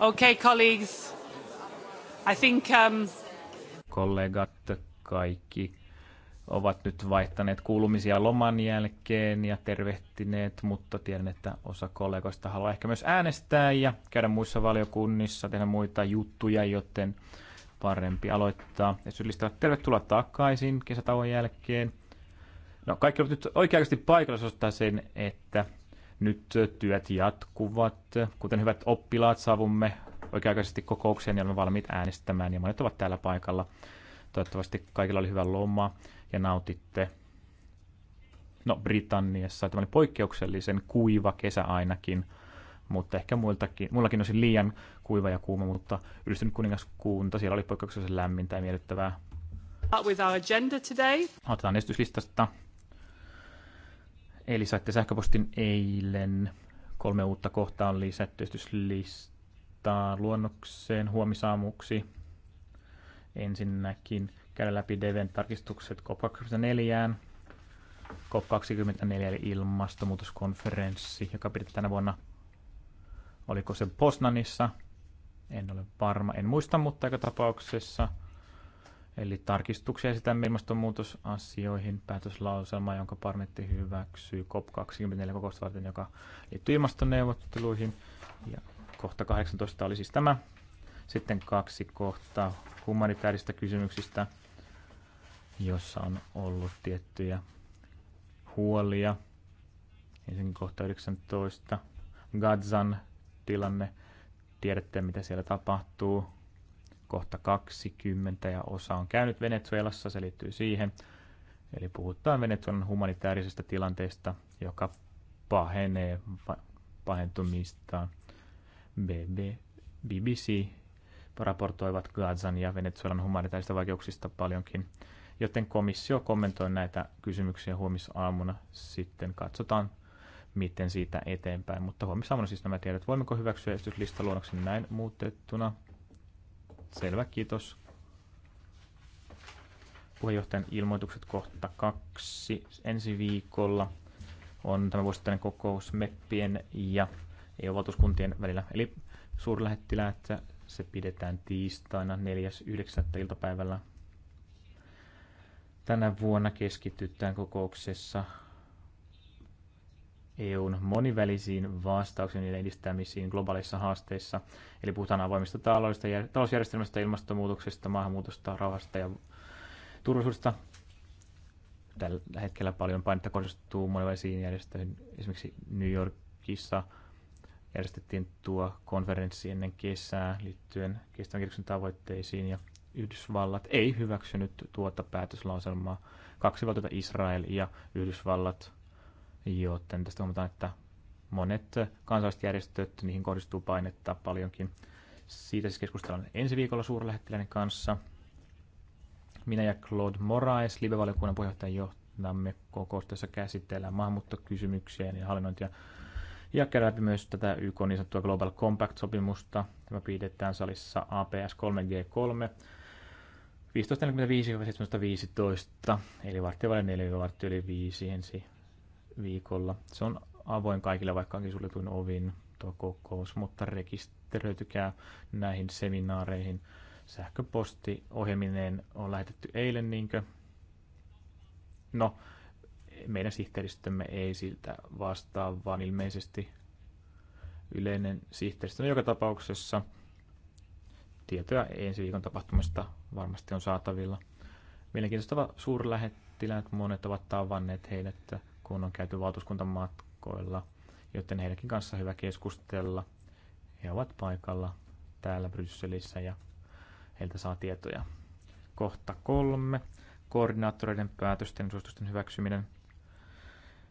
Okay, colleagues. I think, um... Kollegat kaikki ovat nyt vaihtaneet kuulumisia loman jälkeen ja tervehtineet, mutta tiedän, että osa kollegoista haluaa ehkä myös äänestää ja käydä muissa valiokunnissa, tehdä muita juttuja, joten parempi aloittaa. Ja syyllistävät tervetuloa takaisin kesätauon jälkeen. No, kaikki ovat nyt oikeasti paikalla, se sen, että nyt työt jatkuvat. Kuten hyvät oppilaat, saavumme oikea-aikaisesti kokoukseen niin ja olemme valmiit äänestämään. Ja monet ovat täällä paikalla. Toivottavasti kaikilla oli hyvä loma ja nautitte. No, Britanniassa tämä oli poikkeuksellisen kuiva kesä ainakin, mutta ehkä muiltakin, muillakin olisi liian kuiva ja kuuma, mutta yhdistynyt kuningaskunta, siellä oli poikkeuksellisen lämmintä ja miellyttävää. With our agenda today. Otetaan esityslistasta Eli saitte sähköpostin eilen. Kolme uutta kohtaa on lisätty listaa luonnokseen huomisaamuksi. Ensinnäkin käydä läpi Deven tarkistukset COP24, COP24 eli ilmastonmuutoskonferenssi, joka pidetään tänä vuonna. Oliko se Posnanissa? En ole varma, en muista, mutta joka tapauksessa – Eli tarkistuksia sitä ilmastonmuutosasioihin päätöslauselma, jonka parlamentti hyväksyy COP24 kokousta varten, joka liittyy ilmastoneuvotteluihin. Ja kohta 18 oli siis tämä. Sitten kaksi kohtaa humanitaarista kysymyksistä, jossa on ollut tiettyjä huolia. Ensinnäkin kohta 19. Gazan tilanne. Tiedätte, mitä siellä tapahtuu kohta 20 ja osa on käynyt Venezuelassa, se liittyy siihen. Eli puhutaan Venezuelan humanitaarisesta tilanteesta, joka pahenee pahentumistaan. BB, BBC raportoivat Gazan ja Venezuelan humanitaarisista vaikeuksista paljonkin, joten komissio kommentoi näitä kysymyksiä huomisaamuna. Sitten katsotaan, miten siitä eteenpäin. Mutta huomisaamuna siis nämä tiedot. Voimmeko hyväksyä esityslistaluonnoksen näin muutettuna? Selvä, kiitos. Puheenjohtajan ilmoitukset kohta kaksi. Ensi viikolla on tämä vuosittainen kokous MEPPien ja EU-valtuuskuntien välillä. Eli suurlähettiläät, se pidetään tiistaina 4.9. iltapäivällä. Tänä vuonna keskitytään kokouksessa EUn monivälisiin vastauksiin ja edistämisiin globaaleissa haasteissa. Eli puhutaan avoimista taloudesta, talousjärjestelmästä, ilmastonmuutoksesta, maahanmuutosta, rauhasta ja turvallisuudesta. Tällä hetkellä paljon painetta kohdistuu monivälisiin järjestöihin. Esimerkiksi New Yorkissa järjestettiin tuo konferenssi ennen kesää liittyen kestävän kehityksen tavoitteisiin ja Yhdysvallat ei hyväksynyt tuota päätöslauselmaa. Kaksi valtiota, Israel ja Yhdysvallat, joten tästä huomataan, että monet järjestöt, niihin kohdistuu painetta paljonkin. Siitä siis keskustellaan ensi viikolla suurlähettiläinen kanssa. Minä ja Claude Moraes, live-valiokunnan puheenjohtajan johtamme kokoustessa käsitellään maahanmuuttokysymyksiä ja hallinnointia. Ja käydään läpi myös tätä YK niin sanottua Global Compact-sopimusta. Tämä pidetään salissa APS 3G3 15.45-17.15, eli varttia vaille 4 5 ensi viikolla. Se on avoin kaikille, vaikka onkin suljetuin ovin tuo kokous, mutta rekisteröitykää näihin seminaareihin. Sähköposti ohjelmineen on lähetetty eilen, niinkö? No, meidän sihteeristömme ei siltä vastaa, vaan ilmeisesti yleinen sihteeristö. No, joka tapauksessa tietoja ensi viikon tapahtumasta varmasti on saatavilla. Mielenkiintoista suurlähettiläät, monet ovat tavanneet heidät kun on käyty valtuuskuntamatkoilla, joten heidänkin kanssa hyvä keskustella. He ovat paikalla täällä Brysselissä ja heiltä saa tietoja. Kohta kolme. Koordinaattoreiden päätösten ja suositusten hyväksyminen.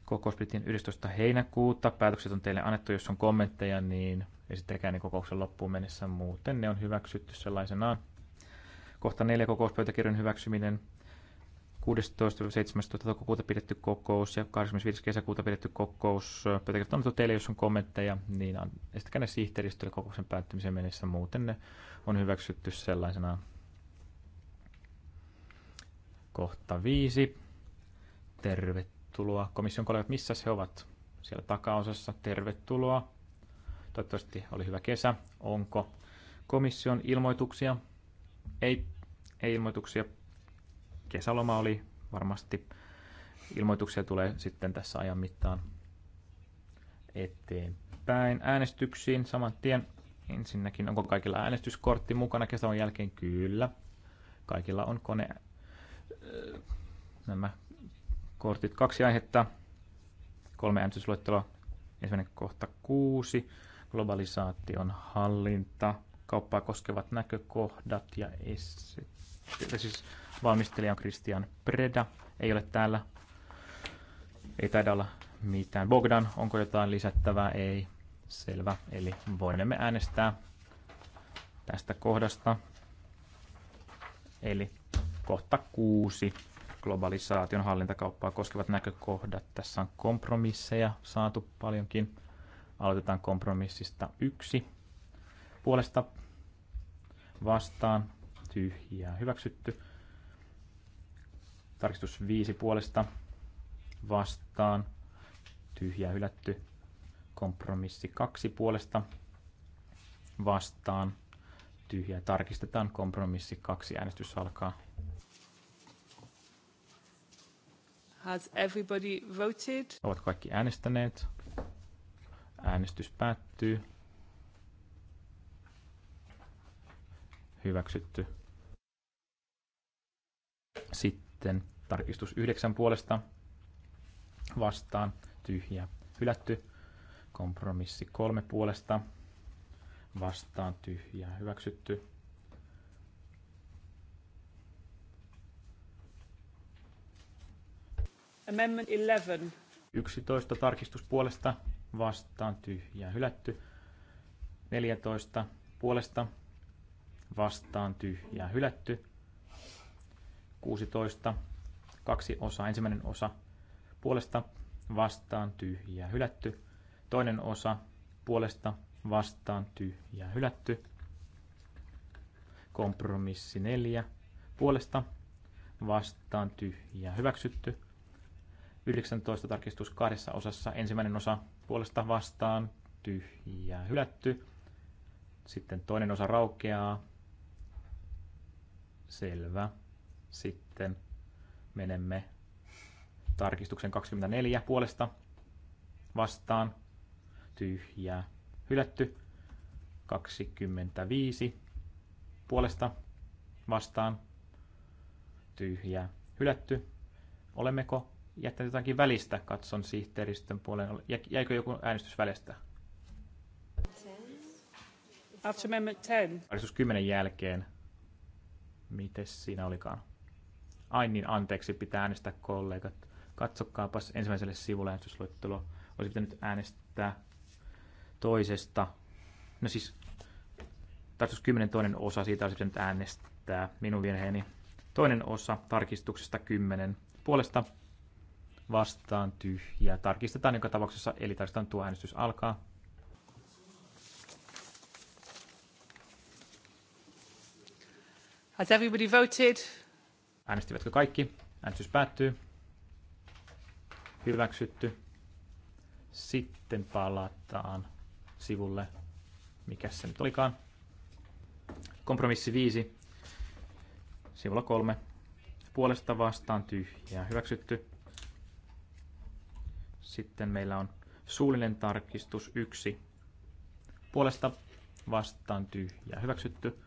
Kokous pidettiin 11. heinäkuuta. Päätökset on teille annettu, jos on kommentteja, niin esittäkää ne kokouksen loppuun mennessä. Muuten ne on hyväksytty sellaisenaan. Kohta neljä kokouspöytäkirjan hyväksyminen 16-17 toukokuuta pidetty kokous ja 25. kesäkuuta pidetty kokous. Pöytäkirjat on teille, jos on kommentteja, niin estäkää ne sihteeristölle kokouksen päättymiseen mennessä. Muuten ne on hyväksytty sellaisena. Kohta viisi. Tervetuloa. Komission kollegat, missä he ovat? Siellä takaosassa. Tervetuloa. Toivottavasti oli hyvä kesä. Onko komission ilmoituksia? Ei, ei ilmoituksia kesäloma oli varmasti. Ilmoituksia tulee sitten tässä ajan mittaan eteenpäin äänestyksiin saman tien. Ensinnäkin, onko kaikilla äänestyskortti mukana kesätauon jälkeen? Kyllä. Kaikilla on kone äh, nämä kortit kaksi aihetta, kolme äänestysluetteloa, ensimmäinen kohta kuusi, globalisaation hallinta, kauppaa koskevat näkökohdat ja esset tai siis valmistelija on Christian Preda, ei ole täällä. Ei taida olla mitään. Bogdan, onko jotain lisättävää? Ei. Selvä. Eli voimme äänestää tästä kohdasta. Eli kohta kuusi. Globalisaation hallintakauppaa koskevat näkökohdat. Tässä on kompromisseja saatu paljonkin. Aloitetaan kompromissista yksi. Puolesta vastaan tyhjää hyväksytty. Tarkistus 5 puolesta vastaan tyhjää hylätty. Kompromissi 2 puolesta vastaan tyhjää tarkistetaan. Kompromissi 2 äänestys alkaa. Has everybody voted? Ovat kaikki äänestäneet. Äänestys päättyy. Hyväksytty. Sitten tarkistus 9 puolesta vastaan tyhjä hylätty. Kompromissi 3 puolesta vastaan tyhjä hyväksytty. Amendment 11. 11 tarkistus puolesta vastaan tyhjä, hylätty. 14 puolesta vastaan tyhjä, hylätty. 16, kaksi osaa. Ensimmäinen osa puolesta vastaan tyhjää hylätty. Toinen osa puolesta vastaan tyhjää hylätty. Kompromissi 4 puolesta vastaan tyhjää hyväksytty. 19 tarkistus kahdessa osassa. Ensimmäinen osa puolesta vastaan tyhjää hylätty. Sitten toinen osa raukeaa. Selvä. Sitten menemme tarkistuksen 24 puolesta vastaan. Tyhjää. Hylätty. 25 puolesta vastaan. Tyhjää. Hylätty. Olemmeko jättäneet jotakin välistä? Katson sihteeristön puolen. Jäikö joku äänestys välistä? After Amendment 10. Tarkistus 10 jälkeen. Mites siinä olikaan? Ai niin, anteeksi, pitää äänestää kollegat. Katsokaapas ensimmäiselle sivulle äänestysluettelo. Olisi pitänyt äänestää toisesta. No siis, tarkistus kymmenen toinen osa, siitä olisi pitänyt äänestää minun virheeni. Toinen osa tarkistuksesta kymmenen Puolesta vastaan tyhjä. Tarkistetaan joka tapauksessa, eli tarkistetaan tuo äänestys alkaa. Has everybody voted? Äänestivätkö kaikki? Äänestys päättyy. Hyväksytty. Sitten palataan sivulle. mikä se nyt olikaan? Kompromissi 5. Sivulla 3. Puolesta vastaan tyhjää. Hyväksytty. Sitten meillä on suullinen tarkistus 1. Puolesta vastaan tyhjää. Hyväksytty.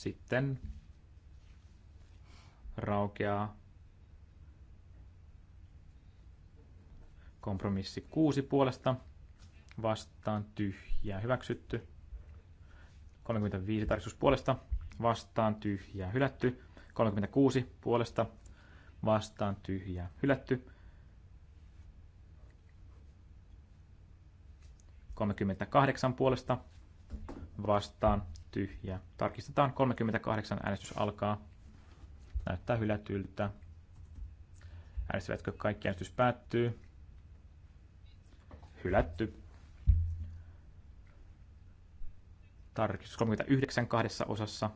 sitten raukeaa kompromissi 6 puolesta vastaan tyhjää hyväksytty. 35 tarkistus puolesta vastaan tyhjää hylätty. 36 puolesta vastaan tyhjää hylätty. 38 puolesta vastaan tyhjä. Tarkistetaan 38 äänestys alkaa. Näyttää hylätyltä. Äänestivätkö kaikki äänestys päättyy? Hylätty. Tarkistus 39 kahdessa osassa.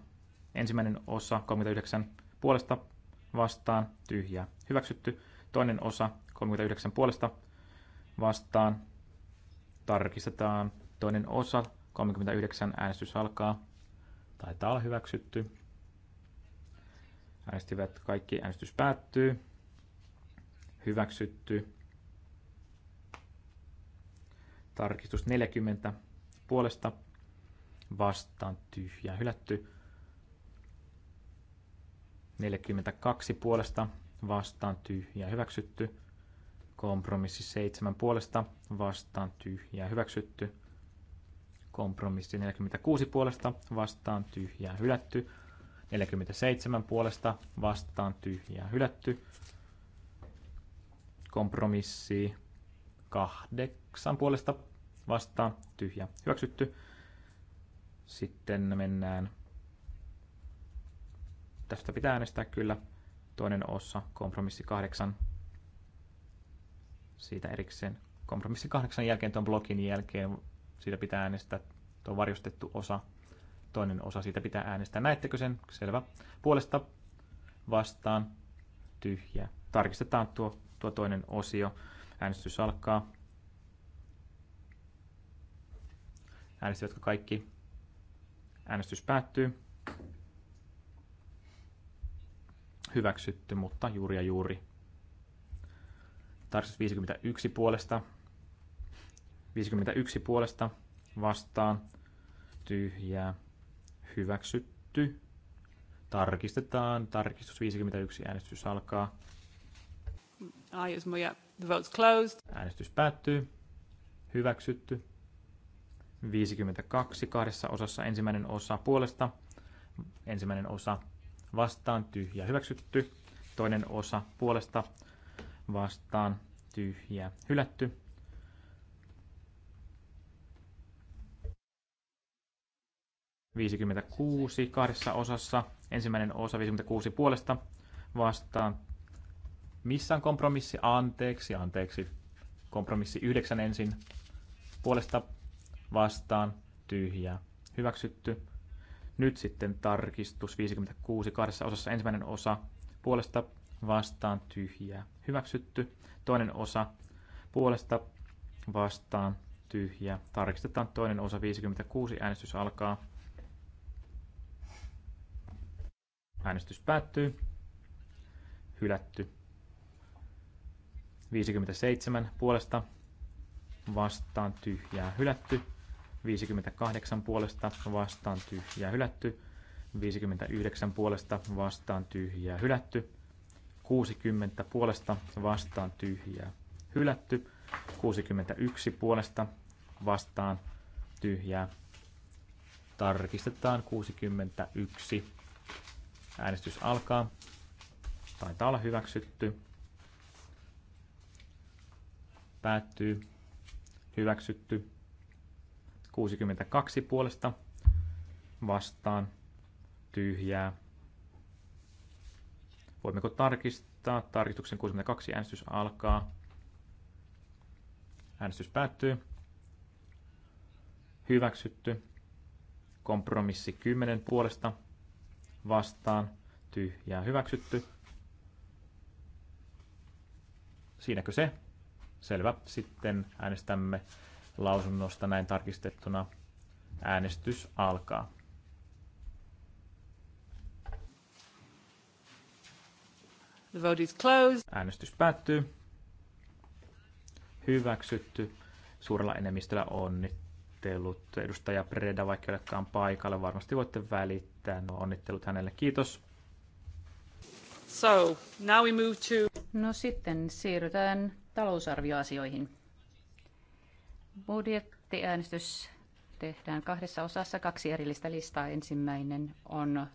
Ensimmäinen osa 39 puolesta vastaan tyhjä. Hyväksytty. Toinen osa 39 puolesta vastaan. Tarkistetaan. Toinen osa 39 äänestys alkaa. Taitaa olla hyväksytty. Äänestivät kaikki. Äänestys päättyy. Hyväksytty. Tarkistus 40 puolesta vastaan tyhjä hylätty. 42 puolesta vastaan tyhjä hyväksytty. Kompromissi 7 puolesta vastaan tyhjä hyväksytty. Kompromissi 46 puolesta vastaan tyhjää hylätty. 47 puolesta vastaan tyhjää hylätty. Kompromissi 8 puolesta vastaan tyhjä hyväksytty. Sitten mennään. Tästä pitää äänestää kyllä toinen osa, kompromissi 8. Siitä erikseen kompromissi 8 jälkeen tuon blogin jälkeen siitä pitää äänestää tuo varjostettu osa. Toinen osa siitä pitää äänestää. Näettekö sen? Selvä. Puolesta vastaan tyhjä. Tarkistetaan tuo, tuo toinen osio. Äänestys alkaa. Äänestivätkö kaikki? Äänestys päättyy. Hyväksytty, mutta juuri ja juuri. Tarkistus 51 puolesta 51 puolesta vastaan tyhjää hyväksytty. Tarkistetaan. Tarkistus 51. Äänestys alkaa. Ah, the vote's closed. Äänestys päättyy. Hyväksytty. 52 kahdessa osassa ensimmäinen osa puolesta, ensimmäinen osa vastaan tyhjä hyväksytty, toinen osa puolesta vastaan tyhjä hylätty, 56 kahdessa osassa. Ensimmäinen osa 56 puolesta vastaan. Missä on kompromissi? Anteeksi, anteeksi. Kompromissi 9 ensin. Puolesta vastaan tyhjää. Hyväksytty. Nyt sitten tarkistus 56 kahdessa osassa. Ensimmäinen osa puolesta vastaan tyhjää. Hyväksytty. Toinen osa puolesta vastaan tyhjää. Tarkistetaan toinen osa 56. Äänestys alkaa. Äänestys päättyy. Hylätty. 57 puolesta vastaan tyhjää hylätty. 58 puolesta vastaan tyhjää hylätty. 59 puolesta vastaan tyhjää hylätty. 60 puolesta vastaan tyhjää hylätty. 61 puolesta vastaan tyhjää. Tarkistetaan 61. Äänestys alkaa. Taitaa olla hyväksytty. Päättyy. Hyväksytty. 62 puolesta vastaan tyhjää. Voimmeko tarkistaa? Tarkistuksen 62 äänestys alkaa. Äänestys päättyy. Hyväksytty. Kompromissi 10 puolesta vastaan tyhjää hyväksytty. Siinäkö se? Selvä. Sitten äänestämme lausunnosta näin tarkistettuna. Äänestys alkaa. The vote is closed. Äänestys päättyy. Hyväksytty. Suurella enemmistöllä onnittelut. Edustaja Preda, vaikka olekaan paikalla, varmasti voitte välittää esittää nuo onnittelut hänelle. Kiitos. So, now we move to... No sitten siirrytään talousarvioasioihin. Budjettiäänestys tehdään kahdessa osassa kaksi erillistä listaa. Ensimmäinen on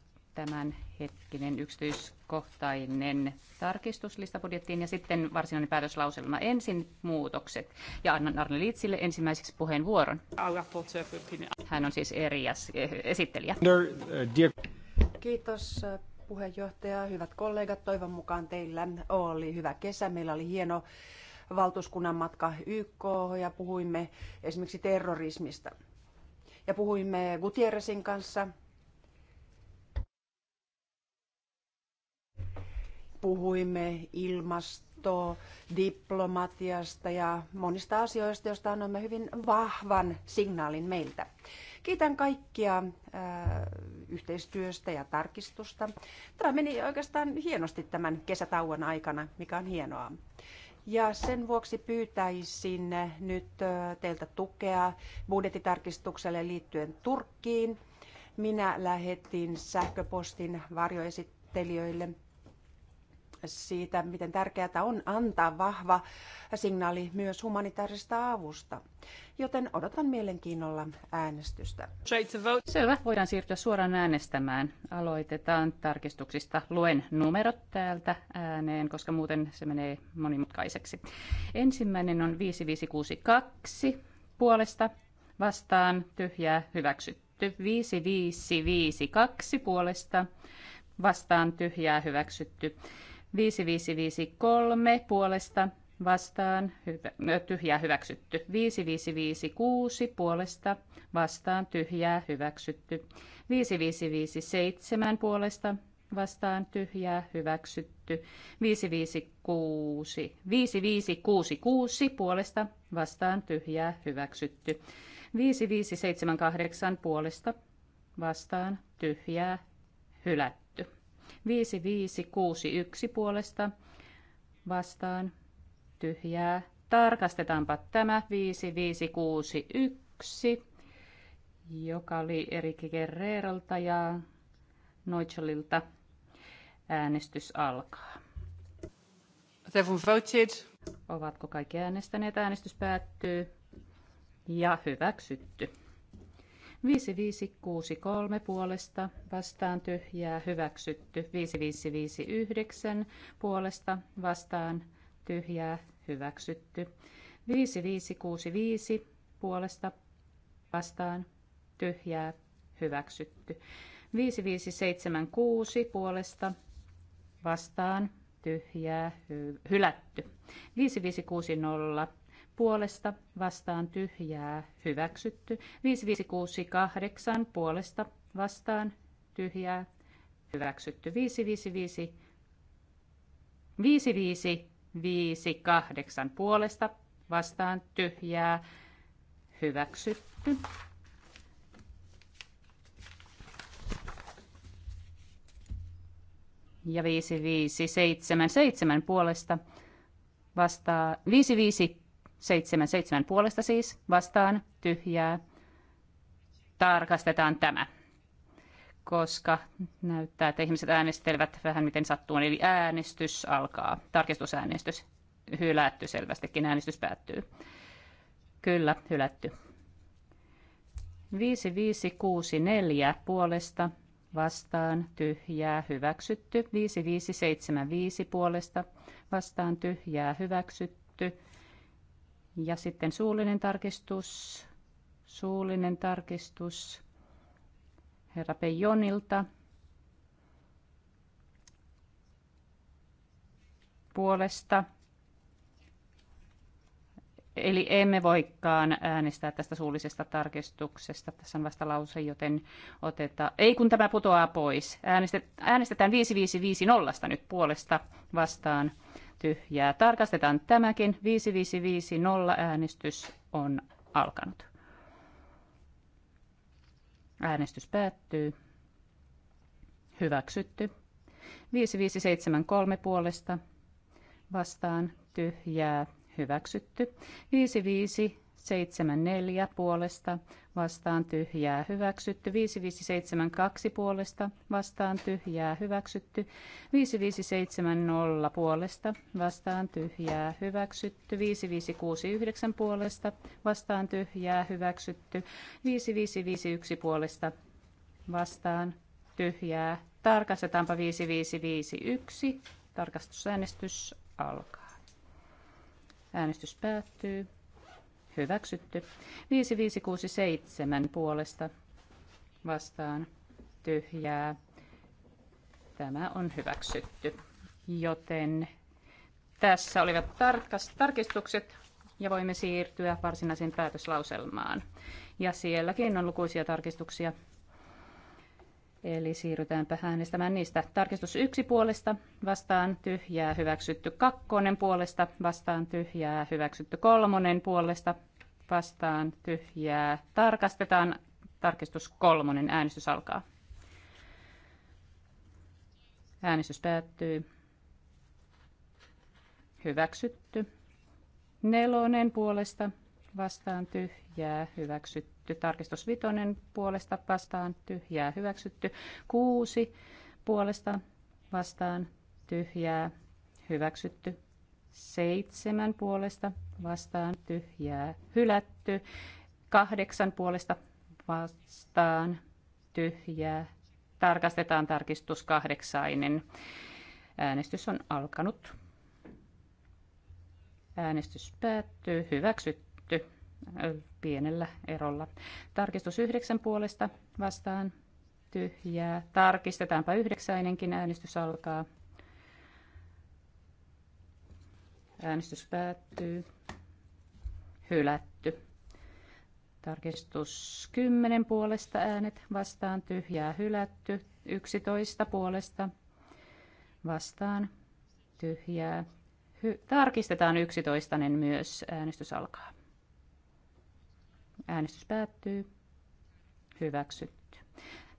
Tämän hetkinen yksityiskohtainen tarkistuslista budjettiin ja sitten varsinainen päätöslauselma. Ensin muutokset ja annan Arne Liitsille ensimmäiseksi puheenvuoron. Hän on siis eri esittelijä. Kiitos puheenjohtaja, hyvät kollegat. Toivon mukaan teillä oli hyvä kesä. Meillä oli hieno valtuuskunnan matka YK ja puhuimme esimerkiksi terrorismista. Ja puhuimme Gutierrezin kanssa, puhuimme ilmasto, diplomatiasta ja monista asioista, joista annoimme hyvin vahvan signaalin meiltä. Kiitän kaikkia äh, yhteistyöstä ja tarkistusta. Tämä meni oikeastaan hienosti tämän kesätauon aikana, mikä on hienoa. Ja sen vuoksi pyytäisin nyt äh, teiltä tukea budjettitarkistukselle liittyen Turkkiin. Minä lähetin sähköpostin varjoesittelijöille siitä, miten tärkeää on antaa vahva signaali myös humanitaarista avusta. Joten odotan mielenkiinnolla äänestystä. Selvä, voidaan siirtyä suoraan äänestämään. Aloitetaan tarkistuksista. Luen numerot täältä ääneen, koska muuten se menee monimutkaiseksi. Ensimmäinen on 5562 puolesta vastaan tyhjää hyväksytty. 5552 puolesta vastaan tyhjää hyväksytty. 5553 puolesta vastaan hyvä, tyhjää hyväksytty. 5556 puolesta vastaan tyhjää hyväksytty. 5557 puolesta vastaan tyhjää hyväksytty. 556 5566 puolesta vastaan tyhjää hyväksytty. 5578 puolesta vastaan tyhjää hylätty. 5561 puolesta vastaan tyhjää. Tarkastetaanpa tämä 5561, joka oli Erikki Guerrerolta ja Noitsolilta. Äänestys alkaa. Voted. Ovatko kaikki äänestäneet? Äänestys päättyy. Ja hyväksytty. 5563 puolesta vastaan tyhjää hyväksytty. 5559 puolesta vastaan tyhjää hyväksytty. 5565 puolesta vastaan tyhjää hyväksytty. 5576 puolesta vastaan tyhjää hy- hylätty. 5560 puolesta vastaan tyhjää hyväksytty. 5568 puolesta vastaan tyhjää hyväksytty. 555 5558 puolesta vastaan tyhjää hyväksytty. Ja 5577 puolesta vastaa 55 seitsemän seitsemän puolesta siis, vastaan, tyhjää. Tarkastetaan tämä, koska näyttää, että ihmiset äänestelevät vähän miten sattuu, eli äänestys alkaa, tarkistusäänestys hylätty selvästikin, äänestys päättyy. Kyllä, hylätty. 5564 puolesta, vastaan tyhjää hyväksytty, 5575 puolesta, vastaan tyhjää hyväksytty, ja sitten suullinen tarkistus, suullinen tarkistus herra Pejonilta. Puolesta. Eli emme voikaan äänestää tästä suullisesta tarkistuksesta. Tässä on vasta lause, joten otetaan. Ei kun tämä putoaa pois. Äänestetään 5550 nyt puolesta vastaan tyhjää. Tarkastetaan tämäkin. 5550 äänestys on alkanut. Äänestys päättyy. Hyväksytty. 5573 puolesta vastaan tyhjää. Hyväksytty. 55 7.4 puolesta vastaan tyhjää hyväksytty. 5572 puolesta vastaan tyhjää hyväksytty. 5570 puolesta vastaan tyhjää hyväksytty. 5569 puolesta vastaan tyhjää hyväksytty. 5551 puolesta vastaan tyhjää. Tarkastetaanpa 5551. Tarkastusäänestys alkaa. Äänestys päättyy hyväksytty. 5567 puolesta vastaan tyhjää. Tämä on hyväksytty. Joten tässä olivat tarkistukset ja voimme siirtyä varsinaiseen päätöslauselmaan. Ja sielläkin on lukuisia tarkistuksia Eli siirrytäänpä äänestämään niistä. Tarkistus yksi puolesta, vastaan tyhjää, hyväksytty kakkonen puolesta, vastaan tyhjää, hyväksytty kolmonen puolesta, vastaan tyhjää. Tarkastetaan tarkistus kolmonen, äänestys alkaa. Äänestys päättyy. Hyväksytty. Nelonen puolesta, vastaan tyhjää, hyväksytty hyväksytty. Tarkistus vitonen puolesta vastaan tyhjää hyväksytty. Kuusi puolesta vastaan tyhjää hyväksytty. Seitsemän puolesta vastaan tyhjää hylätty. Kahdeksan puolesta vastaan tyhjää. Tarkastetaan tarkistus kahdeksainen. Äänestys on alkanut. Äänestys päättyy. Hyväksytty pienellä erolla. Tarkistus yhdeksän puolesta vastaan tyhjää. Tarkistetaanpa yhdeksäinenkin. Äänestys alkaa. Äänestys päättyy. Hylätty. Tarkistus 10 puolesta äänet vastaan tyhjää hylätty. 11 puolesta vastaan tyhjää. Hy- Tarkistetaan 11 myös. Äänestys alkaa. Äänestys päättyy. Hyväksytty.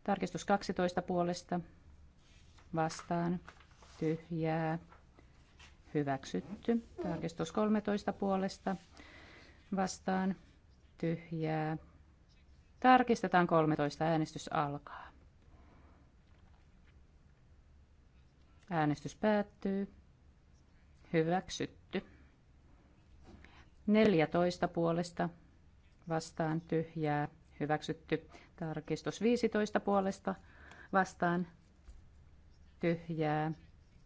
Tarkistus 12 puolesta. Vastaan. Tyhjää. Hyväksytty. Tarkistus 13 puolesta. Vastaan. Tyhjää. Tarkistetaan 13. Äänestys alkaa. Äänestys päättyy. Hyväksytty. 14 puolesta vastaan tyhjää hyväksytty. Tarkistus 15 puolesta vastaan tyhjää.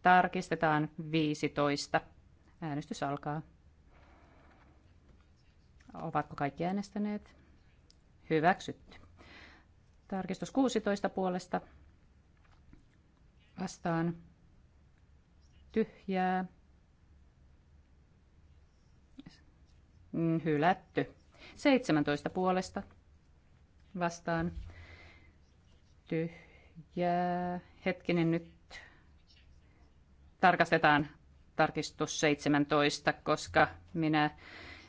Tarkistetaan 15. Äänestys alkaa. Ovatko kaikki äänestäneet? Hyväksytty. Tarkistus 16 puolesta vastaan tyhjää. Mm, hylätty. 17 puolesta vastaan tyhjää. Hetkinen nyt tarkastetaan tarkistus 17, koska minä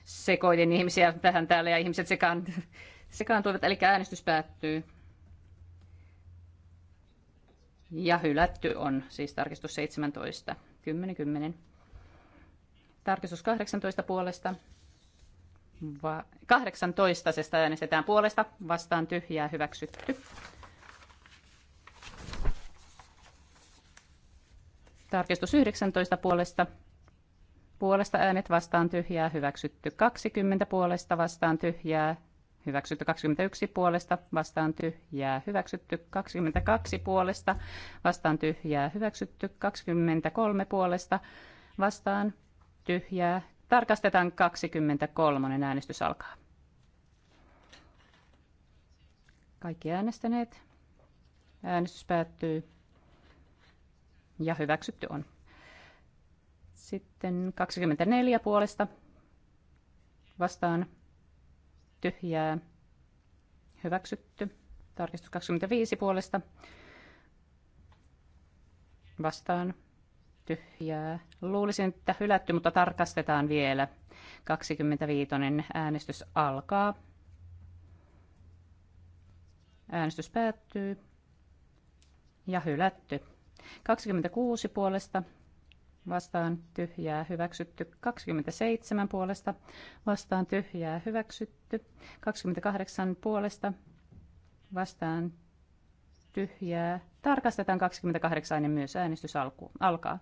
sekoitin ihmisiä tähän täällä ja ihmiset sekaan, sekaantuivat, eli äänestys päättyy. Ja hylätty on siis tarkistus 17. 10, 10. Tarkistus 18 puolesta Va- 18. äänestetään puolesta, vastaan tyhjää, hyväksytty. Tarkistus 19 puolesta, puolesta äänet vastaan tyhjää, hyväksytty 20 puolesta vastaan tyhjää, hyväksytty 21 puolesta, vastaan tyhjää, hyväksytty 22 puolesta, vastaan tyhjää, hyväksytty 23 puolesta, vastaan tyhjää, Tarkastetaan 23. Äänestys alkaa. Kaikki äänestäneet. Äänestys päättyy. Ja hyväksytty on. Sitten 24 puolesta vastaan tyhjää. Hyväksytty. Tarkistus 25 puolesta vastaan tyhjää. Luulisin, että hylätty, mutta tarkastetaan vielä. 25. äänestys alkaa. Äänestys päättyy. Ja hylätty. 26 puolesta vastaan tyhjää hyväksytty. 27 puolesta vastaan tyhjää hyväksytty. 28 puolesta vastaan tyhjää. Tarkastetaan 28 ennen myös äänestys alkaa.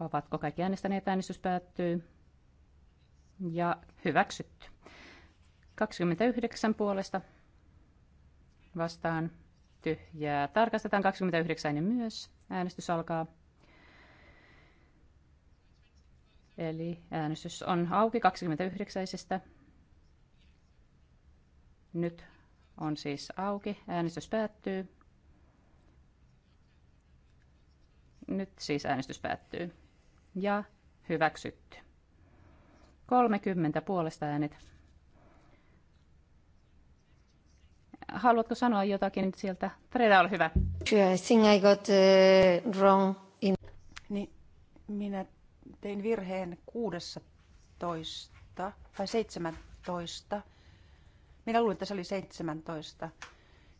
Ovatko kaikki äänestäneet? Äänestys päättyy. Ja hyväksytty. 29 puolesta vastaan tyhjää. Tarkastetaan 29 ennen myös. Äänestys alkaa. Eli äänestys on auki 29. Nyt on siis auki. Äänestys päättyy. Nyt siis äänestys päättyy ja hyväksytty. 30 puolesta äänet. Haluatko sanoa jotakin sieltä? Freda, ole hyvä. Sure, I think I got uh, wrong in... Niin, minä tein virheen 16 tai 17. Minä luulin, että se oli 17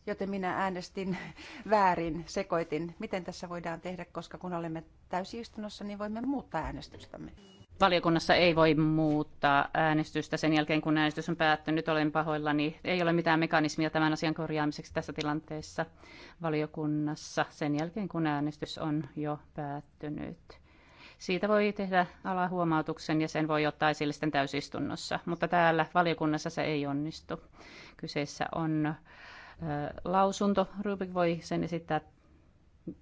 joten minä äänestin väärin, sekoitin. Miten tässä voidaan tehdä, koska kun olemme täysistunnossa, niin voimme muuttaa äänestystämme. Valiokunnassa ei voi muuttaa äänestystä sen jälkeen, kun äänestys on päättynyt. Olen pahoillani. Ei ole mitään mekanismia tämän asian korjaamiseksi tässä tilanteessa valiokunnassa sen jälkeen, kun äänestys on jo päättynyt. Siitä voi tehdä alahuomautuksen ja sen voi ottaa esille sitten täysistunnossa, mutta täällä valiokunnassa se ei onnistu. Kyseessä on lausunto. Rubik voi sen esittää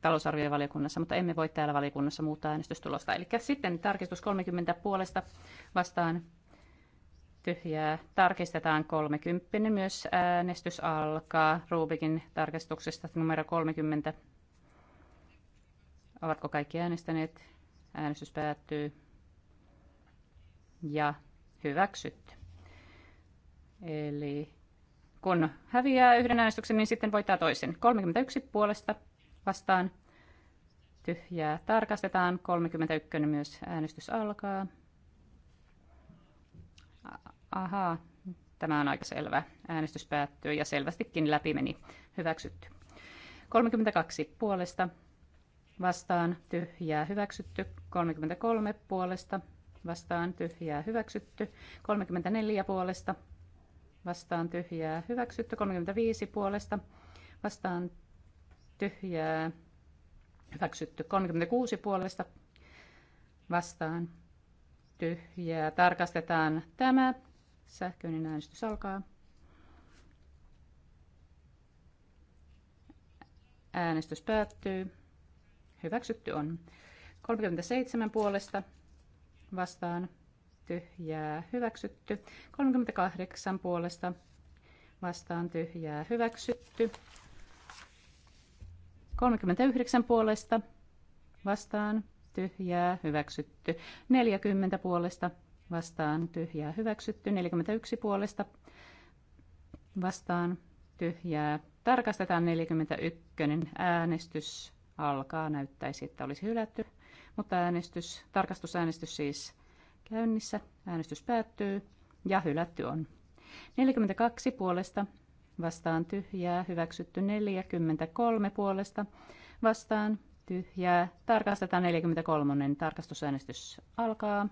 talousarviovaliokunnassa, mutta emme voi täällä valiokunnassa muuttaa äänestystulosta. Eli sitten tarkistus 30 puolesta vastaan tyhjää. Tarkistetaan 30. Myös äänestys alkaa Rubikin tarkistuksesta numero 30. Ovatko kaikki äänestäneet? Äänestys päättyy. Ja hyväksytty. Eli kun häviää yhden äänestyksen, niin sitten voittaa toisen. 31 puolesta vastaan tyhjää. Tarkastetaan. 31 myös äänestys alkaa. Ahaa, tämä on aika selvä. Äänestys päättyy ja selvästikin läpi meni. Hyväksytty. 32 puolesta vastaan tyhjää hyväksytty. 33 puolesta vastaan tyhjää hyväksytty. 34 puolesta vastaan tyhjää hyväksytty. 35 puolesta vastaan tyhjää hyväksytty. 36 puolesta vastaan tyhjää. Tarkastetaan tämä. Sähköinen äänestys alkaa. Äänestys päättyy. Hyväksytty on. 37 puolesta vastaan tyhjää hyväksytty. 38 puolesta vastaan tyhjää hyväksytty. 39 puolesta vastaan tyhjää hyväksytty. 40 puolesta vastaan tyhjää hyväksytty. 41 puolesta vastaan tyhjää. Tarkastetaan 41. Äänestys alkaa. Näyttäisi, että olisi hylätty, mutta äänestys, tarkastusäänestys siis käynnissä. Äänestys päättyy ja hylätty on. 42 puolesta vastaan tyhjää, hyväksytty 43 puolesta vastaan tyhjää. Tarkastetaan 43. Tarkastusäänestys alkaa.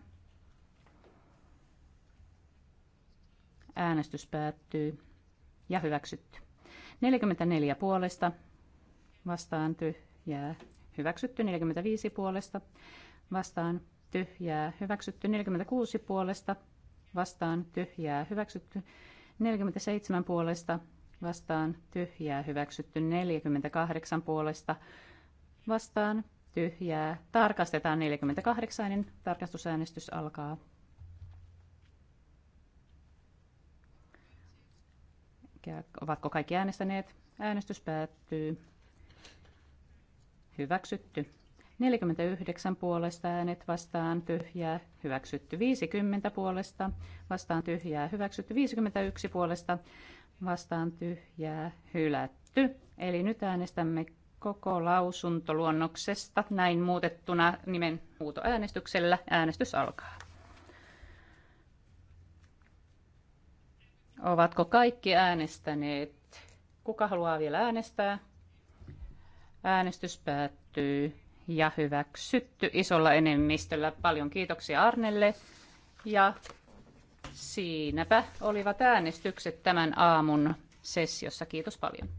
Äänestys päättyy ja hyväksytty. 44 puolesta vastaan tyhjää, hyväksytty 45 puolesta vastaan tyhjää, hyväksytty 46 puolesta, vastaan tyhjää, hyväksytty 47 puolesta, vastaan tyhjää, hyväksytty 48 puolesta, vastaan tyhjää. Tarkastetaan 48, niin tarkastusäänestys alkaa. Ovatko kaikki äänestäneet? Äänestys päättyy. Hyväksytty. 49 puolesta äänet vastaan tyhjää hyväksytty 50 puolesta vastaan tyhjää hyväksytty 51 puolesta vastaan tyhjää hylätty. Eli nyt äänestämme koko lausuntoluonnoksesta näin muutettuna nimen äänestyksellä. Äänestys alkaa. Ovatko kaikki äänestäneet? Kuka haluaa vielä äänestää? Äänestys päättyy ja hyväksytty isolla enemmistöllä. Paljon kiitoksia Arnelle ja siinäpä olivat äänestykset tämän aamun sessiossa. Kiitos paljon.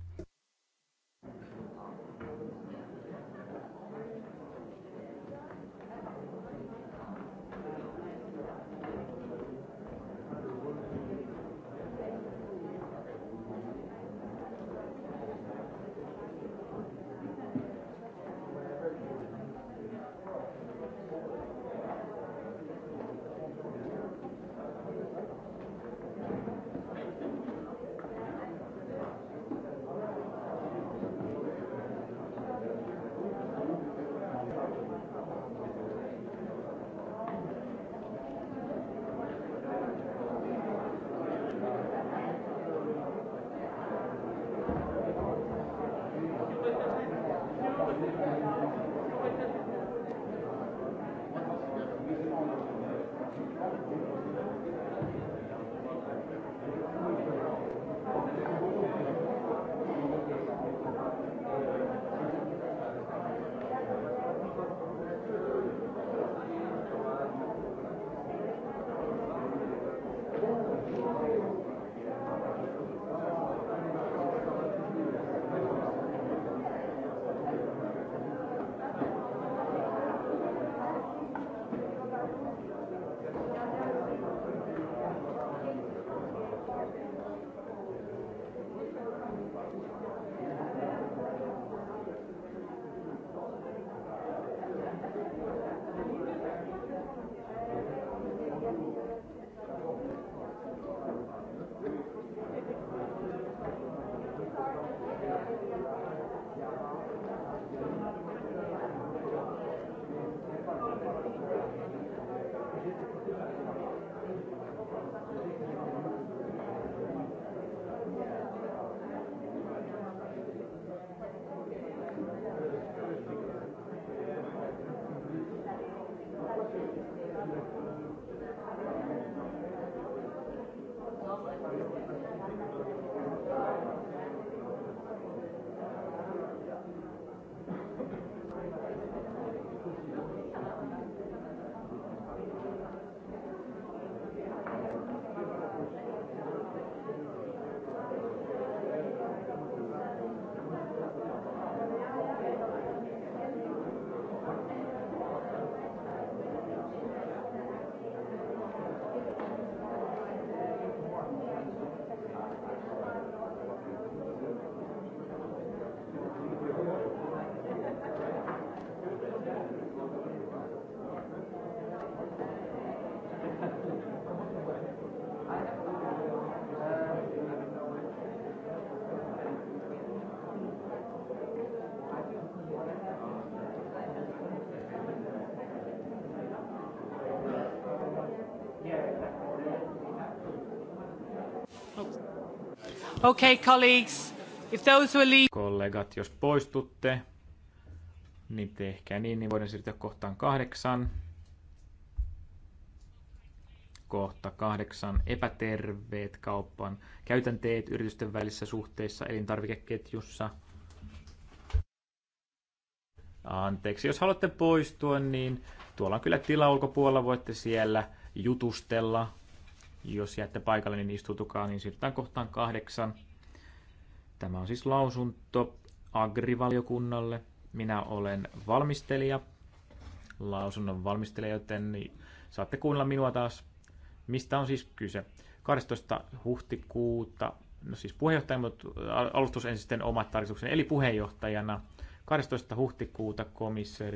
Okay, colleagues, if those were leave... Kollegat, jos poistutte, niin tehkää niin, niin voidaan siirtyä kohtaan kahdeksan. Kohta kahdeksan. Epäterveet kaupan käytänteet yritysten välissä suhteissa elintarvikeketjussa. Anteeksi, jos haluatte poistua, niin tuolla on kyllä tila ulkopuolella, voitte siellä jutustella jos jäätte paikalle, niin istutukaa, niin siirrytään kohtaan kahdeksan. Tämä on siis lausunto agrivaliokunnalle. Minä olen valmistelija, lausunnon valmistelija, joten niin saatte kuunnella minua taas. Mistä on siis kyse? 12. huhtikuuta, no siis puheenjohtajan, mutta alustus ensin sitten omat tarkistuksen, eli puheenjohtajana – 12. huhtikuuta komissio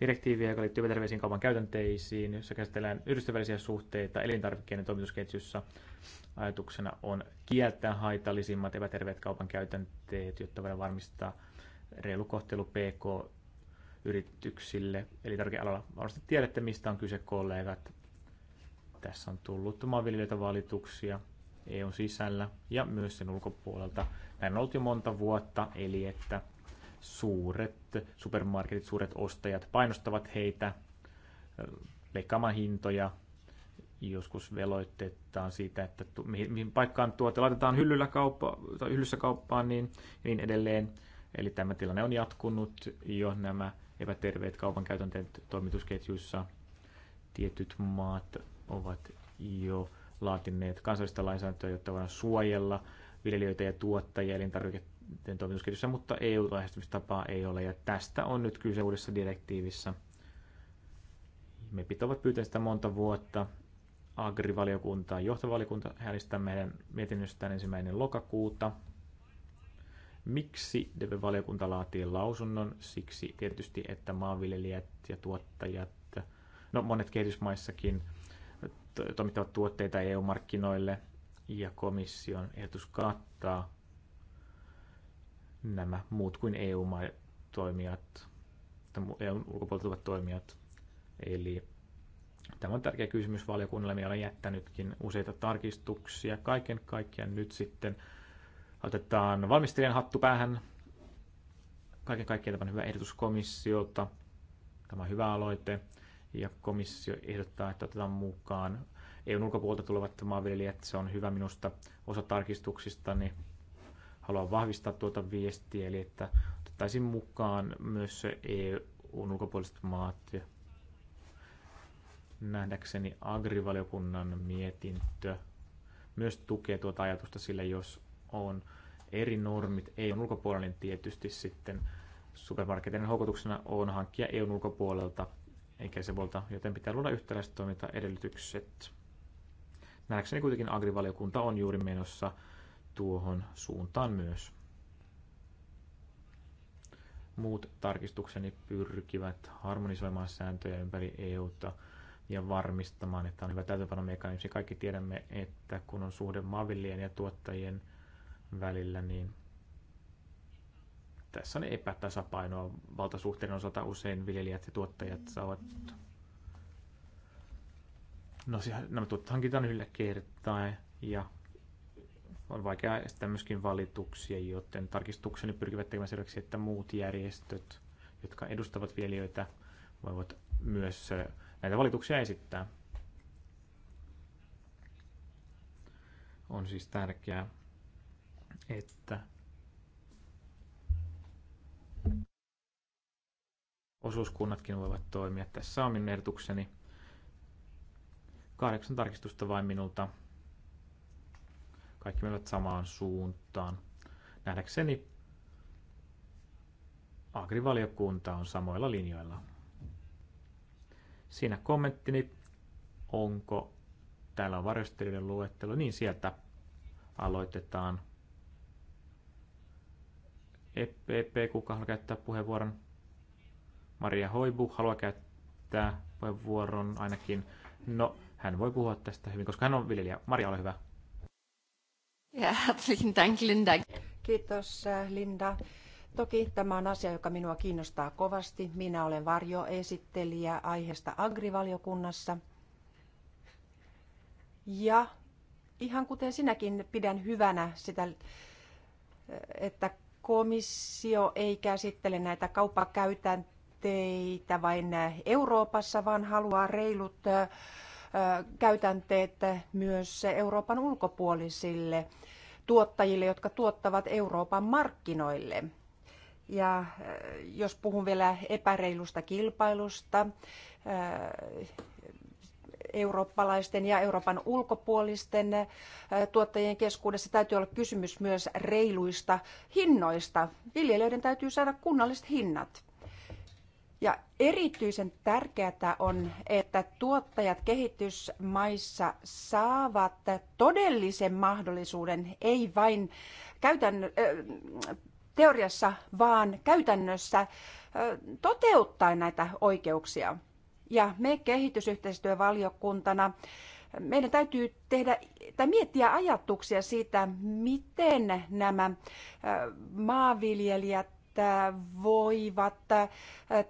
direktiiviä, joka liittyy terveisiin kaupan käytänteisiin, jossa käsitellään yhdistövälisiä suhteita elintarvikkeiden toimitusketjussa. Ajatuksena on kieltää haitallisimmat epäterveet kaupan käytänteet, jotta voidaan varmistaa reilu kohtelu PK yrityksille. Eli alalla varmasti tiedätte, mistä on kyse kollegat. Tässä on tullut maanviljelijöitä valituksia EUn sisällä ja myös sen ulkopuolelta. Näin on ollut jo monta vuotta, eli että suuret supermarketit, suuret ostajat painostavat heitä leikkaamaan hintoja. Joskus veloitetaan siitä, että tu- mihin, mihin paikkaan tuote laitetaan hyllyllä kauppa, tai hyllyssä kauppaan niin, niin edelleen. Eli tämä tilanne on jatkunut jo nämä epäterveet kaupankäytänteet toimitusketjuissa. Tietyt maat ovat jo laatineet kansallista lainsäädäntöä, jotta voidaan suojella viljelijöitä ja tuottajia elintarvike toimituskirjassa, mutta EU-lähestymistapaa ei ole, ja tästä on nyt kyse uudessa direktiivissä. Me pitävät pyytää sitä monta vuotta. Agrivaliokunta, johtovaliokunta, äänestää meidän mietinnöstään ensimmäinen lokakuuta. Miksi DV-valiokunta laatii lausunnon? Siksi tietysti, että maanviljelijät ja tuottajat, no monet kehitysmaissakin toimittavat tuotteita EU-markkinoille ja komission ehdotus kattaa nämä muut kuin EU-toimijat, EUn ulkopuolelta tulevat toimijat. Eli tämä on tärkeä kysymys valiokunnalle. Meillä on jättänytkin useita tarkistuksia. Kaiken kaikkiaan nyt sitten otetaan valmistelijan hattu päähän. Kaiken kaikkiaan tämä on hyvä ehdotus komissiolta. Tämä on hyvä aloite. Ja komissio ehdottaa, että otetaan mukaan EUn ulkopuolelta tulevat maanviljelijät. Se on hyvä minusta osa tarkistuksista, niin haluan vahvistaa tuota viestiä, eli että otettaisiin mukaan myös EUn e ulkopuoliset maat. Nähdäkseni agrivaliokunnan mietintö myös tukee tuota ajatusta, sillä jos on eri normit EUn ulkopuolella, niin tietysti sitten supermarketin houkutuksena on hankkia EUn ulkopuolelta eikä se volta, joten pitää luoda yhtäläiset toimintaedellytykset. Nähdäkseni kuitenkin agrivaliokunta on juuri menossa tuohon suuntaan myös. Muut tarkistukseni pyrkivät harmonisoimaan sääntöjä ympäri EUta ja varmistamaan, että on hyvä täytäntöpanomekanismi. Kaikki tiedämme, että kun on suhde maanviljelijän ja tuottajien välillä, niin tässä on epätasapainoa valtasuhteiden osalta. Usein viljelijät ja tuottajat saavat No nämä tuottajat hankitaan yhdellä kertaa ja on vaikea estää myöskin valituksia, joten tarkistukseni pyrkivät tekemään selväksi, että muut järjestöt, jotka edustavat viljelijöitä, voivat myös näitä valituksia esittää. On siis tärkeää, että osuuskunnatkin voivat toimia. Tässä on minun ehdotukseni. Kahdeksan tarkistusta vain minulta kaikki menevät samaan suuntaan. Nähdäkseni agrivaliokunta on samoilla linjoilla. Siinä kommenttini, onko täällä on varjostelijoiden luettelo, niin sieltä aloitetaan. EPP, kuka haluaa käyttää puheenvuoron? Maria Hoibu haluaa käyttää puheenvuoron ainakin. No, hän voi puhua tästä hyvin, koska hän on viljelijä. Maria, ole hyvä. Ja herzlichen Dank, Linda. Kiitos, äh, Linda. Toki tämä on asia, joka minua kiinnostaa kovasti. Minä olen varjoesittelijä aiheesta agrivaliokunnassa. Ja ihan kuten sinäkin pidän hyvänä sitä, äh, että komissio ei käsittele näitä kauppakäytänteitä vain äh, Euroopassa, vaan haluaa reilut käytänteet myös Euroopan ulkopuolisille tuottajille, jotka tuottavat Euroopan markkinoille. Ja jos puhun vielä epäreilusta kilpailusta eurooppalaisten ja Euroopan ulkopuolisten tuottajien keskuudessa, täytyy olla kysymys myös reiluista hinnoista. Viljelijöiden täytyy saada kunnalliset hinnat. Ja erityisen tärkeää on, että tuottajat kehitysmaissa saavat todellisen mahdollisuuden, ei vain käytännö, teoriassa, vaan käytännössä toteuttaa näitä oikeuksia. Ja me kehitysyhteistyövaliokuntana meidän täytyy tehdä tai miettiä ajatuksia siitä, miten nämä maanviljelijät voivat äh,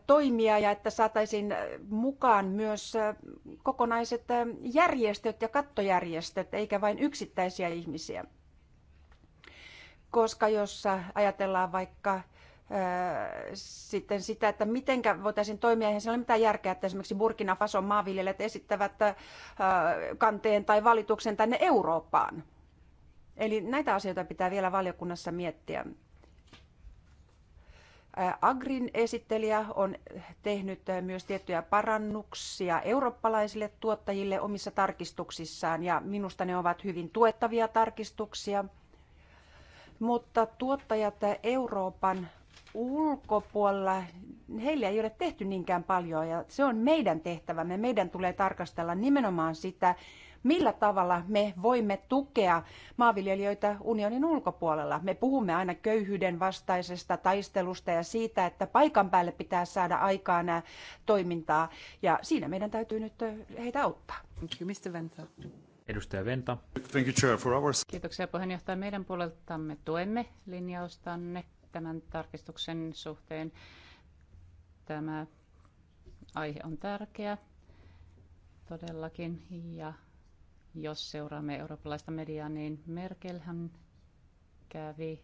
toimia ja että saataisiin mukaan myös äh, kokonaiset äh, järjestöt ja kattojärjestöt, eikä vain yksittäisiä ihmisiä. Koska jos ajatellaan vaikka sitten sitä, että miten voitaisiin toimia. Eihän siinä ole mitään järkeä, että esimerkiksi Burkina Fason maanviljelijät esittävät kanteen tai valituksen tänne Eurooppaan. Eli näitä asioita pitää vielä valiokunnassa miettiä. Agrin esittelijä on tehnyt myös tiettyjä parannuksia eurooppalaisille tuottajille omissa tarkistuksissaan ja minusta ne ovat hyvin tuettavia tarkistuksia. Mutta tuottajat Euroopan ulkopuolella, heille ei ole tehty niinkään paljon ja se on meidän tehtävämme. Meidän tulee tarkastella nimenomaan sitä, millä tavalla me voimme tukea maanviljelijöitä unionin ulkopuolella. Me puhumme aina köyhyyden vastaisesta taistelusta ja siitä, että paikan päälle pitää saada aikaa nämä toimintaa ja siinä meidän täytyy nyt heitä auttaa. Mr. Venta. Edustaja Venta. Thank you, Chair, for ours. Kiitoksia puheenjohtaja. Meidän puoleltamme tuemme linjaustanne tämän tarkistuksen suhteen. Tämä aihe on tärkeä todellakin ja jos seuraamme eurooppalaista mediaa, niin Merkelhän kävi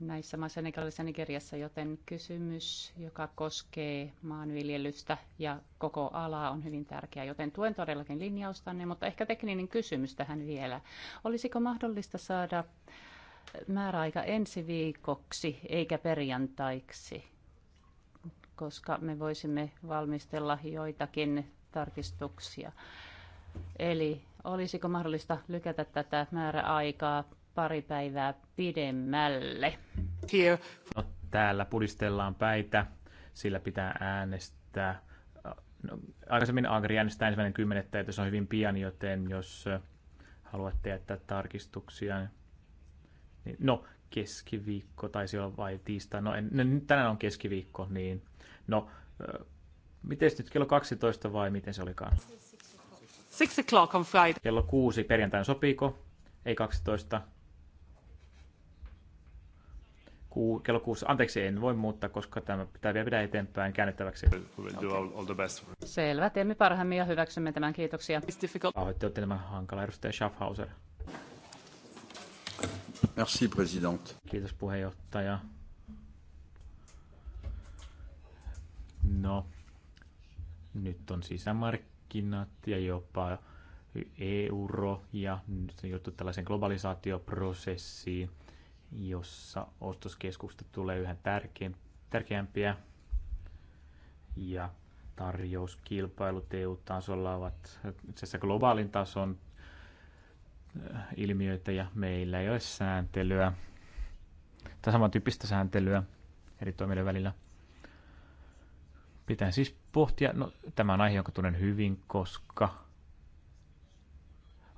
näissä maissa Senegalissa Nigeriassa, joten kysymys, joka koskee maanviljelystä ja koko alaa on hyvin tärkeä, joten tuen todellakin linjaustanne, mutta ehkä tekninen kysymys tähän vielä. Olisiko mahdollista saada määräaika ensi viikoksi eikä perjantaiksi, koska me voisimme valmistella joitakin tarkistuksia. Eli olisiko mahdollista lykätä tätä määräaikaa pari päivää pidemmälle? No, täällä pudistellaan päitä, sillä pitää äänestää. No, aikaisemmin Agri äänestää ensimmäinen kymmenettä, että se on hyvin pian, joten jos haluatte jättää tarkistuksia, niin, no, keskiviikko taisi olla vai tiistai. No, en, no tänään on keskiviikko, niin no, miten nyt kello 12 vai miten se olikaan? Six o'clock on Friday. Kello kuusi perjantaina sopiiko? Ei 12. Ku, kello kuusi. Anteeksi, en voi muuttaa, koska tämä pitää vielä pidä eteenpäin käännettäväksi. Okay. Selvä, teemme parhaamme ja hyväksymme tämän. Kiitoksia. olette tämän hankala edustaja Schaffhauser. Merci, president. Kiitos puheenjohtaja. No, nyt on sisämarkkinat ja jopa euro ja nyt on jouduttu tällaisen globalisaatioprosessiin, jossa ostoskeskusta tulee yhä tärkeämpiä ja tarjouskilpailut EU-tasolla ovat itse asiassa globaalin tason ilmiöitä ja meillä ei ole sääntelyä tai samantyyppistä sääntelyä eri toimijoiden välillä. Pitää siis pohtia, no tämä on aihe, jonka tunnen hyvin, koska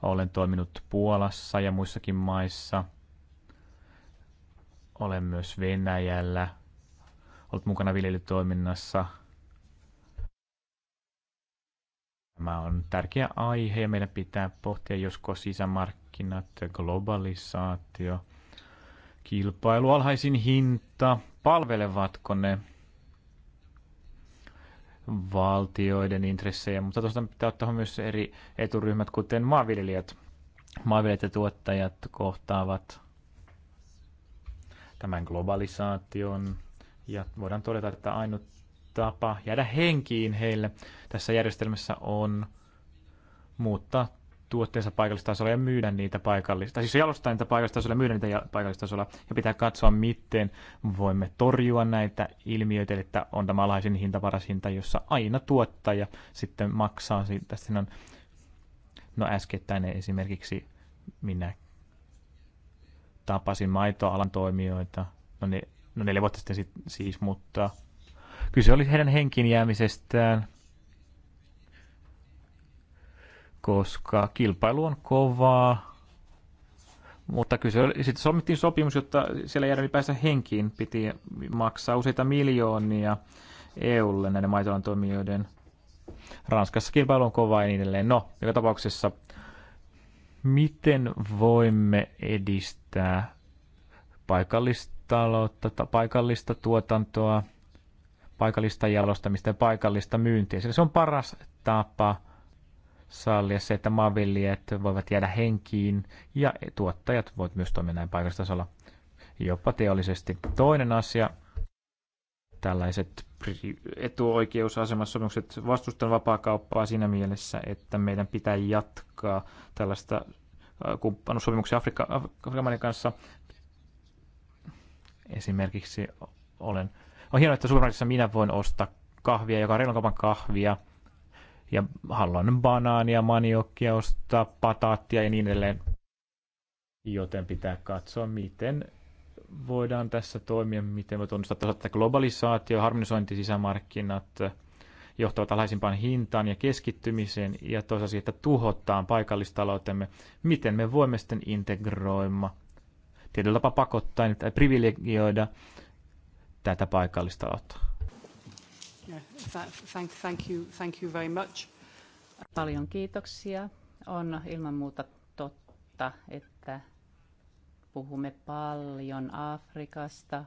olen toiminut Puolassa ja muissakin maissa. Olen myös Venäjällä, ollut mukana viljelytoiminnassa – Tämä on tärkeä aihe ja meidän pitää pohtia, josko sisämarkkinat, globalisaatio, kilpailu, alhaisin hinta, palvelevatko ne valtioiden intressejä, mutta tuosta pitää ottaa myös eri eturyhmät, kuten maanviljelijät. Maanviljelijät ja tuottajat kohtaavat tämän globalisaation ja voidaan todeta, että ainut tapa jäädä henkiin heille tässä järjestelmässä on muuttaa tuotteensa paikallistasolla ja myydä niitä paikallista, siis jalostaa niitä paikallistasolla ja myydä niitä paikallistasolla ja pitää katsoa, miten voimme torjua näitä ilmiöitä, että on tämä alhaisin hinta, paras hinta, jossa aina tuottaja sitten maksaa siitä. siinä on, no äskettäin esimerkiksi minä tapasin maitoalan toimijoita, no, ne, no neljä vuotta sitten siis, mutta Kyse oli heidän henkiin jäämisestään, koska kilpailu on kovaa. Mutta kyse oli, sitten somittiin sopimus, jotta siellä järvi päästä henkiin piti maksaa useita miljoonia EUlle näiden maitoalan toimijoiden. Ranskassa kilpailu on kovaa ja niin edelleen. No, joka tapauksessa, miten voimme edistää paikallistaloutta, paikallista tuotantoa – paikallista jalostamista ja paikallista myyntiä, sillä se on paras tapa sallia se, että maanviljelijät voivat jäädä henkiin ja tuottajat voivat myös toimia näin paikallistasolla jopa teollisesti. Toinen asia, tällaiset etuoikeusasemassopimukset vastustan vapaakauppaa siinä mielessä, että meidän pitää jatkaa tällaista äh, kumppanussopimuksia Afrikka, Afrikan kanssa. Esimerkiksi olen on hienoa, että supermarketissa minä voin ostaa kahvia, joka on reilun kaupan kahvia, ja haluan banaania, maniokkia ostaa, pataattia ja niin edelleen. Joten pitää katsoa, miten voidaan tässä toimia, miten voi tunnistaa, että globalisaatio, harmonisointi, sisämarkkinat johtavat alhaisimpaan hintaan ja keskittymiseen ja toisaalta siihen, että tuhotaan paikallistaloutemme. Miten me voimme sitten integroima, tietyllä tapaa pakottaa, että privilegioida tätä paikallistaloutta. Thank, thank, you, thank you very much. Paljon kiitoksia. On ilman muuta totta, että puhumme paljon Afrikasta,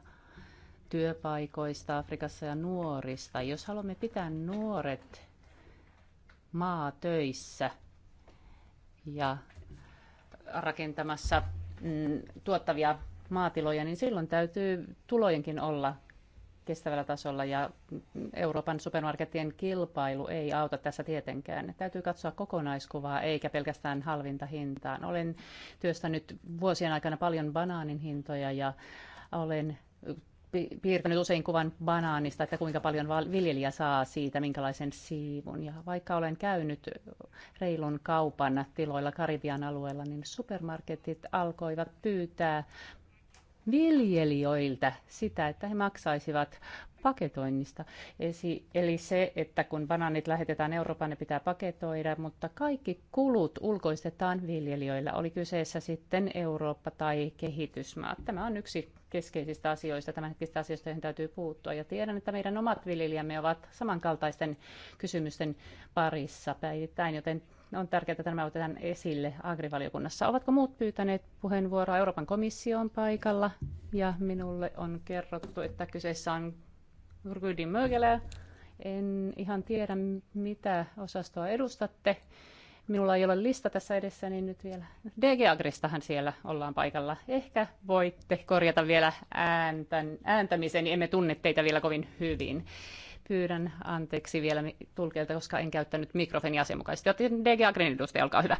työpaikoista Afrikassa ja nuorista. Jos haluamme pitää nuoret maa töissä ja rakentamassa mm, tuottavia maatiloja, niin silloin täytyy tulojenkin olla kestävällä tasolla ja Euroopan supermarkettien kilpailu ei auta tässä tietenkään. Täytyy katsoa kokonaiskuvaa eikä pelkästään halvinta hintaan. Olen työstänyt vuosien aikana paljon banaanin hintoja ja olen piirtänyt usein kuvan banaanista, että kuinka paljon viljelijä saa siitä, minkälaisen siivun. Ja vaikka olen käynyt reilun kaupan tiloilla Karibian alueella, niin supermarketit alkoivat pyytää viljelijöiltä sitä, että he maksaisivat paketoinnista. Eli se, että kun banaanit lähetetään Eurooppaan, ne pitää paketoida, mutta kaikki kulut ulkoistetaan viljelijöillä, oli kyseessä sitten Eurooppa tai kehitysmaat. Tämä on yksi keskeisistä asioista, tämänhetkisistä asioista, joihin täytyy puuttua. Ja tiedän, että meidän omat viljelijämme ovat samankaltaisten kysymysten parissa päivittäin, joten on tärkeää, että tämä otetaan esille agrivaliokunnassa. Ovatko muut pyytäneet puheenvuoroa? Euroopan komissio on paikalla ja minulle on kerrottu, että kyseessä on Rudi Mögele. En ihan tiedä, mitä osastoa edustatte. Minulla ei ole lista tässä edessä, niin nyt vielä DG Agristahan siellä ollaan paikalla. Ehkä voitte korjata vielä ääntä, ääntämisen, emme tunne teitä vielä kovin hyvin. Pyydän anteeksi vielä tulkelta, koska en käyttänyt mikrofonia asianmukaisesti. Joten DG Agrin edustaja, olkaa hyvä.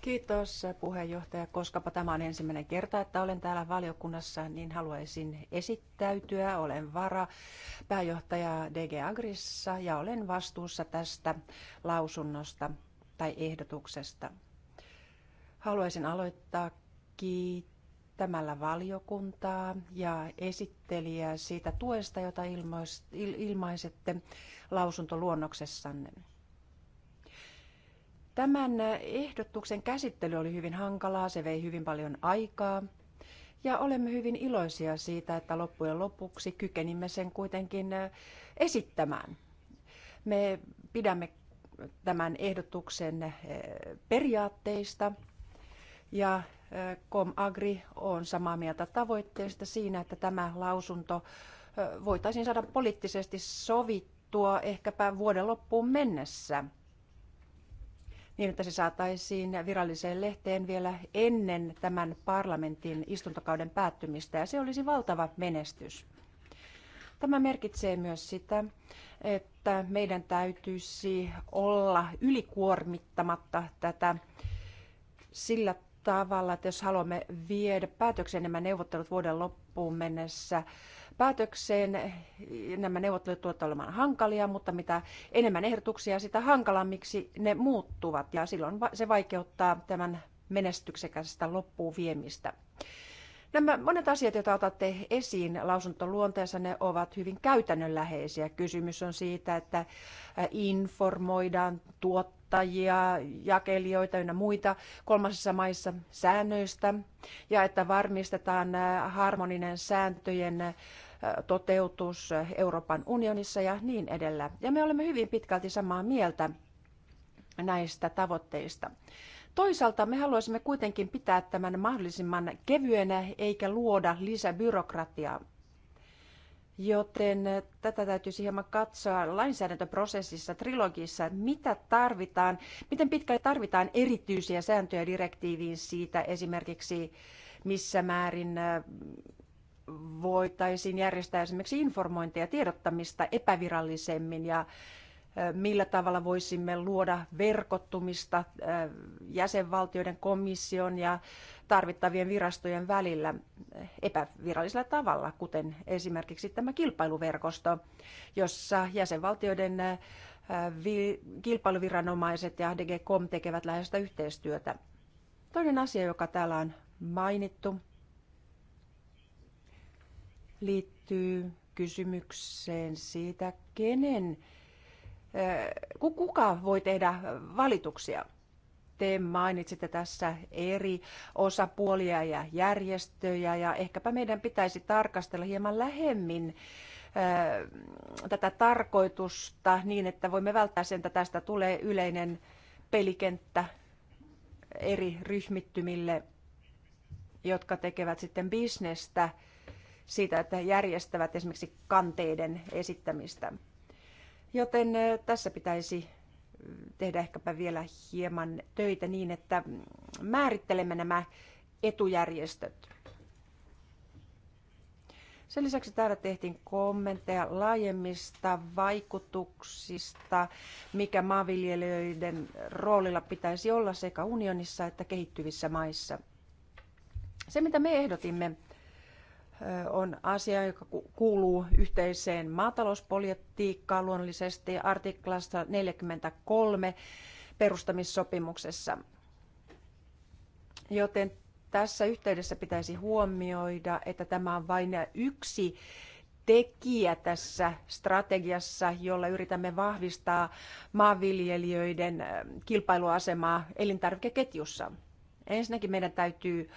Kiitos puheenjohtaja. Koskapa tämä on ensimmäinen kerta, että olen täällä valiokunnassa, niin haluaisin esittäytyä. Olen vara pääjohtaja DG Agrissa ja olen vastuussa tästä lausunnosta tai ehdotuksesta. Haluaisin aloittaa kiittämään kiittämällä valiokuntaa ja esittelijää siitä tuesta, jota ilmaisette lausuntoluonnoksessanne. Tämän ehdotuksen käsittely oli hyvin hankalaa, se vei hyvin paljon aikaa ja olemme hyvin iloisia siitä, että loppujen lopuksi kykenimme sen kuitenkin äh, esittämään. Me pidämme tämän ehdotuksen äh, periaatteista ja ComAgri on samaa mieltä tavoitteesta siinä, että tämä lausunto voitaisiin saada poliittisesti sovittua ehkäpä vuoden loppuun mennessä niin, että se saataisiin viralliseen lehteen vielä ennen tämän parlamentin istuntokauden päättymistä, ja se olisi valtava menestys. Tämä merkitsee myös sitä, että meidän täytyisi olla ylikuormittamatta tätä sillä tavalla, että jos haluamme viedä päätökseen nämä neuvottelut vuoden loppuun mennessä, päätökseen nämä neuvottelut tuottavat olemaan hankalia, mutta mitä enemmän ehdotuksia, sitä hankalammiksi ne muuttuvat ja silloin se vaikeuttaa tämän menestyksekästä loppuun viemistä. Nämä monet asiat, joita otatte esiin lausuntoluonteessa, ne ovat hyvin käytännönläheisiä. Kysymys on siitä, että informoidaan tuottaa kuluttajia, jakelijoita ja muita kolmansissa maissa säännöistä ja että varmistetaan äh, harmoninen sääntöjen äh, toteutus Euroopan unionissa ja niin edellä. Ja me olemme hyvin pitkälti samaa mieltä näistä tavoitteista. Toisaalta me haluaisimme kuitenkin pitää tämän mahdollisimman kevyenä eikä luoda lisää Joten tätä täytyisi hieman katsoa lainsäädäntöprosessissa, trilogissa, että mitä tarvitaan, miten pitkälle tarvitaan erityisiä sääntöjä direktiiviin siitä esimerkiksi, missä määrin äh, voitaisiin järjestää esimerkiksi informointia ja tiedottamista epävirallisemmin ja millä tavalla voisimme luoda verkottumista jäsenvaltioiden komission ja tarvittavien virastojen välillä epävirallisella tavalla, kuten esimerkiksi tämä kilpailuverkosto, jossa jäsenvaltioiden kilpailuviranomaiset ja DGCOM tekevät läheistä yhteistyötä. Toinen asia, joka täällä on mainittu, liittyy kysymykseen siitä, kenen kuka voi tehdä valituksia? Te mainitsitte tässä eri osapuolia ja järjestöjä ja ehkäpä meidän pitäisi tarkastella hieman lähemmin tätä tarkoitusta niin, että voimme välttää sen, että tästä tulee yleinen pelikenttä eri ryhmittymille, jotka tekevät sitten bisnestä siitä, että järjestävät esimerkiksi kanteiden esittämistä. Joten tässä pitäisi tehdä ehkäpä vielä hieman töitä niin, että mm, määrittelemme nämä etujärjestöt. Sen lisäksi täällä tehtiin kommentteja laajemmista vaikutuksista, mikä maanviljelijöiden roolilla pitäisi olla sekä unionissa että kehittyvissä maissa. Se, mitä me ehdotimme, on asia, joka kuuluu yhteiseen maatalouspolitiikkaan luonnollisesti artiklasta 43 perustamissopimuksessa. Joten tässä yhteydessä pitäisi huomioida, että tämä on vain yksi tekijä tässä strategiassa, jolla yritämme vahvistaa maanviljelijöiden kilpailuasemaa elintarvikeketjussa. Ensinnäkin meidän täytyy äh,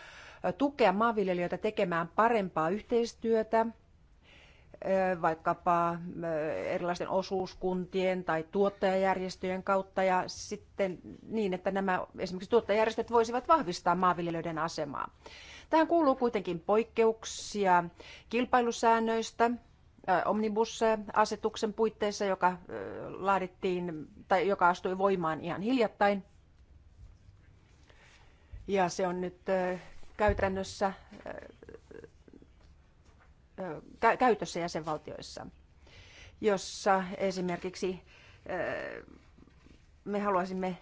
tukea maanviljelijöitä tekemään parempaa yhteistyötä vaikkapa erilaisten osuuskuntien tai tuottajajärjestöjen kautta ja sitten niin, että nämä esimerkiksi tuottajajärjestöt voisivat vahvistaa maanviljelijöiden asemaa. Tähän kuuluu kuitenkin poikkeuksia kilpailusäännöistä, omnibus-asetuksen puitteissa, joka laadittiin tai joka astui voimaan ihan hiljattain. Ja se on nyt käytännössä käytössä jäsenvaltioissa, jossa esimerkiksi me haluaisimme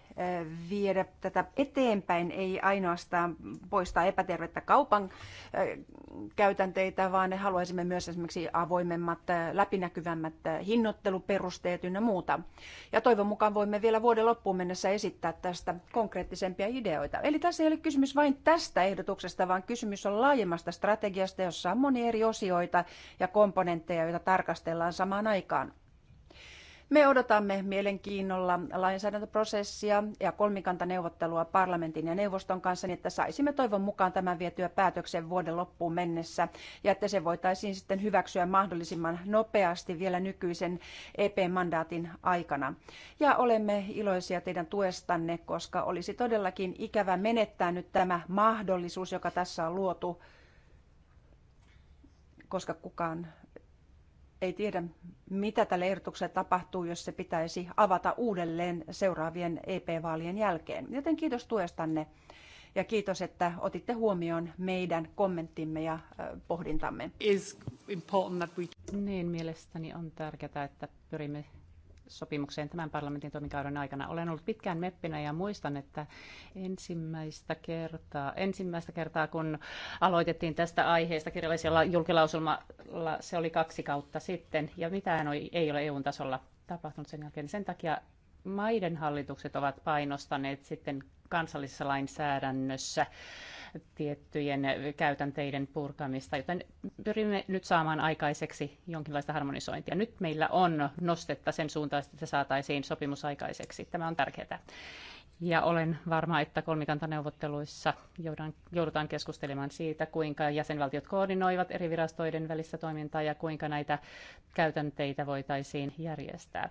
viedä tätä eteenpäin, ei ainoastaan poistaa epätervettä kaupan käytänteitä, vaan me haluaisimme myös esimerkiksi avoimemmat, läpinäkyvämmät hinnoitteluperusteet ynnä muuta. Ja toivon mukaan voimme vielä vuoden loppuun mennessä esittää tästä konkreettisempia ideoita. Eli tässä ei ole kysymys vain tästä ehdotuksesta, vaan kysymys on laajemmasta strategiasta, jossa on moni eri osioita ja komponentteja, joita tarkastellaan samaan aikaan. Me odotamme mielenkiinnolla lainsäädäntöprosessia ja kolmikantaneuvottelua parlamentin ja neuvoston kanssa, niin että saisimme toivon mukaan tämän vietyä päätöksen vuoden loppuun mennessä ja että se voitaisiin sitten hyväksyä mahdollisimman nopeasti vielä nykyisen EP-mandaatin aikana. Ja olemme iloisia teidän tuestanne, koska olisi todellakin ikävä menettää nyt tämä mahdollisuus, joka tässä on luotu koska kukaan ei tiedä, mitä tälle ehdotukselle tapahtuu, jos se pitäisi avata uudelleen seuraavien EP-vaalien jälkeen. Joten kiitos tuestanne ja kiitos, että otitte huomioon meidän kommenttimme ja pohdintamme. Is important that we... Niin, mielestäni on tärkeää, että pyrimme sopimukseen tämän parlamentin toimikauden aikana. Olen ollut pitkään meppinä ja muistan, että ensimmäistä kertaa, ensimmäistä kertaa kun aloitettiin tästä aiheesta kirjallisella julkilausulmalla, se oli kaksi kautta sitten, ja mitään ei ole eu tasolla tapahtunut sen jälkeen. Sen takia maiden hallitukset ovat painostaneet sitten kansallisessa lainsäädännössä tiettyjen käytänteiden purkamista, joten pyrimme nyt saamaan aikaiseksi jonkinlaista harmonisointia. Nyt meillä on nostetta sen suuntaisesti, että saataisiin sopimus aikaiseksi. Tämä on tärkeää. Ja olen varma, että kolmikantaneuvotteluissa joudutaan keskustelemaan siitä, kuinka jäsenvaltiot koordinoivat eri virastoiden välistä toimintaa ja kuinka näitä käytänteitä voitaisiin järjestää.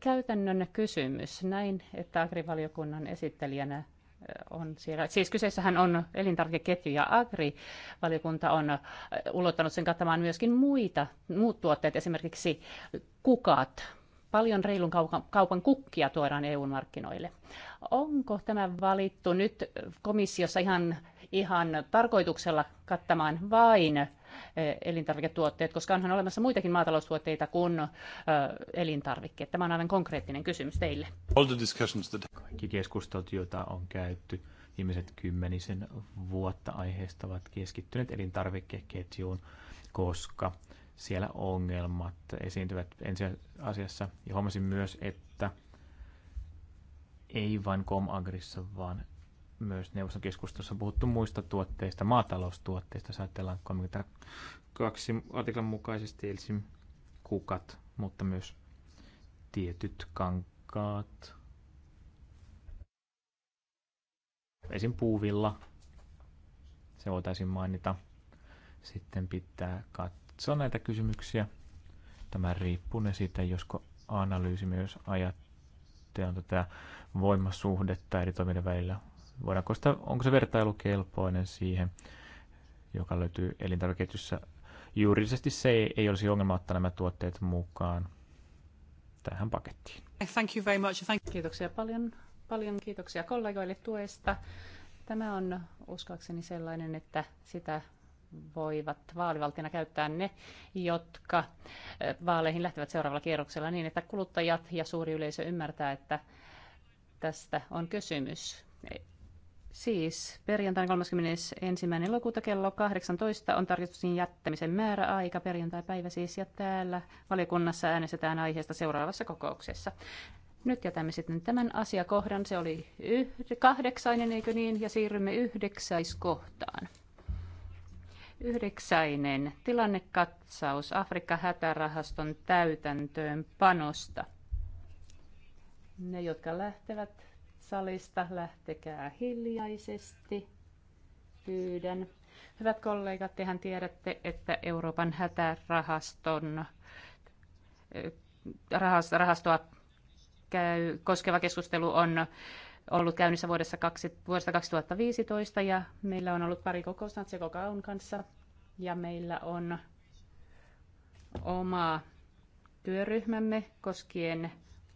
Käytännön kysymys. Näin, että agrivaliokunnan esittelijänä Eh, on siellä. Siis kyseessähän on elintarvikeketju ja agri. Valiokunta on eh, ulottanut sen kattamaan myöskin muita, muut tuotteet, esimerkiksi kukat. Paljon reilun kaupan kukkia tuodaan EU-markkinoille. Onko tämä valittu nyt komissiossa ihan, ihan tarkoituksella kattamaan vain Eh, elintarviketuotteet, koska onhan olemassa muitakin maataloustuotteita kuin eh, elintarvikkeet. Tämä on aivan konkreettinen kysymys teille. Kaikki keskustelut, joita on käyty viimeiset kymmenisen vuotta aiheesta ovat keskittyneet elintarvikeketjuun, koska siellä ongelmat esiintyvät ensi asiassa. Ja huomasin myös, että ei vain ComAgrissa, vaan myös neuvoston keskustelussa puhuttu muista tuotteista, maataloustuotteista, jos ajatellaan 32 artiklan mukaisesti, eli kukat, mutta myös tietyt kankaat. Esim. puuvilla, se voitaisiin mainita. Sitten pitää katsoa näitä kysymyksiä. Tämä riippuu ne siitä, josko analyysi myös ajattelee tätä voimasuhdetta eri toimijoiden välillä voidaanko sitä, onko se vertailukelpoinen siihen, joka löytyy elintarvikeketjussa. Juridisesti se ei, ei olisi ongelma ottaa nämä tuotteet mukaan tähän pakettiin. Thank you very much. Thank you. Kiitoksia paljon, paljon kiitoksia kollegoille tuesta. Tämä on uskoakseni sellainen, että sitä voivat vaalivaltina käyttää ne, jotka vaaleihin lähtevät seuraavalla kierroksella niin, että kuluttajat ja suuri yleisö ymmärtää, että tästä on kysymys. Siis perjantaina 31. elokuuta kello 18 on tarkistuksen jättämisen määräaika, perjantai-päivä siis, ja täällä valiokunnassa äänestetään aiheesta seuraavassa kokouksessa. Nyt jätämme sitten tämän asiakohdan, se oli yhde, kahdeksainen, eikö niin, ja siirrymme yhdeksäiskohtaan. Yhdeksäinen, tilannekatsaus Afrikka-hätärahaston täytäntöön panosta. Ne, jotka lähtevät salista, lähtekää hiljaisesti. Pyydän. Hyvät kollegat, tehän tiedätte, että Euroopan hätärahaston eh, rahastoa käy, koskeva keskustelu on ollut käynnissä vuodessa kaksi, vuodesta 2015 ja meillä on ollut pari kokousta Tsekokaun kanssa ja meillä on oma työryhmämme koskien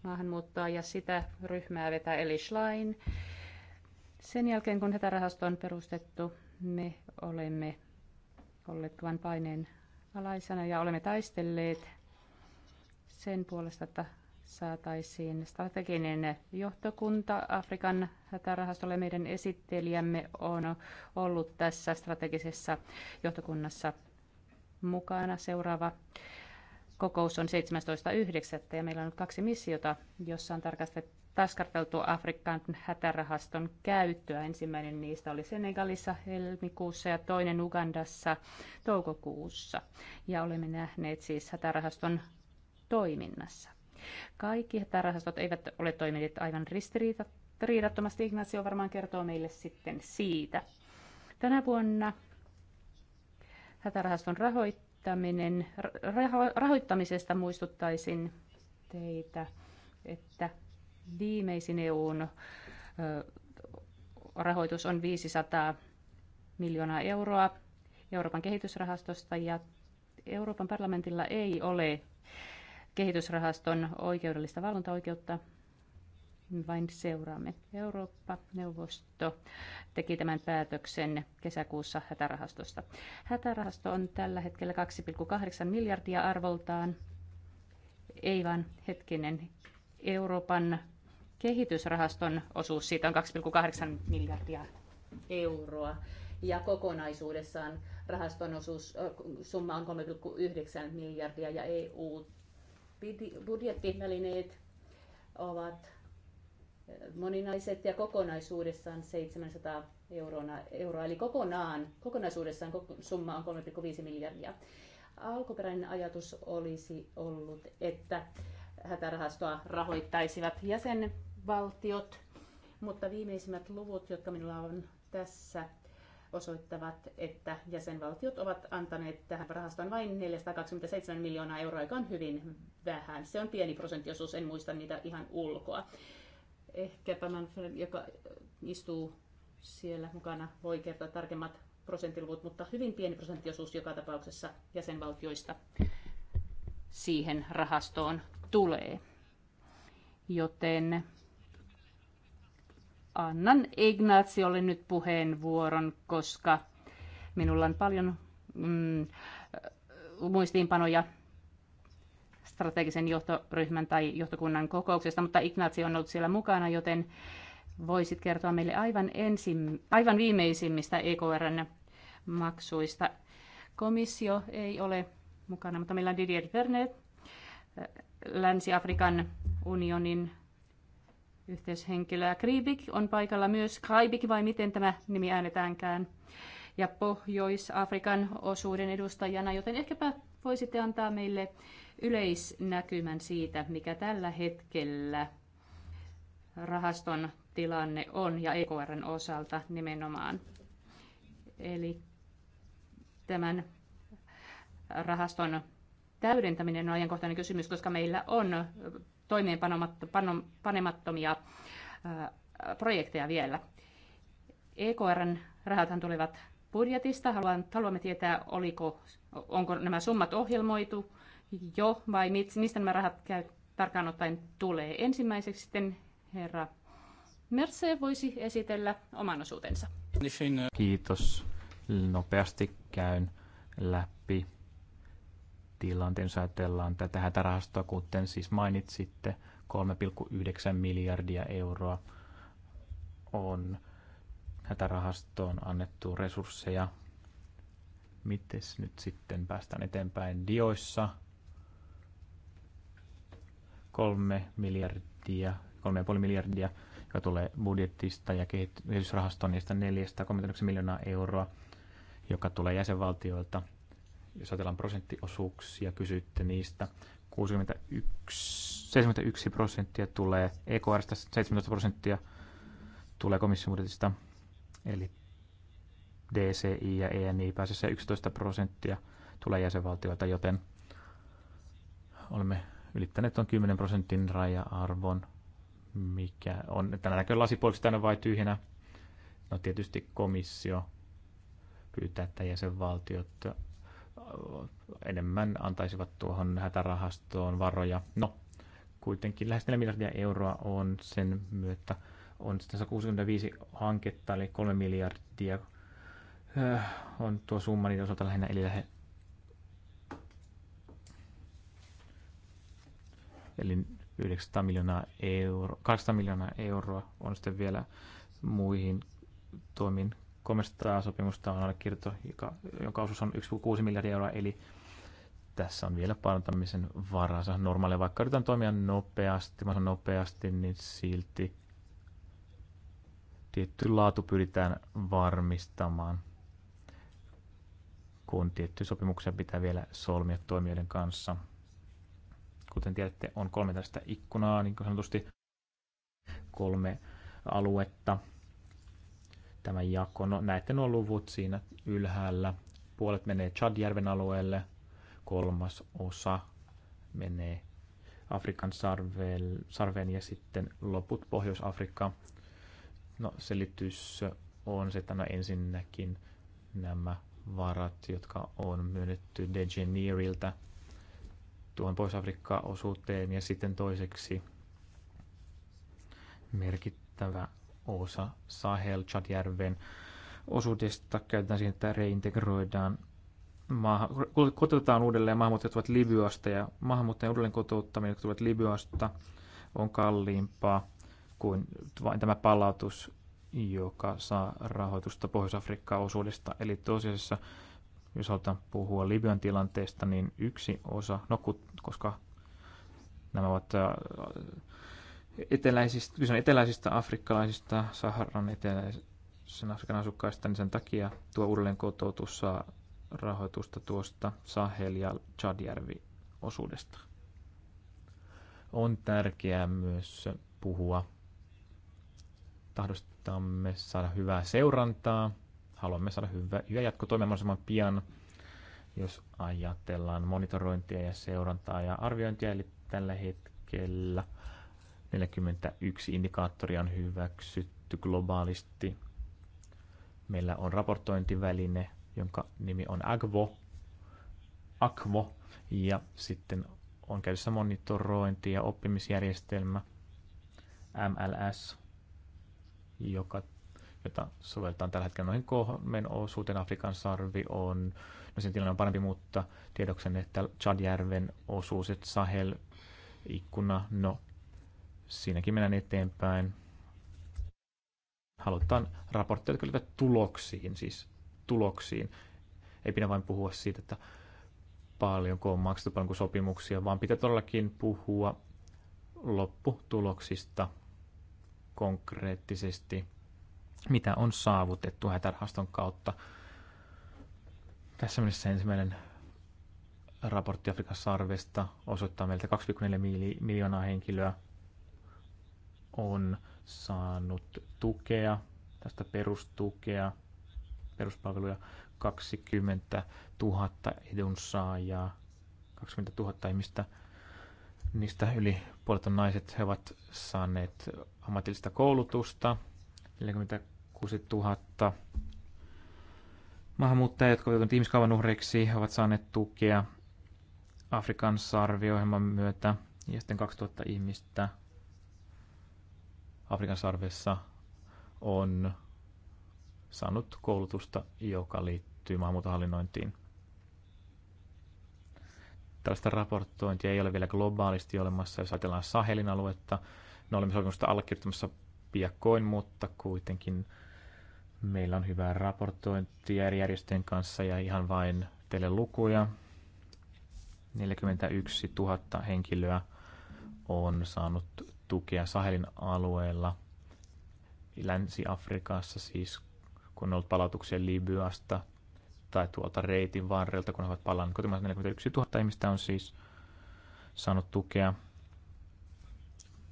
maahanmuuttoa ja sitä ryhmää vetää Eli Schlein. Sen jälkeen, kun hätärahasto on perustettu, me olemme olleet tuon paineen alaisena ja olemme taistelleet sen puolesta, että saataisiin strateginen johtokunta Afrikan hätärahastolle. Meidän esittelijämme on ollut tässä strategisessa johtokunnassa mukana. Seuraava kokous on 17.9. ja meillä on nyt kaksi missiota, jossa on tarkasteltu Afrikan hätärahaston käyttöä. Ensimmäinen niistä oli Senegalissa helmikuussa ja toinen Ugandassa toukokuussa. Ja olemme nähneet siis hätärahaston toiminnassa. Kaikki hätärahastot eivät ole toimineet aivan ristiriidattomasti. Ignacio varmaan kertoo meille sitten siitä. Tänä vuonna hätärahaston rahoittaja rahoittaminen, raho, rahoittamisesta muistuttaisin teitä, että viimeisin EUn rahoitus on 500 miljoonaa euroa Euroopan kehitysrahastosta ja Euroopan parlamentilla ei ole kehitysrahaston oikeudellista valvontaoikeutta, vain seuraamme. Eurooppa-neuvosto teki tämän päätöksen kesäkuussa hätärahastosta. Hätärahasto on tällä hetkellä 2,8 miljardia arvoltaan. Ei vaan hetkinen. Euroopan kehitysrahaston osuus siitä on 2,8 miljardia euroa ja kokonaisuudessaan rahaston osuus, summa on 3,9 miljardia ja EU-budjettivälineet ovat moninaiset ja kokonaisuudessaan 700 euroa, euroa eli kokonaan, kokonaisuudessaan summa on 3,5 miljardia. Alkuperäinen ajatus olisi ollut, että hätärahastoa rahoittaisivat jäsenvaltiot, mutta viimeisimmät luvut, jotka minulla on tässä, osoittavat, että jäsenvaltiot ovat antaneet tähän rahastoon vain 427 miljoonaa euroa, joka on hyvin vähän. Se on pieni prosenttiosuus, en muista niitä ihan ulkoa ehkäpä Manfred, joka istuu siellä mukana, voi kertoa tarkemmat prosenttiluvut, mutta hyvin pieni prosenttiosuus joka tapauksessa jäsenvaltioista siihen rahastoon tulee. Joten annan Ignaziolle nyt puheenvuoron, koska minulla on paljon mm, muistiinpanoja strategisen johtoryhmän tai johtokunnan kokouksesta, mutta Ignacio on ollut siellä mukana, joten voisit kertoa meille aivan, ensim, aivan viimeisimmistä EKRn maksuista. Komissio ei ole mukana, mutta meillä on Didier Vernet, äh, Länsi-Afrikan unionin yhteishenkilöä Kriibik on paikalla myös. Kraibik vai miten tämä nimi äänetäänkään? Ja Pohjois-Afrikan osuuden edustajana, joten ehkäpä voisitte antaa meille yleisnäkymän siitä, mikä tällä hetkellä rahaston tilanne on ja EKRn osalta nimenomaan. Eli tämän rahaston täydentäminen on ajankohtainen kysymys, koska meillä on toimeenpanemattomia projekteja vielä. EKRn rahathan tulevat budjetista. Haluan, haluamme tietää, oliko, onko nämä summat ohjelmoitu jo vai mistä nämä rahat käy, tarkkaan ottaen tulee? Ensimmäiseksi sitten herra Merce voisi esitellä oman osuutensa. Kiitos. Nopeasti käyn läpi tilanteen, jos ajatellaan tätä hätärahastoa, kuten siis mainitsitte, 3,9 miljardia euroa on hätärahastoon annettu resursseja. Mites nyt sitten päästään eteenpäin dioissa? 3 miljardia, 3,5 miljardia, joka tulee budjettista ja kehitysrahaston ja 439 miljoonaa euroa, joka tulee jäsenvaltioilta. Jos ajatellaan prosenttiosuuksia, kysytte niistä. 61, 71 prosenttia tulee EKRstä, 17 prosenttia tulee komission budjetista, eli DCI ja ENI pääsessä 11 prosenttia tulee jäsenvaltioita, joten olemme ylittäneet on 10 prosentin raja-arvon, mikä on, että näköjään lasipuoliksi tänne vai tyhjänä. No tietysti komissio pyytää, että jäsenvaltiot enemmän antaisivat tuohon hätärahastoon varoja. No, kuitenkin lähes 4 miljardia euroa on sen myötä. On 165 hanketta, eli 3 miljardia on tuo summa niiden osalta lähinnä, eli eli 900 miljoonaa euroa, 200 miljoonaa euroa on sitten vielä muihin toimiin. 300 sopimusta on allekirjoittu, joka, jonka osuus on 1,6 miljardia euroa, eli tässä on vielä parantamisen varansa normaalia. Vaikka yritetään toimia nopeasti, mä nopeasti, niin silti tietty laatu pyritään varmistamaan, kun tiettyjä sopimuksia pitää vielä solmia toimijoiden kanssa. Kuten tiedätte, on kolme tästä ikkunaa, niin kuin sanotusti kolme aluetta. Tämä jako, no näette nuo luvut siinä ylhäällä. Puolet menee Chadjärven alueelle, kolmas osa menee Afrikan sarveen, sarveen ja sitten loput pohjois afrikka No selitys on se, että no ensinnäkin nämä varat, jotka on myönnetty De tuohon Pohjois-Afrikka-osuuteen ja sitten toiseksi merkittävä osa Sahel Chadjärven osuudesta käytetään siihen, että reintegroidaan maahan, kotoutetaan uudelleen maahanmuuttajat tulevat Libyasta ja maahanmuuttajien uudelleen kotouttaminen, jotka tulevat Libyasta, on kalliimpaa kuin vain tämä palautus, joka saa rahoitusta Pohjois-Afrikkaan osuudesta. Eli tosiasiassa jos halutaan puhua Libyan tilanteesta, niin yksi osa, no koska nämä ovat äh, eteläisistä, kyse on eteläisistä afrikkalaisista, Saharan eteläisen Afrikan asukkaista, niin sen takia tuo uudelleen kotoutus saa rahoitusta tuosta Sahel- ja Chadjärvi-osuudesta. On tärkeää myös puhua tahdostamme saada hyvää seurantaa haluamme saada hyvä, hyvä jatko toimimaan pian, jos ajatellaan monitorointia ja seurantaa ja arviointia, eli tällä hetkellä 41 indikaattoria on hyväksytty globaalisti. Meillä on raportointiväline, jonka nimi on AGVO, AGVO ja sitten on käytössä monitorointi ja oppimisjärjestelmä MLS, joka jota sovelletaan tällä hetkellä noihin kolmen osuuteen. Afrikan sarvi on, no sen tilanne on parempi, mutta tiedoksen, että Chadjärven osuus, että Sahel ikkuna, no siinäkin mennään eteenpäin. Halutaan raportteja, jotka liittyvät tuloksiin, siis tuloksiin. Ei pidä vain puhua siitä, että paljonko on maksettu, paljonko sopimuksia, vaan pitää todellakin puhua lopputuloksista konkreettisesti – mitä on saavutettu hätärahaston kautta. Tässä mielessä ensimmäinen raportti Afrikan sarvesta osoittaa meiltä 2,4 miljoonaa henkilöä on saanut tukea, tästä perustukea, peruspalveluja 20 000 edunsaajaa, 20 000 ihmistä, niistä yli puolet on naiset, he ovat saaneet ammatillista koulutusta, 40 6000 maahanmuuttajia, jotka ovat joutuneet ihmiskaupan uhreiksi, ovat saaneet tukea Afrikan sarviohjelman myötä. Ja sitten 2000 ihmistä Afrikan sarvessa on saanut koulutusta, joka liittyy maahanmuuttohallinnointiin. Tällaista raportointia ei ole vielä globaalisti olemassa, jos ajatellaan Sahelin aluetta. No olemme sopimusta allekirjoittamassa piakkoin, mutta kuitenkin Meillä on hyvää raportointia eri järjestöjen kanssa ja ihan vain teille lukuja. 41 000 henkilöä on saanut tukea Sahelin alueella. Länsi-Afrikassa siis, kun on ollut palautuksia Libyasta tai tuolta reitin varrelta, kun he ovat palanneet kotimaassa 41 000 ihmistä on siis saanut tukea.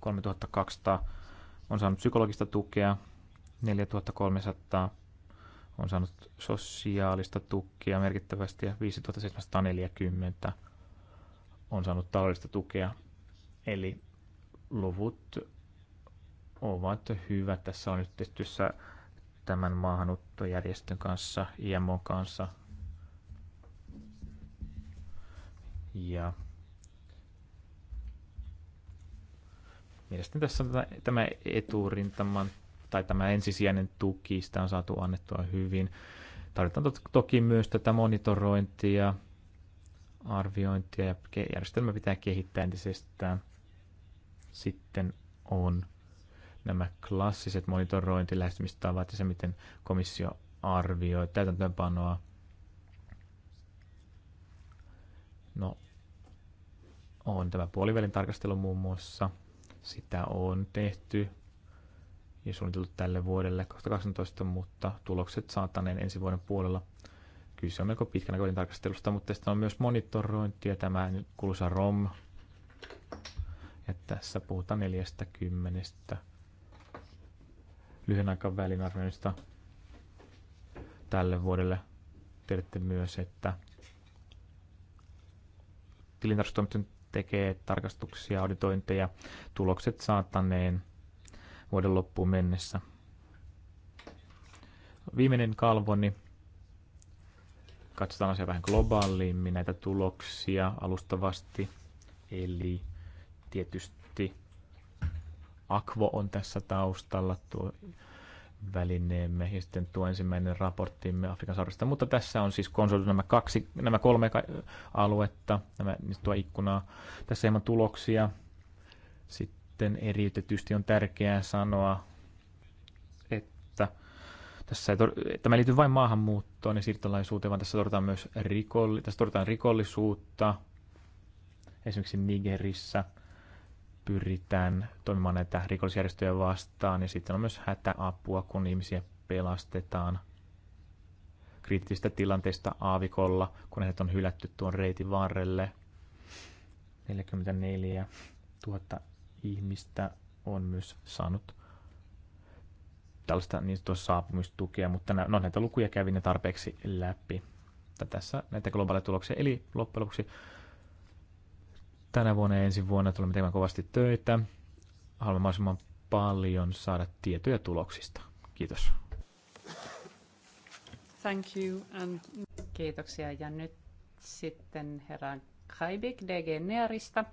3200 on saanut psykologista tukea 4300 on saanut sosiaalista tukea merkittävästi ja 5740 on saanut taloudellista tukea. Eli luvut ovat hyvät. Tässä on yhteistyössä tämän maahanottojärjestön kanssa, IMO kanssa. Ja mielestäni tässä on tämä eturintaman tai tämä ensisijainen tuki, sitä on saatu annettua hyvin. Tarvitaan toki myös tätä monitorointia, arviointia ja järjestelmä pitää kehittää entisestään. Sitten on nämä klassiset monitorointilähestymistavat ja se, miten komissio arvioi täytäntöönpanoa. No, on tämä puolivälin tarkastelu muun muassa. Sitä on tehty ja suunniteltu tälle vuodelle 2018, mutta tulokset saataneen ensi vuoden puolella. Kyse on melko pitkän aikojen tarkastelusta, mutta sitten on myös monitorointi ja tämä nyt kuuluisa ROM. Ja tässä puhutaan 40 lyhyen aikavälin arvioinnista tälle vuodelle. Tiedätte myös, että tilintarkastustoimiton tekee tarkastuksia, auditointeja, tulokset saataneen – vuoden loppuun mennessä. Viimeinen kalvoni. Katsotaan asia vähän globaalimmin näitä tuloksia alustavasti. Eli tietysti Akvo on tässä taustalla tuo välineemme ja sitten tuo ensimmäinen raporttimme Afrikan saarista. Mutta tässä on siis konsolidoitu nämä, kaksi, nämä kolme aluetta, nämä, niin tuo ikkunaa. Tässä hieman tuloksia. Sitten sitten eriytetysti on tärkeää sanoa, että tässä ei tor- tämä liittyy vain maahanmuuttoon ja siirtolaisuuteen, vaan tässä todetaan myös rikolli- tässä todetaan rikollisuutta. Esimerkiksi Nigerissä pyritään toimimaan näitä rikollisjärjestöjä vastaan ja sitten on myös hätäapua, kun ihmisiä pelastetaan kriittisistä tilanteista aavikolla, kun heidät on hylätty tuon reitin varrelle. 44 000 ihmistä on myös saanut tällaista niin saapumistukea, mutta no, näitä lukuja kävi ne tarpeeksi läpi. Tai tässä näitä globaaleja tuloksia. Eli loppujen lopuksi tänä vuonna ja ensi vuonna tulemme tekemään kovasti töitä. Haluamme mahdollisimman paljon saada tietoja tuloksista. Kiitos. Thank you and... Kiitoksia. Ja nyt sitten herra Kaibik DG Nearista.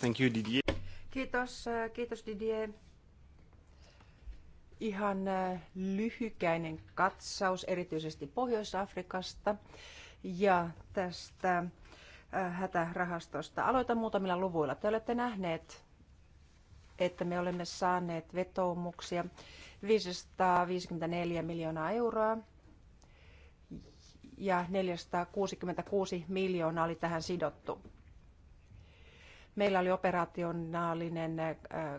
Thank you Didier. Kiitos, äh, kiitos Didier. Ihan äh, lyhykäinen katsaus erityisesti Pohjois-Afrikasta ja tästä äh, hätärahastosta. Aloitan muutamilla luvuilla. Te olette nähneet, että me olemme saaneet vetoomuksia 554 miljoonaa euroa ja 466 miljoonaa oli tähän sidottu. Meillä oli operationaalinen äh,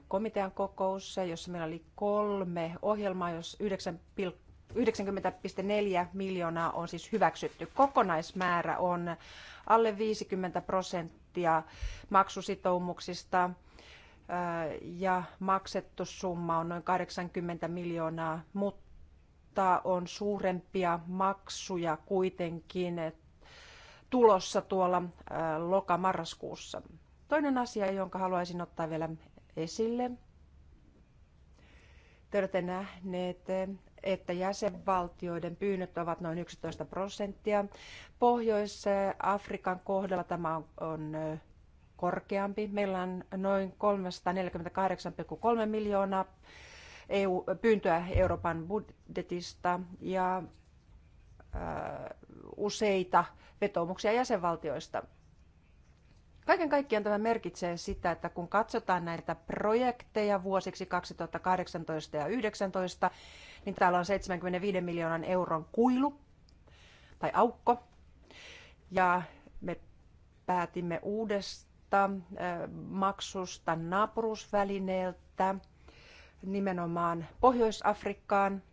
komitean kokous, jossa meillä oli kolme ohjelmaa, jos 90,4 miljoonaa on siis hyväksytty. Kokonaismäärä on alle 50 prosenttia maksusitoumuksista äh, ja maksettu summa on noin 80 miljoonaa, mutta on suurempia maksuja kuitenkin tulossa tuolla äh, lokamarraskuussa. marraskuussa Toinen asia, jonka haluaisin ottaa vielä esille. Te olette nähneet, että jäsenvaltioiden pyynnöt ovat noin 11 prosenttia. Pohjois-Afrikan kohdalla tämä on, korkeampi. Meillä on noin 348,3 miljoonaa EU, pyyntöä Euroopan budjetista ja useita vetoomuksia jäsenvaltioista – Kaiken kaikkiaan tämä merkitsee sitä, että kun katsotaan näitä projekteja vuosiksi 2018 ja 2019, niin täällä on 75 miljoonan euron kuilu tai aukko. Ja me päätimme uudesta maksusta naapurusvälineeltä nimenomaan Pohjois-Afrikkaan.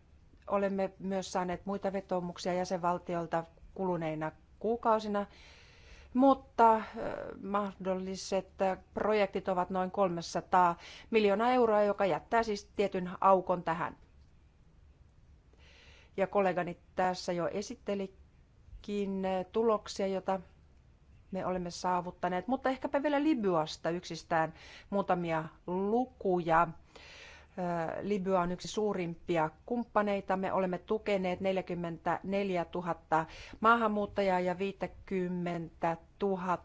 Olemme myös saaneet muita vetoomuksia jäsenvaltiolta kuluneina kuukausina mutta mahdolliset projektit ovat noin 300 miljoonaa euroa, joka jättää siis tietyn aukon tähän. Ja kollegani tässä jo esittelikin tuloksia, joita me olemme saavuttaneet, mutta ehkäpä vielä Libyasta yksistään muutamia lukuja Libya on yksi suurimpia kumppaneita. Me olemme tukeneet 44 000 maahanmuuttajaa ja 50 000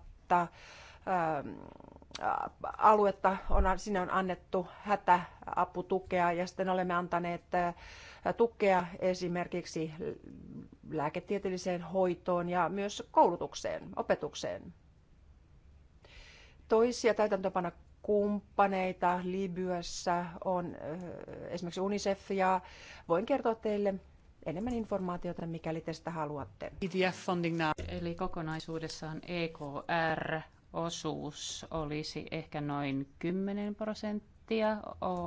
aluetta on, sinne on annettu hätäaputukea ja sitten olemme antaneet tukea esimerkiksi lääketieteelliseen hoitoon ja myös koulutukseen, opetukseen. Toisia täytäntöpano kumppaneita Libyassa on esimerkiksi UNICEF ja voin kertoa teille enemmän informaatiota, mikäli tästä haluatte. E Eli kokonaisuudessaan EKR osuus olisi ehkä noin 10 prosenttia.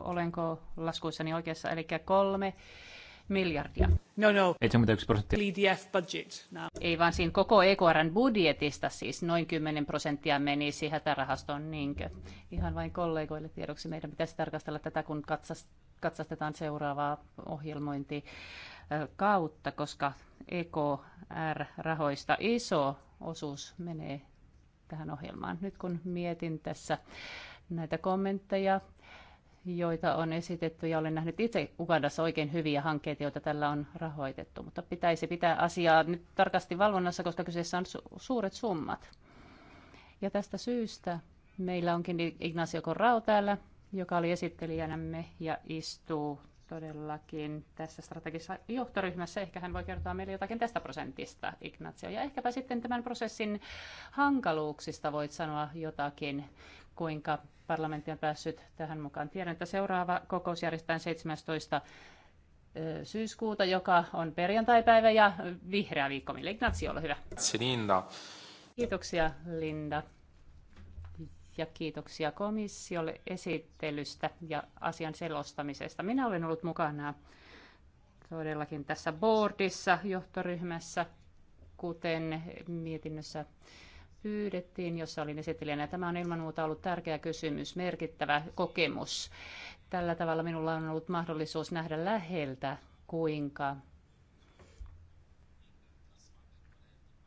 Olenko laskuissani oikeassa? Eli kolme miljardia. No, no. 71 prosenttia. EDF budget now. Ei vaan siinä koko EKRn budjetista siis noin 10 prosenttia siihen hätärahastoon niinkö. Ihan vain kollegoille tiedoksi meidän pitäisi tarkastella tätä, kun katsastetaan seuraavaa ohjelmointi kautta, koska EKR-rahoista iso osuus menee tähän ohjelmaan. Nyt kun mietin tässä näitä kommentteja, joita on esitetty ja olen nähnyt itse Ugandassa oikein hyviä hankkeita, joita tällä on rahoitettu, mutta pitäisi pitää asiaa nyt tarkasti valvonnassa, koska kyseessä on su- suuret summat. Ja tästä syystä meillä onkin Ignacio Corrao täällä, joka oli esittelijänämme ja istuu todellakin tässä strategisessa johtoryhmässä. Ehkä hän voi kertoa meille jotakin tästä prosentista, Ignacio. Ja ehkäpä sitten tämän prosessin hankaluuksista voit sanoa jotakin, kuinka parlamentti on päässyt tähän mukaan. Tiedän, että seuraava kokous järjestetään 17 syyskuuta, joka on perjantaipäivä ja vihreä viikko. Mille Ignacio, ole hyvä. Linda. Kiitoksia Linda. Ja kiitoksia komissiolle esittelystä ja asian selostamisesta. Minä olen ollut mukana todellakin tässä boardissa, johtoryhmässä, kuten mietinnössä pyydettiin, jossa olin esittelijänä. Tämä on ilman muuta ollut tärkeä kysymys, merkittävä kokemus. Tällä tavalla minulla on ollut mahdollisuus nähdä läheltä, kuinka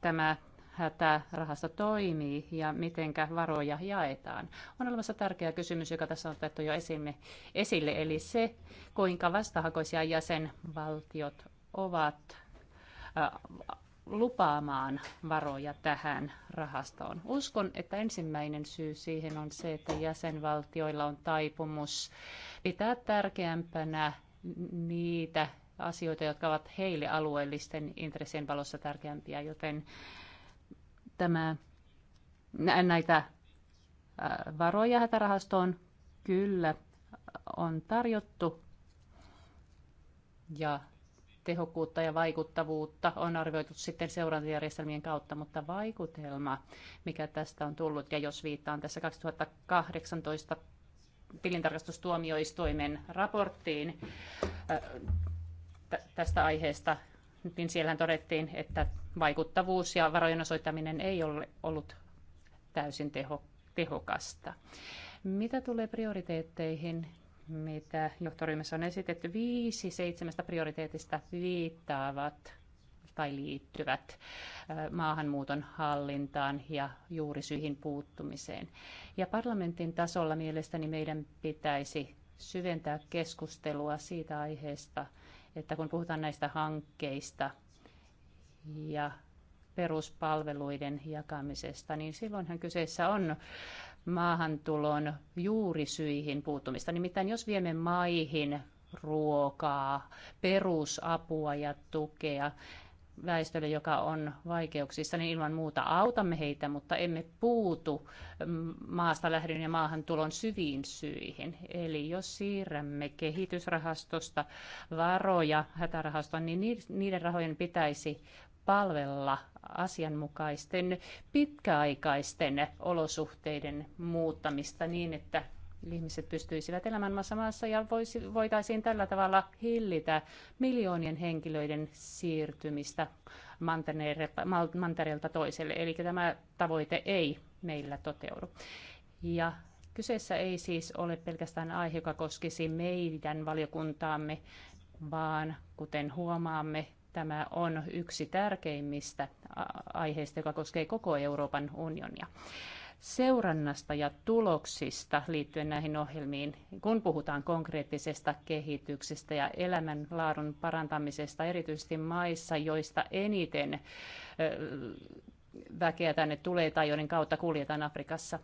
tämä hätärahasto toimii ja miten varoja jaetaan. On olemassa tärkeä kysymys, joka tässä on otettu jo esille, esille eli se, kuinka vastahakoisia jäsenvaltiot ovat äh, lupaamaan varoja tähän rahastoon. Uskon, että ensimmäinen syy siihen on se, että jäsenvaltioilla on taipumus pitää tärkeämpänä niitä asioita, jotka ovat heille alueellisten intressien valossa tärkeämpiä, joten tämä, näitä varoja hätärahastoon kyllä on tarjottu ja tehokkuutta ja vaikuttavuutta on arvioitu sitten seurantajärjestelmien kautta, mutta vaikutelma, mikä tästä on tullut, ja jos viittaan tässä 2018 tilintarkastustuomioistuimen raporttiin äh, tästä aiheesta, niin siellä todettiin, että vaikuttavuus ja varojen osoittaminen ei ole ollut täysin teho, tehokasta. Mitä tulee prioriteetteihin, mitä johtoryhmässä on esitetty. Viisi seitsemästä prioriteetista viittaavat tai liittyvät maahanmuuton hallintaan ja juurisyihin puuttumiseen. Ja parlamentin tasolla mielestäni meidän pitäisi syventää keskustelua siitä aiheesta, että kun puhutaan näistä hankkeista ja peruspalveluiden jakamisesta, niin silloinhan kyseessä on maahantulon juurisyihin puuttumista. Nimittäin jos viemme maihin ruokaa, perusapua ja tukea väestölle, joka on vaikeuksissa, niin ilman muuta autamme heitä, mutta emme puutu maasta lähdön ja maahantulon syviin syihin. Eli jos siirrämme kehitysrahastosta varoja hätärahastoon, niin niiden rahojen pitäisi palvella asianmukaisten pitkäaikaisten olosuhteiden muuttamista niin, että ihmiset pystyisivät elämään maassa maassa ja voisi, voitaisiin tällä tavalla hillitä miljoonien henkilöiden siirtymistä mantereelta, toiselle. Eli tämä tavoite ei meillä toteudu. Ja kyseessä ei siis ole pelkästään aihe, joka koskisi meidän valiokuntaamme, vaan kuten huomaamme, Tämä on yksi tärkeimmistä aiheista, joka koskee koko Euroopan unionia seurannasta ja tuloksista liittyen näihin ohjelmiin, kun puhutaan konkreettisesta kehityksestä ja elämänlaadun parantamisesta, erityisesti maissa, joista eniten väkeä tänne tulee tai joiden kautta kuljetaan Afrikassa,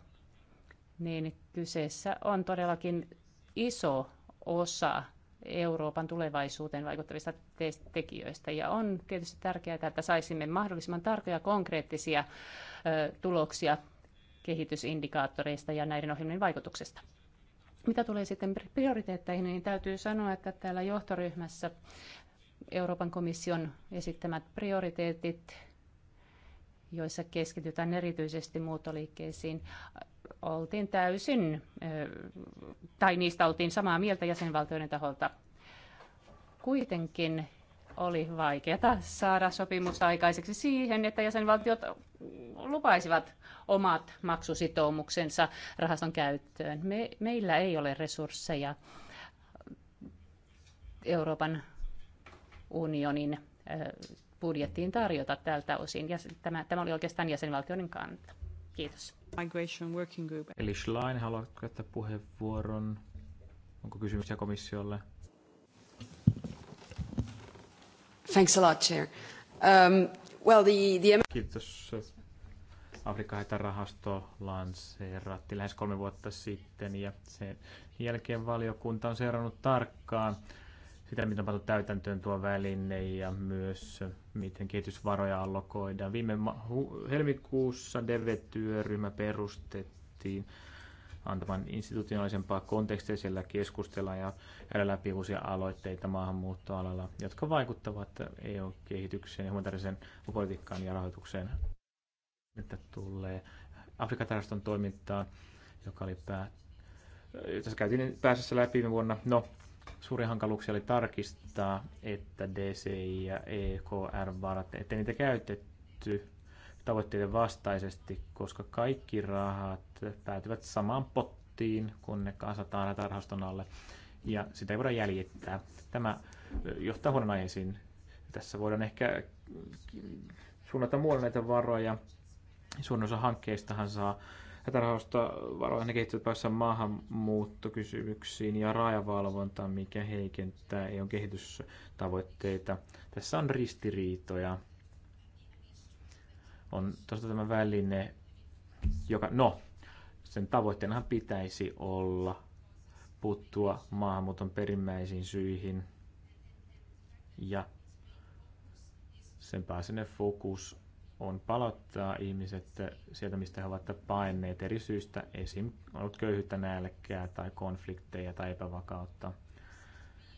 niin kyseessä on todellakin iso osa Euroopan tulevaisuuteen vaikuttavista tekijöistä. Ja on tietysti tärkeää, että saisimme mahdollisimman tarkoja konkreettisia tuloksia kehitysindikaattoreista ja näiden ohjelmien vaikutuksesta. Mitä tulee sitten prioriteetteihin, niin täytyy sanoa, että täällä johtoryhmässä Euroopan komission esittämät prioriteetit, joissa keskitytään erityisesti muuttoliikkeisiin, oltiin täysin, tai niistä oltiin samaa mieltä jäsenvaltioiden taholta. Kuitenkin oli vaikeata saada sopimus aikaiseksi siihen, että jäsenvaltiot lupaisivat omat maksusitoumuksensa rahaston käyttöön. Me, meillä ei ole resursseja Euroopan unionin budjettiin tarjota tältä osin. Ja tämä, tämä oli oikeastaan jäsenvaltioiden kanta. Kiitos. Migration Working Group. Eli Schlein, haluatko käyttää puheenvuoron? Onko kysymyksiä komissiolle? Thanks a lot, Chair. Um, well, the, the... Kiitos. Haitan rahasto lanseerattiin lähes kolme vuotta sitten ja sen jälkeen valiokunta on seurannut tarkkaan sitä, mitä on pantu täytäntöön tuo väline ja myös miten kehitysvaroja allokoidaan. Viime helmikuussa DV-työryhmä perustettiin antamaan institutionaalisempaa kontekstia. Siellä keskustellaan ja käydä läpi uusia aloitteita maahanmuuttoalalla, jotka vaikuttavat EU-kehitykseen, humanitaariseen politiikkaan ja rahoitukseen, mitä tulee Afrikan taraston toimintaan, joka oli pää... Tässä käytiin pääsessä läpi viime vuonna. No, suuri hankaluuksia oli tarkistaa, että DCI ja EKR-varat, ettei niitä käytetty tavoitteiden vastaisesti, koska kaikki rahat päätyvät samaan pottiin, kun ne kasataan hätärahaston alle, ja sitä ei voida jäljittää. Tämä johtaa huolenaiheisiin. Tässä voidaan ehkä suunnata muualle näitä varoja. Suurin osa hankkeistahan saa hätärahoista varoja ne kehittyvät päässä maahanmuuttokysymyksiin ja rajavalvontaan, mikä heikentää EUn kehitystavoitteita. Tässä on ristiriitoja. On tosiaan tämä väline, joka, no, sen tavoitteenahan pitäisi olla puuttua maahanmuuton perimmäisiin syihin ja sen pääsinen fokus on palauttaa ihmiset sieltä, mistä he ovat paenneet eri syistä, esim. on ollut köyhyyttä, nälkää tai konflikteja tai epävakautta.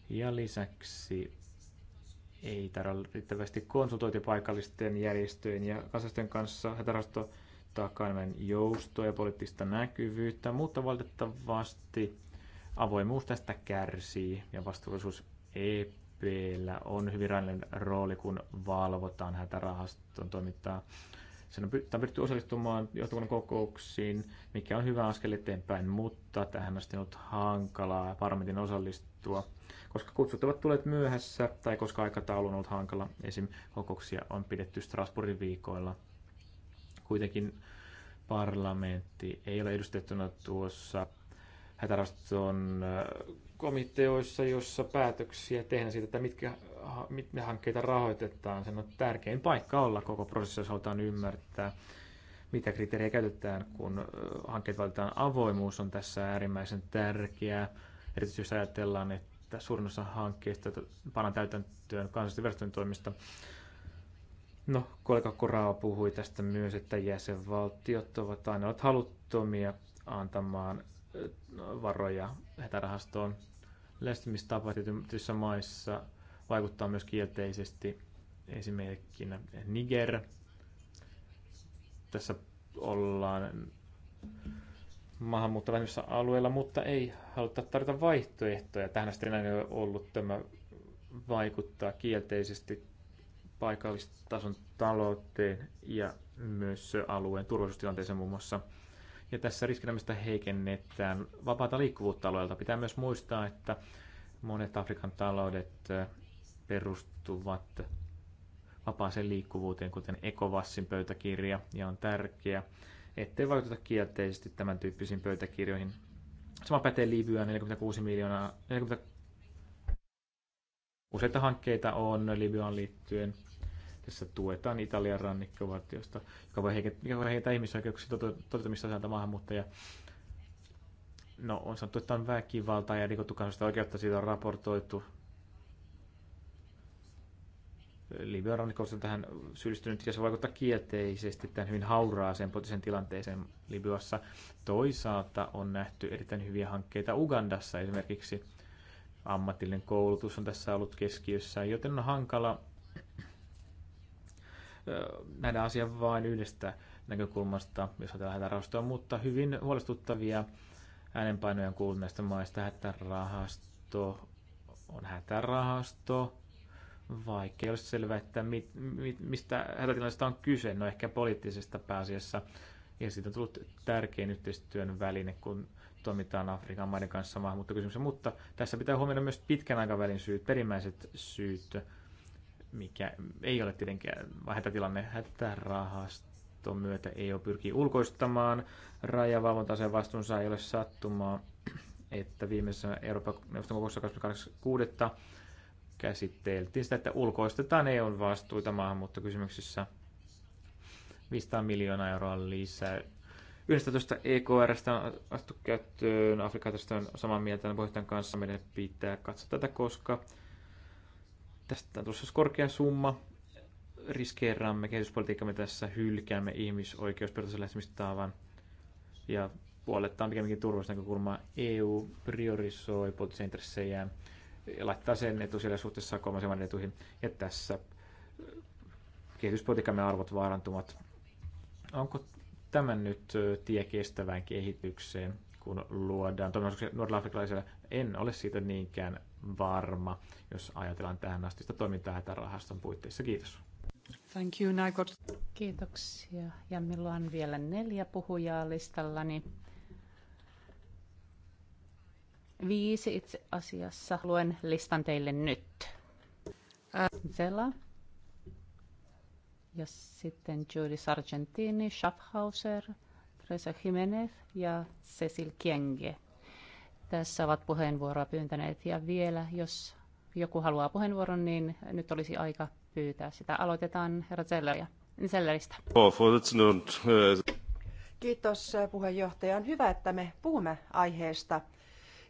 Ja lisäksi ei tarvitse riittävästi konsultoitu paikallisten järjestöjen ja kansallisten kanssa. He tarvitsevat joustoa ja poliittista näkyvyyttä, mutta valitettavasti avoimuus tästä kärsii ja vastuullisuus ei EKPllä on hyvin rajallinen rooli, kun valvotaan hätärahaston toimintaa. Sen on pyritty osallistumaan johtokunnan kokouksiin, mikä on hyvä askel eteenpäin, mutta tähän asti on ollut hankalaa parlamentin osallistua, koska kutsut ovat tulleet myöhässä tai koska aikataulu on ollut hankala. Esim. kokouksia on pidetty Strasbourgin viikoilla. Kuitenkin parlamentti ei ole edustettuna tuossa hätärahaston äh, komiteoissa, jossa päätöksiä tehdään siitä, että mitkä, ne hankkeita rahoitetaan. Sen on tärkein paikka olla koko prosessissa, jos halutaan ymmärtää, mitä kriteerejä käytetään, kun hankkeet valitaan. Avoimuus on tässä äärimmäisen tärkeää, erityisesti jos ajatellaan, että suurin osa hankkeista pannaan täytäntöön kansallisten virastojen toimista. No, kollega Korao puhui tästä myös, että jäsenvaltiot ovat aina olleet haluttomia antamaan varoja hätärahastoon. Lähestymistapa tietyissä maissa vaikuttaa myös kielteisesti. Esimerkkinä Niger. Tässä ollaan maahanmuuttovähemmistössä alueella, mutta ei haluta tarjota vaihtoehtoja. Tähän asti näin ei ole ollut. Tämä vaikuttaa kielteisesti paikallistason talouteen ja myös alueen turvallisuustilanteeseen muun muassa – ja tässä riskinämistä heikennetään vapaata liikkuvuutta alueelta. Pitää myös muistaa, että monet Afrikan taloudet perustuvat vapaaseen liikkuvuuteen, kuten Ekovassin pöytäkirja, ja on tärkeää, ettei vaikuteta kielteisesti tämän tyyppisiin pöytäkirjoihin. Sama pätee Libyaan 46 miljoonaa, 40, useita hankkeita on Libyaan liittyen, tässä tuetaan Italian rannikkovaltiosta, joka voi heikentää ihmisoikeuksia toteutumista sieltä maahanmuuttajia. No, on sanottu, että on väkivaltaa ja rikottu kansallista oikeutta, siitä on raportoitu. Libyan rannikossa on tähän syyllistynyt ja se vaikuttaa kielteisesti tämän hyvin hauraaseen potisen tilanteeseen Libyassa. Toisaalta on nähty erittäin hyviä hankkeita Ugandassa esimerkiksi. Ammatillinen koulutus on tässä ollut keskiössä, joten on hankala nähdä asian vain yhdestä näkökulmasta, jos ajatellaan hätärahastoa, mutta hyvin huolestuttavia äänenpainoja on kuullut näistä maista. Hätärahasto on hätärahasto. Vaikea olisi selvää, että mit, mit, mistä hätätilanteesta on kyse. No ehkä poliittisesta pääasiassa. Ja siitä on tullut tärkein yhteistyön väline, kun toimitaan Afrikan maiden kanssa maahanmuuttokysymyksessä. Mutta tässä pitää huomioida myös pitkän aikavälin syyt, perimmäiset syyt mikä ei ole tietenkään hätätilanne hätärahaston myötä. ole pyrkii ulkoistamaan Rajavalvontaseen vastuunsa. Ei ole sattumaa, että viimeisessä Euroopan neuvoston kokouksessa 28.6. käsiteltiin sitä, että ulkoistetaan EUn vastuita maahanmuuttokysymyksissä 500 miljoonaa euroa lisää 11 EKRstä on astu käyttöön, Afrikasta on samaa mieltä puheenjohtajan kanssa, meidän pitää katsoa tätä, koska Tästä on tulossa siis korkea summa. Riskeeraamme kehityspolitiikkamme tässä, hylkäämme ihmisoikeusperustaisen lähestymistavan ja puolettaan pikemminkin turvallisuusnäkökulmaa. EU priorisoi poliittisia intressejä ja laittaa sen etusille suhteessa kolmansien etuihin. Ja tässä äh, kehityspolitiikkamme arvot vaarantuvat. Onko tämä nyt äh, tie kestävään kehitykseen, kun luodaan toimivaisuuksia nuorilla afrikkalaisilla en ole siitä niinkään varma, jos ajatellaan tähän asti sitä toimintaa rahaston puitteissa. Kiitos. Thank you, Naikot. Kiitoksia. Ja minulla on vielä neljä puhujaa listallani. Viisi itse asiassa. Luen listan teille nyt. Zela. Ja sitten Judy Sargentini, Schaffhauser, Teresa Jimenez ja Cecil Kienge tässä ovat puheenvuoroa pyyntäneet. Ja vielä, jos joku haluaa puheenvuoron, niin nyt olisi aika pyytää sitä. Aloitetaan herra Zelleria. Zelleristä. Äh, Kiitos äh, puheenjohtaja. On hyvä, että me puhumme aiheesta.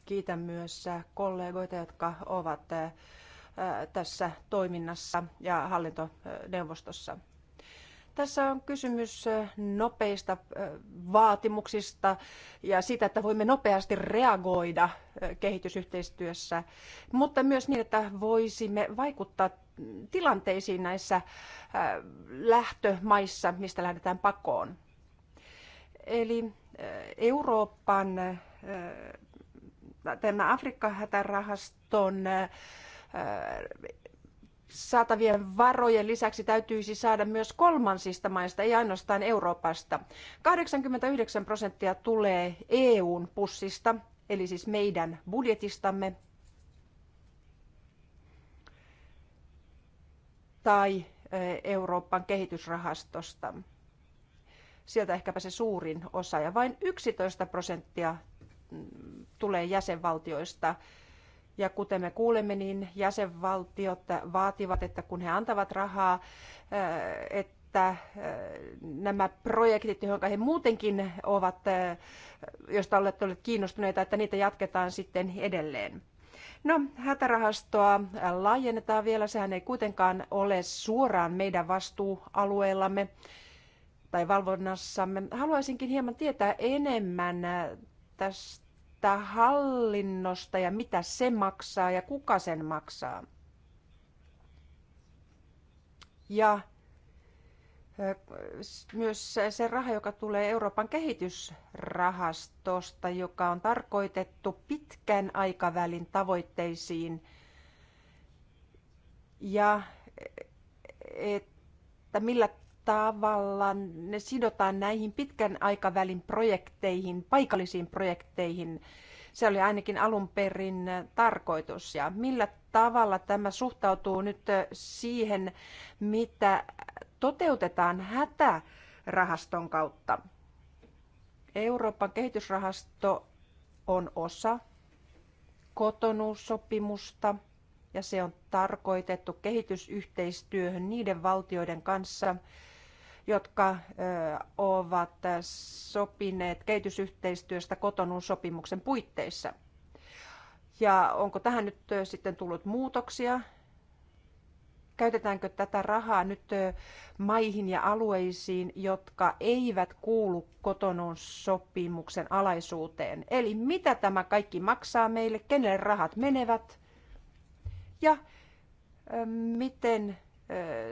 Kiitän myös äh, kollegoita, jotka ovat tässä toiminnassa ja hallintoneuvostossa. Tässä on kysymys nopeista vaatimuksista ja siitä, että voimme nopeasti reagoida kehitysyhteistyössä, mutta myös niin, että voisimme vaikuttaa tilanteisiin näissä lähtömaissa, mistä lähdetään pakoon. Eli Euroopan tämä Afrikka-hätärahaston saatavien varojen lisäksi täytyisi saada myös kolmansista maista, ei ainoastaan Euroopasta. 89 prosenttia tulee EUn pussista, eli siis meidän budjetistamme, tai Euroopan kehitysrahastosta. Sieltä ehkäpä se suurin osa ja vain 11 prosenttia mm, tulee jäsenvaltioista ja kuten me kuulemme, niin jäsenvaltiot vaativat, että kun he antavat rahaa, äh, että äh, nämä projektit, joihin he muutenkin ovat, äh, joista olette olleet kiinnostuneita, että niitä jatketaan sitten edelleen. No, hätärahastoa laajennetaan vielä. Sehän ei kuitenkaan ole suoraan meidän vastuualueellamme tai valvonnassamme. Haluaisinkin hieman tietää enemmän tästä päättää hallinnosta ja mitä se maksaa ja kuka sen maksaa. Ja myös se raha, joka tulee Euroopan kehitysrahastosta, joka on tarkoitettu pitkän aikavälin tavoitteisiin. Ja e, e, että millä tavalla ne sidotaan näihin pitkän aikavälin projekteihin, paikallisiin projekteihin. Se oli ainakin alun perin tarkoitus. Ja millä tavalla tämä suhtautuu nyt siihen, mitä toteutetaan hätärahaston kautta? Euroopan kehitysrahasto on osa kotonuussopimusta ja se on tarkoitettu kehitysyhteistyöhön niiden valtioiden kanssa, jotka ovat sopineet kehitysyhteistyöstä kotonun sopimuksen puitteissa. Ja onko tähän nyt sitten tullut muutoksia? Käytetäänkö tätä rahaa nyt maihin ja alueisiin, jotka eivät kuulu kotonun sopimuksen alaisuuteen? Eli mitä tämä kaikki maksaa meille, kenelle rahat menevät ja miten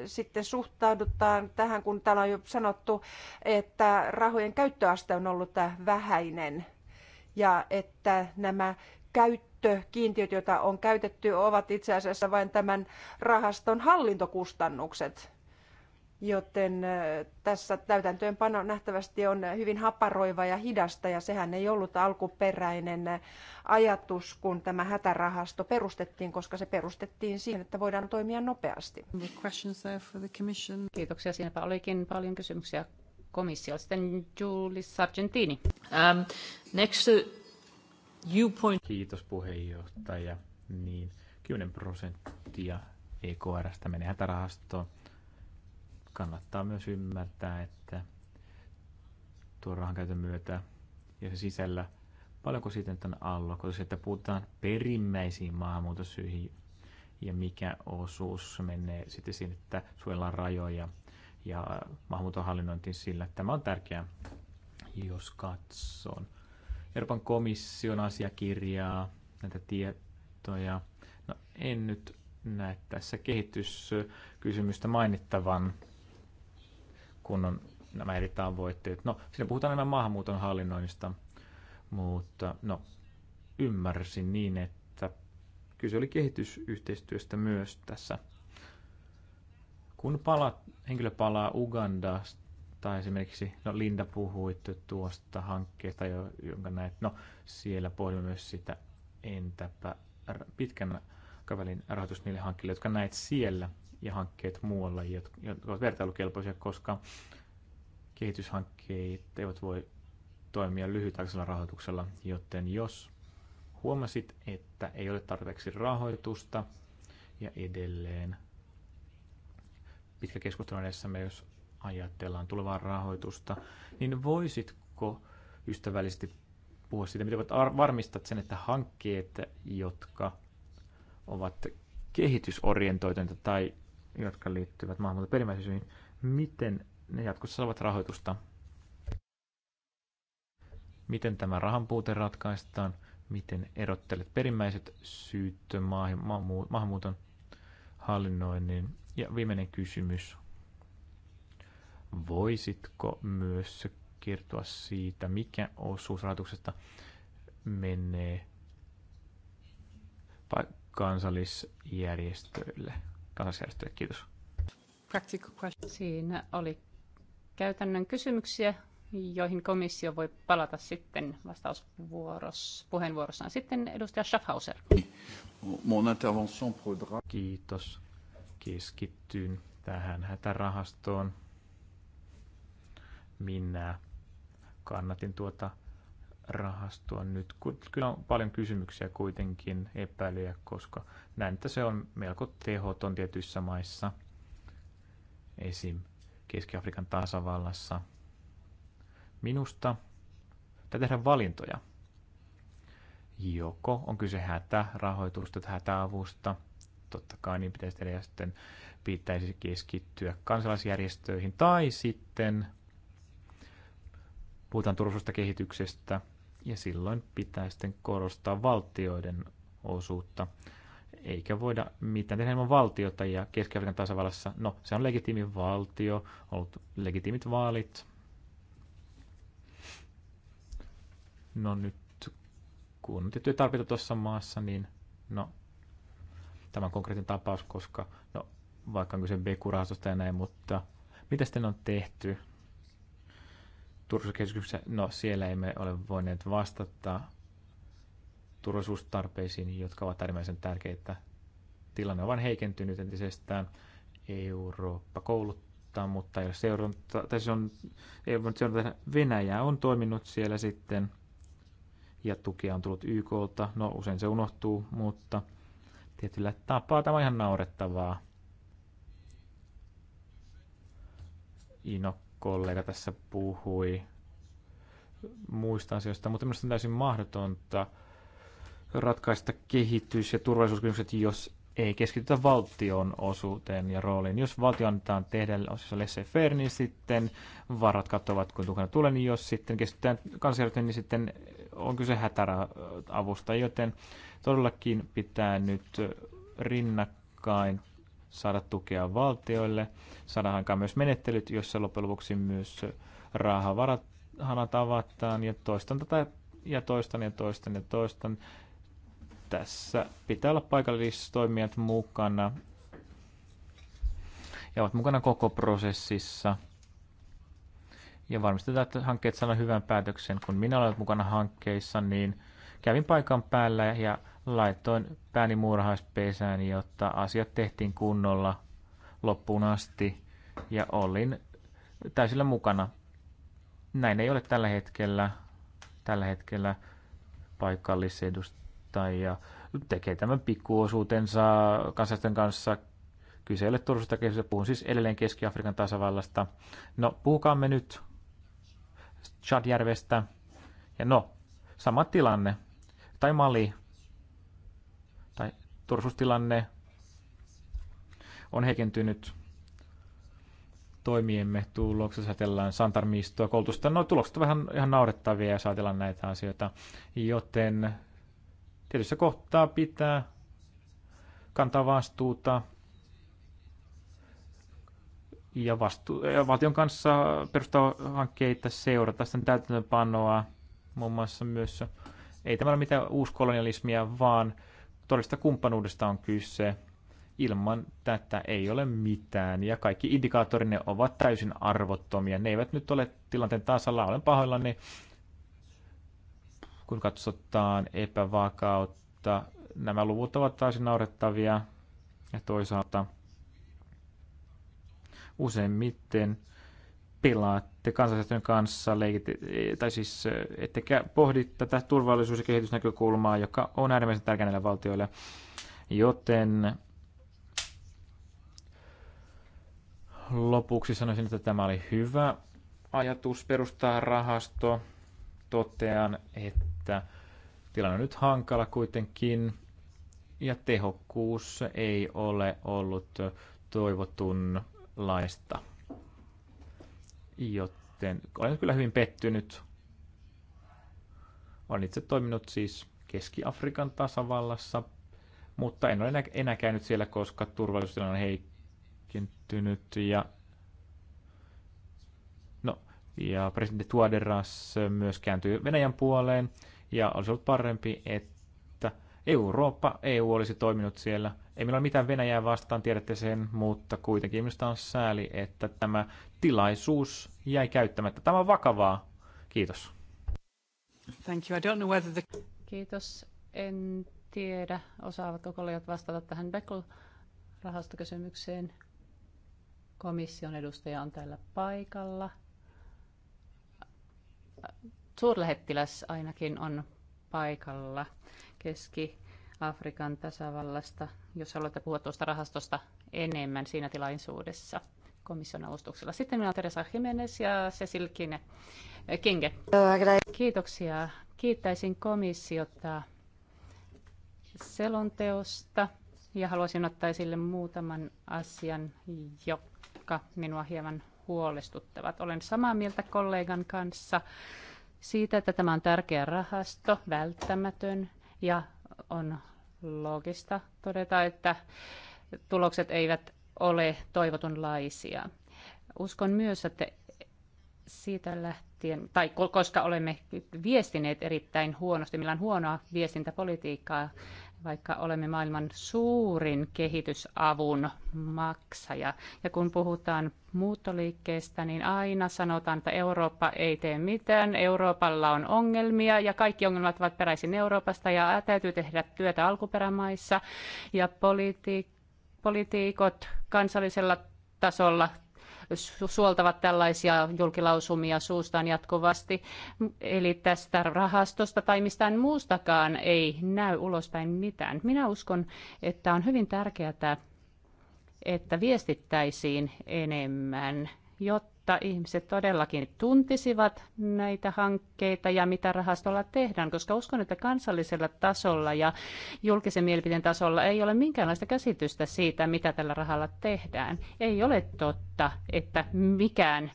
sitten suhtaudutaan tähän, kun täällä on jo sanottu, että rahojen käyttöaste on ollut vähäinen ja että nämä käyttökiintiöt, joita on käytetty, ovat itse asiassa vain tämän rahaston hallintokustannukset joten tässä täytäntöönpano nähtävästi on hyvin haparoiva ja hidasta ja sehän ei ollut alkuperäinen ajatus, kun tämä hätärahasto perustettiin, koska se perustettiin siihen, että voidaan toimia nopeasti. Kiitoksia. Siinäpä olikin paljon kysymyksiä komissiolle. Sitten Julie Sargentini. Um, next to you point. Kiitos puheenjohtaja. Niin, 10 prosenttia EKRstä menee hätärahastoon kannattaa myös ymmärtää, että tuon rahankäytön myötä ja se sisällä paljonko sitten tämän allokoitus, että puhutaan perimmäisiin maahanmuutosyihin ja mikä osuus menee sitten siihen, että suojellaan rajoja ja maahanmuuton sillä. Tämä on tärkeää, jos katson Euroopan komission asiakirjaa, näitä tietoja. No en nyt näe tässä kehityskysymystä mainittavan kun on nämä eri tavoitteet. No, siinä puhutaan enemmän maahanmuuton hallinnoinnista, mutta no, ymmärsin niin, että kyse oli kehitysyhteistyöstä myös tässä. Kun pala, henkilö palaa Ugandasta, tai esimerkiksi, no Linda puhui tuosta hankkeesta, jonka näet, no siellä pohdimme myös sitä, entäpä pitkän aikavälin rahoitus niille hankkeille, jotka näet siellä – ja hankkeet muualla, jotka ovat vertailukelpoisia, koska kehityshankkeet eivät voi toimia lyhytaikaisella rahoituksella, joten jos huomasit, että ei ole tarpeeksi rahoitusta ja edelleen pitkä keskustelu me jos ajatellaan tulevaa rahoitusta, niin voisitko ystävällisesti puhua siitä, miten voit varmistat sen, että hankkeet, jotka ovat kehitysorientoituneita tai jotka liittyvät maahanmuuton maahanmuuttoperimäisyyksiin, miten ne jatkossa saavat rahoitusta? Miten tämä puute ratkaistaan? Miten erottelet perimmäiset syyt maahanmuuton hallinnoinnin? Ja viimeinen kysymys. Voisitko myös kertoa siitä, mikä osuus rahoituksesta menee kansallisjärjestöille? kansalaisjärjestöjä. Kiitos. Practical questions. Siinä oli käytännön kysymyksiä, joihin komissio voi palata sitten vastauspuheenvuorossaan. Sitten edustaja Schaffhauser. Mon intervention Kiitos. Keskittyn tähän hätärahastoon. Minä kannatin tuota rahastoa nyt. Kyllä on paljon kysymyksiä kuitenkin epäilyjä, koska näin, että se on melko tehoton tietyissä maissa, esim. Keski-Afrikan tasavallassa. Minusta pitää tehdä valintoja. Joko on kyse hätärahoitusta tai hätäavusta, totta kai niin pitäisi tehdä ja sitten pitäisi keskittyä kansalaisjärjestöihin tai sitten puhutaan turvallisuudesta kehityksestä, ja silloin pitää sitten korostaa valtioiden osuutta. Eikä voida mitään tehdä ilman valtiota ja Keski-Afrikan tasavallassa, no se on legitiimi valtio, ollut legitiimit vaalit. No nyt kun on tiettyjä tarpeita tuossa maassa, niin no tämä on konkreettinen tapaus, koska no vaikka on kyse BQ-rahastosta ja näin, mutta mitä sitten on tehty keskuksessa, no siellä emme ole voineet vastata turvallisuustarpeisiin, jotka ovat äärimmäisen tärkeitä. Tilanne on vain heikentynyt entisestään. Eurooppa kouluttaa, mutta jos seuranta, tai se on, ei ole seurata, Venäjä on toiminut siellä sitten ja tukea on tullut YKlta. No usein se unohtuu, mutta tietyllä tapaa tämä on ihan naurettavaa. Ino kollega tässä puhui muista asioista, mutta minusta on täysin mahdotonta ratkaista kehitys- ja turvallisuuskysymykset, jos ei keskitytä valtion osuuteen ja rooliin. Jos valtio annetaan tehdä osissa laissez-faire, niin sitten varat katsovat, kun tukana tulee, niin jos sitten keskitytään kansanjärjestöön, niin sitten on kyse hätäavusta, joten todellakin pitää nyt rinnakkain saada tukea valtioille, saada aikaan myös menettelyt, joissa loppujen lopuksi myös rahavarat avataan ja toistan tätä ja toistan ja toistan ja toistan. Tässä pitää olla paikallistoimijat mukana ja ovat mukana koko prosessissa. Ja varmistetaan, että hankkeet saavat hyvän päätöksen. Kun minä olen mukana hankkeissa, niin kävin paikan päällä ja laitoin pääni muurahaispesään, jotta asiat tehtiin kunnolla loppuun asti ja olin täysillä mukana. Näin ei ole tällä hetkellä. Tällä hetkellä paikallisedustajia tekee tämän pikkuosuutensa kansalaisten kanssa. Kyse ei ole puhun siis edelleen Keski-Afrikan tasavallasta. No, puhukaamme nyt Chadjärvestä. Ja no, sama tilanne. Tai Mali turvallisuustilanne on heikentynyt toimiemme tuloksessa, ajatellaan santarmistoa, koulutusta. No tulokset ovat vähän ihan naurettavia, ja ajatellaan näitä asioita, joten tietyssä kohtaa pitää kantaa vastuuta ja, vastu- ja valtion kanssa perustaa hankkeita, seurata sen täytäntöönpanoa, muun muassa myös, ei tämä ole mitään uuskolonialismia, vaan Todellista kumppanuudesta on kyse. Ilman tätä ei ole mitään ja kaikki indikaattorinne ovat täysin arvottomia. Ne eivät nyt ole tilanteen tasalla. Olen pahoillani, kun katsotaan epävakautta. Nämä luvut ovat täysin naurettavia ja toisaalta useimmiten pelaatte kansalaisten kanssa, leikit, tai siis ettekä pohdi tätä turvallisuus- ja kehitysnäkökulmaa, joka on äärimmäisen tärkeä näille valtioille. Joten lopuksi sanoisin, että tämä oli hyvä ajatus perustaa rahasto. Totean, että tilanne on nyt hankala kuitenkin ja tehokkuus ei ole ollut toivotunlaista. laista. Joten olen kyllä hyvin pettynyt. Olen itse toiminut siis Keski-Afrikan tasavallassa, mutta en ole enää, enää käynyt siellä, koska turvallisuustilanne on heikentynyt ja no, ja presidentti Tuaderas myös kääntyi Venäjän puoleen ja olisi ollut parempi, että Eurooppa, EU olisi toiminut siellä – ei meillä ole mitään Venäjää vastaan, tiedätte sen, mutta kuitenkin minusta on sääli, että tämä tilaisuus jäi käyttämättä. Tämä on vakavaa. Kiitos. Thank you. I don't know whether the... Kiitos. En tiedä, osaavatko kollegat vastata tähän Beckel-rahastokysymykseen. Komission edustaja on täällä paikalla. Suurlähettiläs ainakin on paikalla keski Afrikan tasavallasta, jos haluatte puhua tuosta rahastosta enemmän siinä tilaisuudessa komission avustuksella. Sitten minä olen Teresa Jimenez ja Cecil Kine. Kinge. Kiitoksia. Kiittäisin komissiota selonteosta ja haluaisin ottaa esille muutaman asian, jotka minua hieman huolestuttavat. Olen samaa mieltä kollegan kanssa siitä, että tämä on tärkeä rahasto, välttämätön ja on loogista todeta, että tulokset eivät ole toivotunlaisia. Uskon myös, että siitä lähtien, tai koska olemme viestineet erittäin huonosti, meillä on huonoa viestintäpolitiikkaa, vaikka olemme maailman suurin kehitysavun maksaja. Ja kun puhutaan muuttoliikkeestä, niin aina sanotaan, että Eurooppa ei tee mitään, Euroopalla on ongelmia ja kaikki ongelmat ovat peräisin Euroopasta ja täytyy tehdä työtä alkuperämaissa ja politiikot kansallisella tasolla suoltavat tällaisia julkilausumia suustaan jatkuvasti. Eli tästä rahastosta tai mistään muustakaan ei näy ulospäin mitään. Minä uskon, että on hyvin tärkeää, että viestittäisiin enemmän, jotta jotta ihmiset todellakin tuntisivat näitä hankkeita ja mitä rahastolla tehdään, koska uskon, että kansallisella tasolla ja julkisen mielipiteen tasolla ei ole minkäänlaista käsitystä siitä, mitä tällä rahalla tehdään. Ei ole totta, että mikään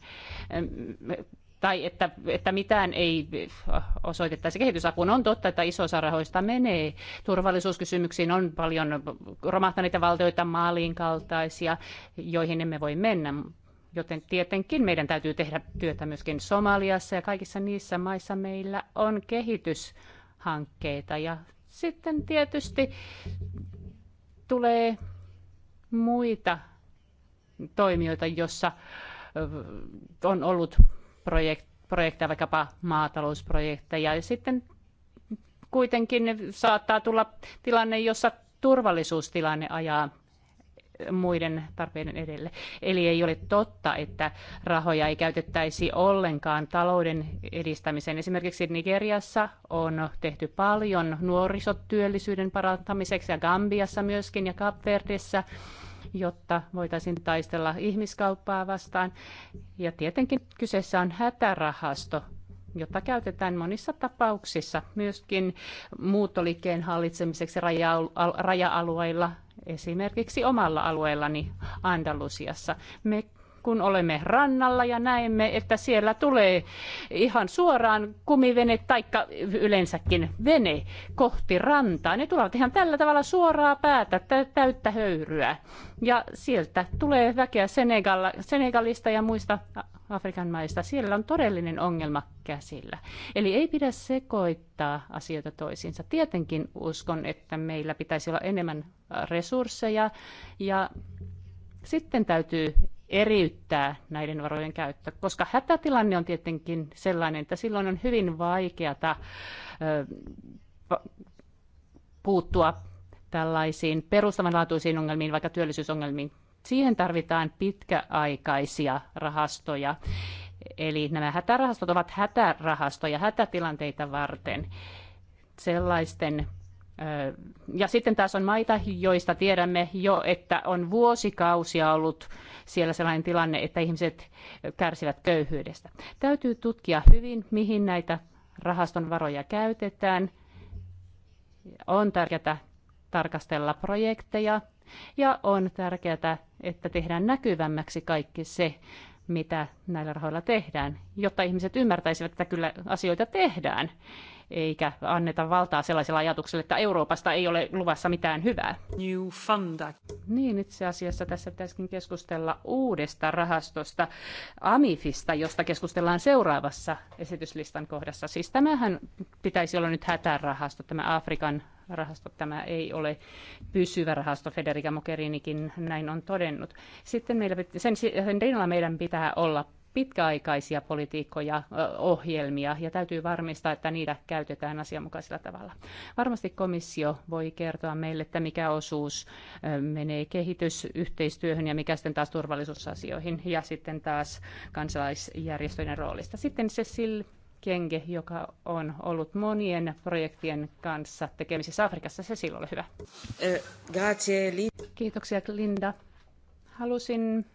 tai että, että mitään ei osoitettaisi kehitysapuun. On totta, että iso osa rahoista menee. Turvallisuuskysymyksiin on paljon romahtaneita valtioita maaliin kaltaisia, joihin emme voi mennä joten tietenkin meidän täytyy tehdä työtä myöskin Somaliassa ja kaikissa niissä maissa meillä on kehityshankkeita. Ja sitten tietysti tulee muita toimijoita, jossa on ollut projekt, projekteja, vaikkapa maatalousprojekteja. Ja sitten kuitenkin saattaa tulla tilanne, jossa turvallisuustilanne ajaa muiden tarpeiden edelle. Eli ei ole totta, että rahoja ei käytettäisi ollenkaan talouden edistämiseen. Esimerkiksi Nigeriassa on tehty paljon nuorisotyöllisyyden parantamiseksi ja Gambiassa myöskin ja Kapverdessä jotta voitaisiin taistella ihmiskauppaa vastaan. Ja tietenkin kyseessä on hätärahasto, jota käytetään monissa tapauksissa myöskin muuttoliikkeen hallitsemiseksi raja-alueilla esimerkiksi omalla alueellani Andalusiassa. Me kun olemme rannalla ja näemme, että siellä tulee ihan suoraan kumivene tai yleensäkin vene kohti rantaa. Ne tulevat ihan tällä tavalla suoraa päätä, täyttä höyryä. Ja sieltä tulee väkeä Senegalista ja muista Afrikan maista. Siellä on todellinen ongelma käsillä. Eli ei pidä sekoittaa asioita toisiinsa. Tietenkin uskon, että meillä pitäisi olla enemmän resursseja ja sitten täytyy eriyttää näiden varojen käyttö, koska hätätilanne on tietenkin sellainen, että silloin on hyvin vaikeata puuttua tällaisiin perustavanlaatuisiin ongelmiin, vaikka työllisyysongelmiin Siihen tarvitaan pitkäaikaisia rahastoja. Eli nämä hätärahastot ovat hätärahastoja hätätilanteita varten. Sellaisten ja sitten taas on maita, joista tiedämme jo, että on vuosikausia ollut siellä sellainen tilanne, että ihmiset kärsivät köyhyydestä. Täytyy tutkia hyvin, mihin näitä rahaston varoja käytetään. On tärkeää tarkastella projekteja, ja on tärkeää, että tehdään näkyvämmäksi kaikki se, mitä näillä rahoilla tehdään, jotta ihmiset ymmärtäisivät, että kyllä asioita tehdään, eikä anneta valtaa sellaisella ajatuksella, että Euroopasta ei ole luvassa mitään hyvää. New fund. Niin, itse asiassa tässä pitäisikin keskustella uudesta rahastosta, AMIFista, josta keskustellaan seuraavassa esityslistan kohdassa. Siis tämähän pitäisi olla nyt hätärahasto, tämä Afrikan rahasto. Tämä ei ole pysyvä rahasto, Federica Mogherinikin näin on todennut. Sitten meillä, sen, sen rinnalla meidän pitää olla pitkäaikaisia politiikkoja, ohjelmia ja täytyy varmistaa, että niitä käytetään asianmukaisella tavalla. Varmasti komissio voi kertoa meille, että mikä osuus menee kehitysyhteistyöhön ja mikä sitten taas turvallisuusasioihin ja sitten taas kansalaisjärjestöjen roolista. Sitten Cecil Kenge, joka on ollut monien projektien kanssa tekemisissä Afrikassa. Se silloin oli hyvä. Kiitoksia Linda. Halusin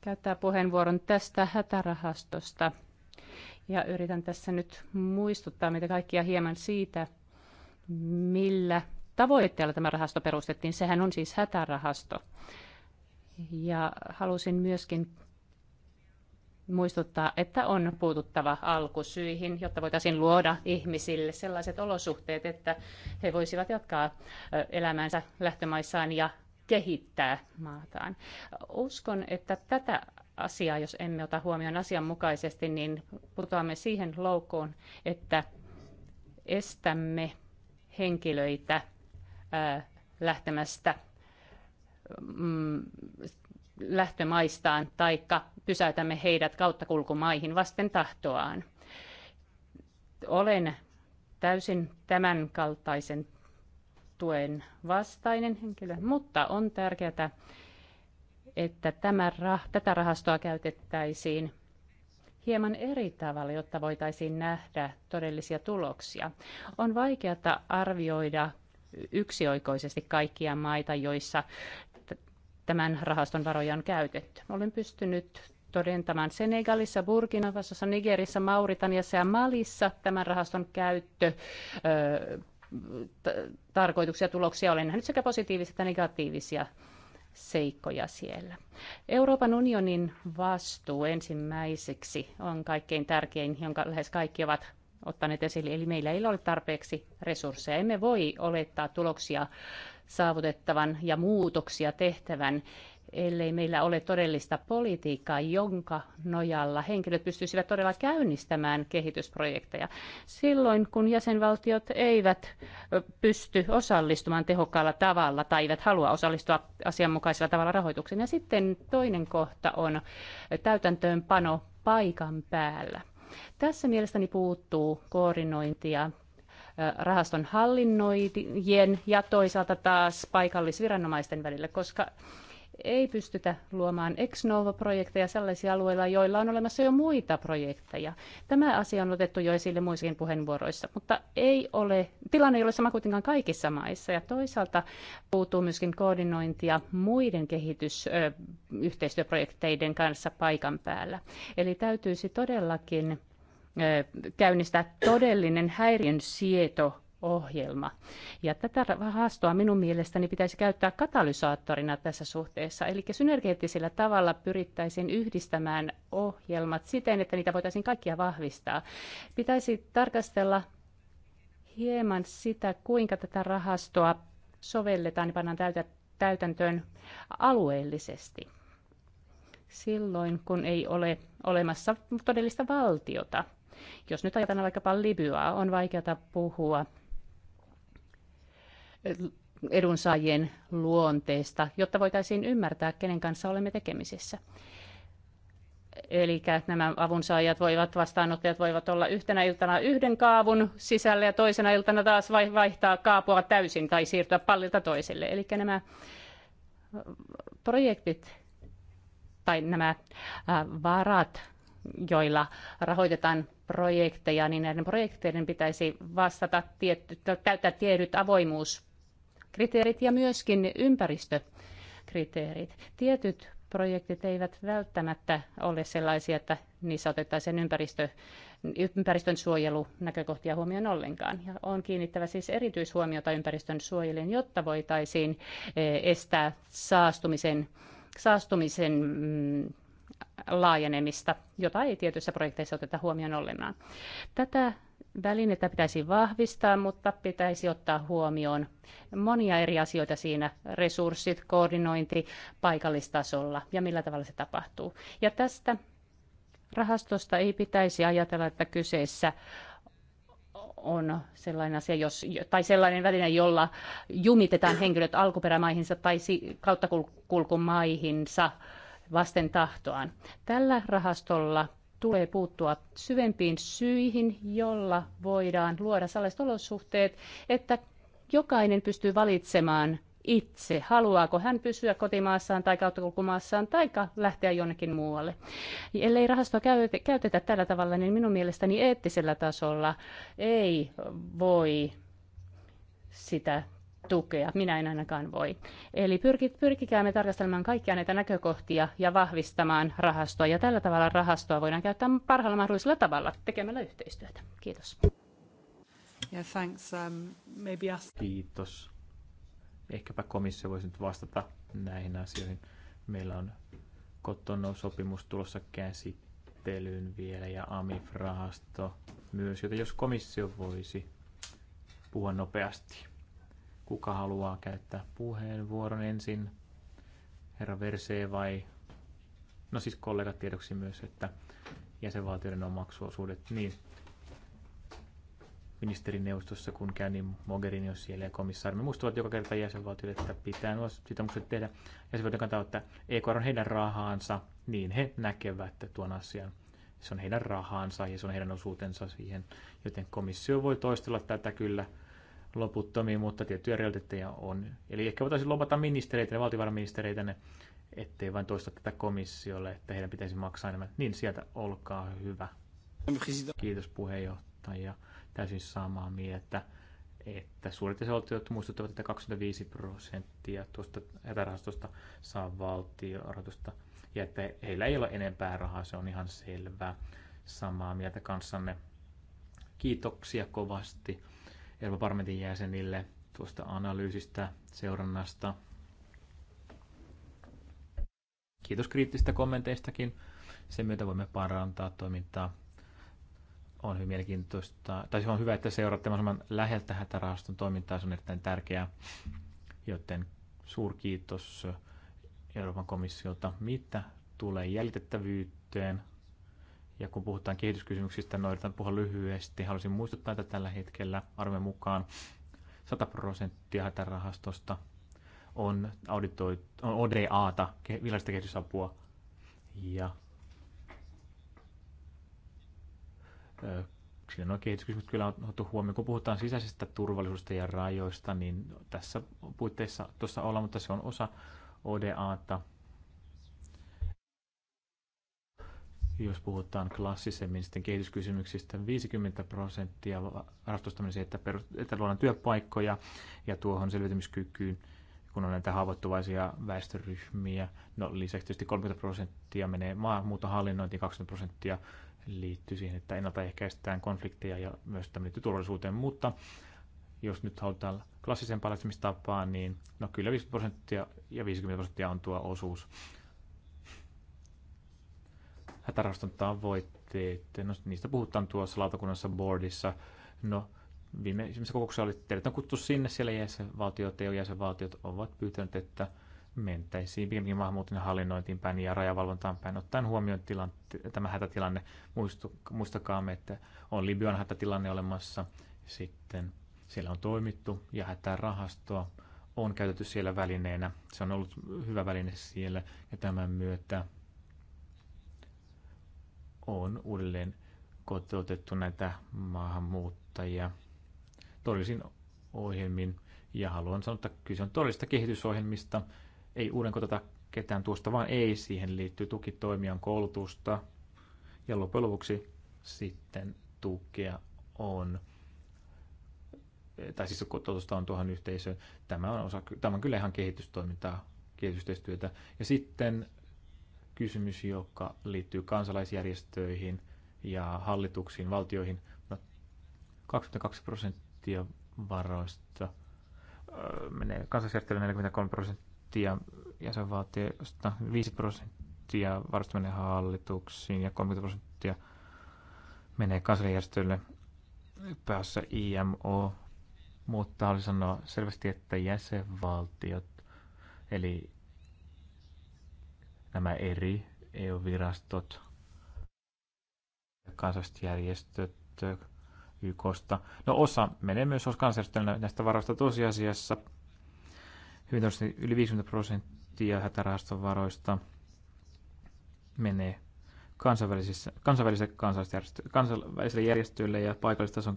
käyttää puheenvuoron tästä hätärahastosta. Ja yritän tässä nyt muistuttaa meitä kaikkia hieman siitä, millä tavoitteella tämä rahasto perustettiin. Sehän on siis hätärahasto. Ja halusin myöskin muistuttaa, että on puututtava alkusyihin, jotta voitaisiin luoda ihmisille sellaiset olosuhteet, että he voisivat jatkaa elämäänsä lähtömaissaan ja kehittää maataan. Uskon, että tätä asiaa, jos emme ota huomioon asianmukaisesti, niin putoamme siihen loukkoon, että estämme henkilöitä lähtemästä mm, lähtömaistaan tai pysäytämme heidät kauttakulkumaihin vasten tahtoaan. Olen täysin tämän kaltaisen tuen vastainen henkilö, mutta on tärkeää, että tämä rah- tätä rahastoa käytettäisiin hieman eri tavalla, jotta voitaisiin nähdä todellisia tuloksia. On vaikeata arvioida yksioikoisesti kaikkia maita, joissa tämän rahaston varoja on käytetty. Olen pystynyt todentamaan Senegalissa, Burkina Fasossa, Nigerissä, Mauritaniassa ja Malissa tämän rahaston käyttö tarkoituksia ja tuloksia. Olen nähnyt sekä positiivisia että negatiivisia seikkoja siellä. Euroopan unionin vastuu ensimmäiseksi on kaikkein tärkein, jonka lähes kaikki ovat ottaneet esille. Eli meillä ei ole tarpeeksi resursseja. Emme voi olettaa tuloksia saavutettavan ja muutoksia tehtävän, ellei meillä ole todellista politiikkaa, jonka nojalla henkilöt pystyisivät todella käynnistämään kehitysprojekteja. Silloin, kun jäsenvaltiot eivät pysty osallistumaan tehokkaalla tavalla tai eivät halua osallistua asianmukaisella tavalla rahoitukseen. Ja sitten toinen kohta on täytäntöönpano paikan päällä tässä mielestäni puuttuu koordinointia rahaston hallinnoijien ja toisaalta taas paikallisviranomaisten välillä, koska ei pystytä luomaan ex novo-projekteja sellaisilla alueilla, joilla on olemassa jo muita projekteja. Tämä asia on otettu jo esille muissakin puheenvuoroissa, mutta ei ole, tilanne ei ole sama kuitenkaan kaikissa maissa. Ja toisaalta puuttuu myöskin koordinointia muiden kehitysyhteistyöprojekteiden kanssa paikan päällä. Eli täytyisi todellakin käynnistää todellinen häiriön sieto ohjelma. Ja tätä rahastoa minun mielestäni pitäisi käyttää katalysaattorina tässä suhteessa, eli synergeettisellä tavalla pyrittäisiin yhdistämään ohjelmat siten, että niitä voitaisiin kaikkia vahvistaa. Pitäisi tarkastella hieman sitä, kuinka tätä rahastoa sovelletaan ja pannaan täytäntöön alueellisesti silloin, kun ei ole olemassa todellista valtiota. Jos nyt ajatellaan vaikkapa Libyaa, on vaikeata puhua edunsaajien luonteesta, jotta voitaisiin ymmärtää, kenen kanssa olemme tekemisissä. Eli nämä avunsaajat voivat, vastaanottajat voivat olla yhtenä iltana yhden kaavun sisällä ja toisena iltana taas vaihtaa kaapua täysin tai siirtyä pallilta toiselle. Eli nämä projektit tai nämä äh, varat, joilla rahoitetaan projekteja, niin näiden projekteiden pitäisi vastata, täyttää tietyt avoimuus kriteerit ja myöskin ympäristökriteerit. Tietyt projektit eivät välttämättä ole sellaisia, että niissä otettaisiin ympäristö, ympäristön suojelunäkökohtia huomioon ollenkaan. Ja on kiinnittävä siis erityishuomiota ympäristön suojeluun, jotta voitaisiin eh, estää saastumisen, saastumisen mm, laajenemista, jota ei tietyissä projekteissa oteta huomioon ollenkaan. Tätä Välinettä pitäisi vahvistaa, mutta pitäisi ottaa huomioon monia eri asioita siinä, resurssit, koordinointi paikallistasolla ja millä tavalla se tapahtuu. Ja tästä rahastosta ei pitäisi ajatella, että kyseessä on sellainen asia, jos, tai sellainen väline, jolla jumitetaan henkilöt alkuperämaihinsa tai kauttakulkumaihinsa vasten tahtoaan. Tällä rahastolla tulee puuttua syvempiin syihin, jolla voidaan luoda sellaiset olosuhteet, että jokainen pystyy valitsemaan itse, haluaako hän pysyä kotimaassaan tai kauttakulkumaassaan tai lähteä jonnekin muualle. Ellei rahastoa käytetä tällä tavalla, niin minun mielestäni eettisellä tasolla ei voi sitä tukea. Minä en ainakaan voi. Eli pyrki, pyrkikäämme tarkastelemaan kaikkia näitä näkökohtia ja vahvistamaan rahastoa. Ja tällä tavalla rahastoa voidaan käyttää parhaalla mahdollisella tavalla tekemällä yhteistyötä. Kiitos. Yeah, thanks. Um, maybe ask... Kiitos. Ehkäpä komissio voisi nyt vastata näihin asioihin. Meillä on kotonou-sopimus tulossa käsittelyyn vielä ja AMIF-rahasto myös, joten jos komissio voisi puhua nopeasti. Kuka haluaa käyttää puheenvuoron ensin? Herra Verse vai... No siis kollegat tiedoksi myös, että jäsenvaltioiden omaksuosuudet, niin ministerineuvostossa, kun käy, niin Mogherini on siellä ja komissaari. Me muistuvat joka kerta jäsenvaltioille, että pitää nuo sitoumukset tehdä. Jäsenvaltioiden kantaa, että EKR on heidän rahaansa, niin he näkevät että tuon asian. Se on heidän rahaansa ja se on heidän osuutensa siihen, joten komissio voi toistella tätä kyllä loputtomiin, mutta tiettyjä realiteetteja on. Eli ehkä voitaisiin lopata ministereitä ja valtiovarainministereitä, ettei vain toista tätä komissiolle, että heidän pitäisi maksaa enemmän. Niin sieltä olkaa hyvä. Kiitos puheenjohtaja. Täysin samaa mieltä, että suuret jäsenvaltiot muistuttavat, että 25 prosenttia tuosta hätärahastosta saa valtiorahoitusta ja että heillä ei ole enempää rahaa, se on ihan selvää. Samaa mieltä kanssanne. Kiitoksia kovasti Euroopan parlamentin jäsenille tuosta analyysistä, seurannasta. Kiitos kriittisistä kommenteistakin. Sen myötä voimme parantaa toimintaa. On hyvin mielenkiintoista, tai se on hyvä, että seuraatte mahdollisimman läheltä hätärahaston toimintaa. Se on erittäin tärkeää, joten suurkiitos Euroopan komissiolta. Mitä tulee jäljitettävyyteen? Ja kun puhutaan kehityskysymyksistä, noin yritän puhua lyhyesti. Haluaisin muistuttaa, että tällä hetkellä arven mukaan 100 prosenttia hätärahastosta on, auditoit, on ODA-ta, virallista kehitysapua. Ja siinä nuo kehityskysymykset kyllä on otettu huomioon. Kun puhutaan sisäisestä turvallisuudesta ja rajoista, niin tässä puitteissa tuossa ollaan, mutta se on osa ODAta – Jos puhutaan klassisemmin sitten kehityskysymyksistä, 50 prosenttia rahastosta menisi, että, että luodaan työpaikkoja ja tuohon selviytymiskykyyn, kun on näitä haavoittuvaisia väestöryhmiä. No, lisäksi tietysti 30 prosenttia menee maahanmuuton hallinnointiin, 20 prosenttia liittyy siihen, että ennaltaehkäistään konflikteja ja myös tämä liittyy turvallisuuteen, mutta jos nyt halutaan klassisen palkitsemistapaa, niin no kyllä 50 prosenttia ja 50 prosenttia on tuo osuus hätärahaston voitteet. no, niistä puhutaan tuossa lautakunnassa boardissa. No, viimeisessä kokouksessa oli, teidät on kuttu sinne, siellä jäsenvaltiot, EU-jäsenvaltiot ovat pyytäneet, että mentäisiin pikemminkin maahanmuuton hallinnointiin päin ja rajavalvontaan päin, ottaen huomioon tilante, tämä hätätilanne. muistakaamme, että on Libyan hätätilanne olemassa, sitten siellä on toimittu ja hätärahastoa on käytetty siellä välineenä. Se on ollut hyvä väline siellä ja tämän myötä on uudelleen kotoutettu näitä maahanmuuttajia todellisiin ohjelmiin. Ja haluan sanoa, että kyse on todellista kehitysohjelmista. Ei uuden kotota ketään tuosta, vaan ei. Siihen liittyy tukitoimijan koulutusta. Ja loppujen lopuksi sitten tukea on tai siis kotoutusta on tuohon yhteisöön. Tämä on, osa, tämä on kyllä ihan kehitystoimintaa, kehitysyhteistyötä. Ja sitten kysymys, joka liittyy kansalaisjärjestöihin ja hallituksiin, valtioihin. 22 no, prosenttia varoista menee kansalaisjärjestöille 43 prosenttia jäsenvaltioista, 5 prosenttia varoista menee hallituksiin ja 30 prosenttia menee kansalaisjärjestöille päässä IMO. Mutta haluaisin sanoa selvästi, että jäsenvaltiot, eli nämä eri EU-virastot, kansalliset järjestöt eh, YKsta. No osa menee myös kansallisjärjestöille näistä varoista tosiasiassa. Hyvin yli 50 prosenttia hätärahaston varoista menee kansainvälisille, kansainvälisille, järjestöille ja paikallistason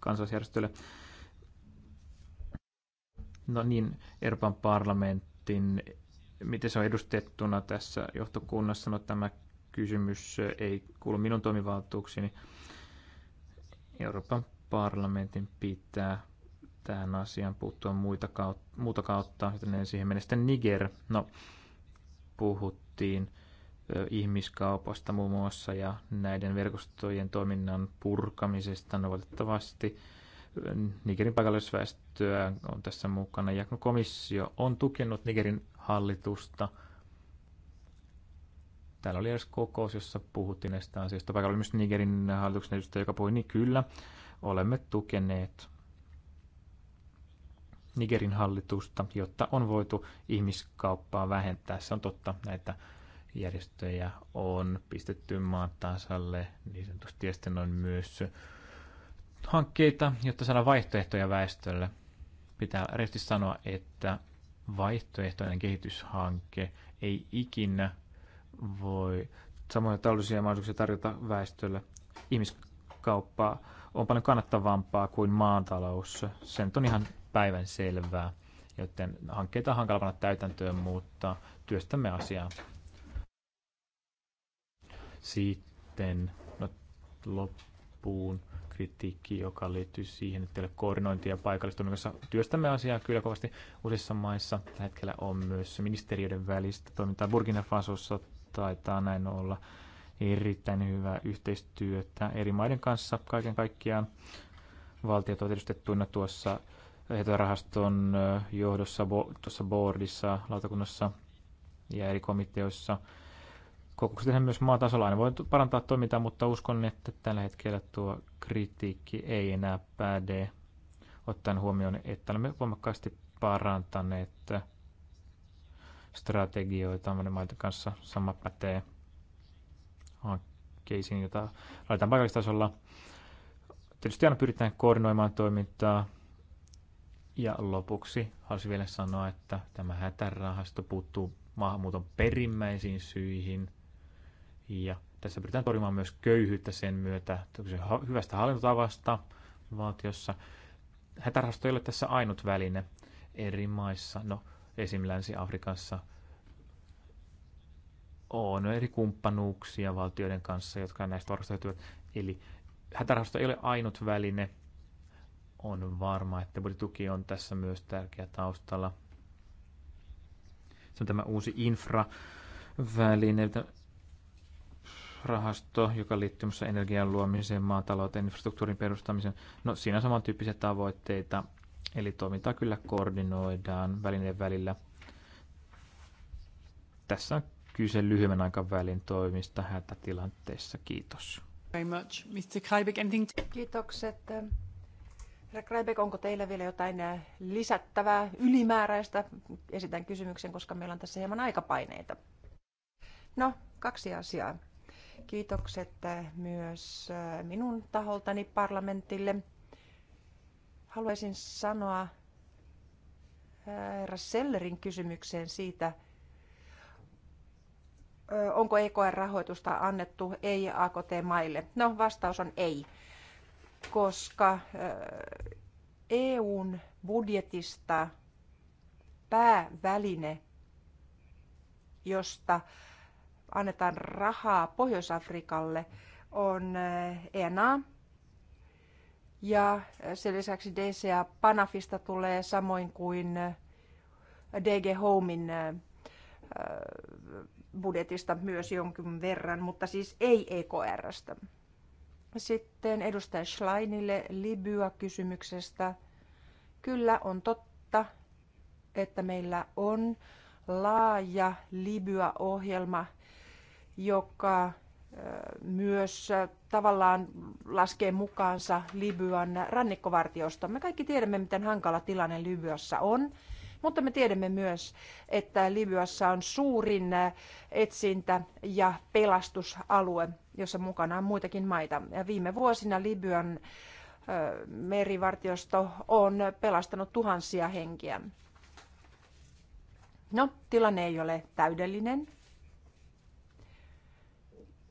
kansalaisjärjestöille. No niin, Euroopan parlamentin miten se on edustettuna tässä johtokunnassa. No, tämä kysymys ei kuulu minun toimivaltuuksiini. Euroopan parlamentin pitää tähän asiaan puuttua muita kautta, muuta kautta, joten siihen Sitten Niger. No, puhuttiin ihmiskaupasta muun muassa ja näiden verkostojen toiminnan purkamisesta. No valitettavasti Nigerin paikallisväestöä on tässä mukana ja komissio on tukenut Nigerin hallitusta. Täällä oli edes kokous, jossa puhuttiin näistä asioista. Paikalla oli myös Nigerin hallituksen edustaja, joka puhui, niin kyllä, olemme tukeneet Nigerin hallitusta, jotta on voitu ihmiskauppaa vähentää. Se on totta, näitä järjestöjä on pistetty maan tasalle, niin sanotusti ja sitten on myös hankkeita, jotta saadaan vaihtoehtoja väestölle. Pitää resti sanoa, että vaihtoehtoinen kehityshanke ei ikinä voi samoja taloudellisia mahdollisuuksia tarjota väestölle. Ihmiskauppa on paljon kannattavampaa kuin maantalous. Se on ihan päivän selvää, joten hankkeita on hankala panna täytäntöön, mutta työstämme asiaa. Sitten no, loppuun kritiikki, joka liittyy siihen, että teillä koordinointia paikallistoiminnassa työstämme asiaa kyllä kovasti useissa maissa. Tällä hetkellä on myös ministeriöiden välistä toimintaa. Burkina Fasossa taitaa näin olla erittäin hyvää yhteistyötä eri maiden kanssa kaiken kaikkiaan. Valtiot ovat edustettuina tuossa rahaston johdossa, tuossa boardissa, lautakunnassa ja eri komiteoissa – kokoukset tehdään myös tasolla, Aina voi parantaa toimintaa, mutta uskon, että tällä hetkellä tuo kritiikki ei enää päde, ottaen huomioon, että olemme voimakkaasti parantaneet strategioita monen maiden kanssa. Sama pätee hankkeisiin, jota laitetaan paikallistasolla. Tietysti aina pyritään koordinoimaan toimintaa. Ja lopuksi haluaisin vielä sanoa, että tämä hätärahasto puuttuu maahanmuuton perimmäisiin syihin – ja tässä pyritään torjumaan myös köyhyyttä sen myötä, se hyvästä hallintotavasta valtiossa. Hätärahasto ei ole tässä ainut väline eri maissa, no esim. Länsi-Afrikassa on eri kumppanuuksia valtioiden kanssa, jotka näistä varastoituvat. Eli hätärahasto ei ole ainut väline. On varma, että budjetuki on tässä myös tärkeä taustalla. Se on tämä uusi infra väline, rahasto, joka liittyy energian luomiseen, maatalouteen, infrastruktuurin perustamiseen. No siinä on samantyyppisiä tavoitteita, eli toimintaa kyllä koordinoidaan välineen välillä. Tässä on kyse lyhyen aikavälin toimista hätätilanteissa. Kiitos. Very much. Mr. Kreibik, anything to... Kiitokset. Herra Kreibik, onko teillä vielä jotain äh, lisättävää, ylimääräistä? Esitän kysymyksen, koska meillä on tässä hieman aikapaineita. No, kaksi asiaa. Kiitokset äh, myös äh, minun taholtani parlamentille. Haluaisin sanoa äh, herra Sellerin kysymykseen siitä, onko EKR-rahoitusta annettu ei-AKT-maille. No, vastaus on ei, koska EUn budjetista pääväline, josta annetaan rahaa Pohjois-Afrikalle, on ENA. Eh, e ja eh, sen lisäksi DCA Panafista tulee samoin kuin eh, DG Homein budjetista myös jonkin verran, mutta siis ei EKRstä. Sitten edustaja Schleinille Libya-kysymyksestä. Kyllä on totta, että meillä on laaja Libya-ohjelma – joka myös tavallaan laskee mukaansa Libyan rannikkovartiosta. Me kaikki tiedämme, miten hankala tilanne Libyassa on, mutta me tiedämme myös, että Libyassa on suurin etsintä- ja pelastusalue, jossa mukana on muitakin maita. Ja viime vuosina Libyan merivartiosto on pelastanut tuhansia henkiä. No, tilanne ei ole täydellinen,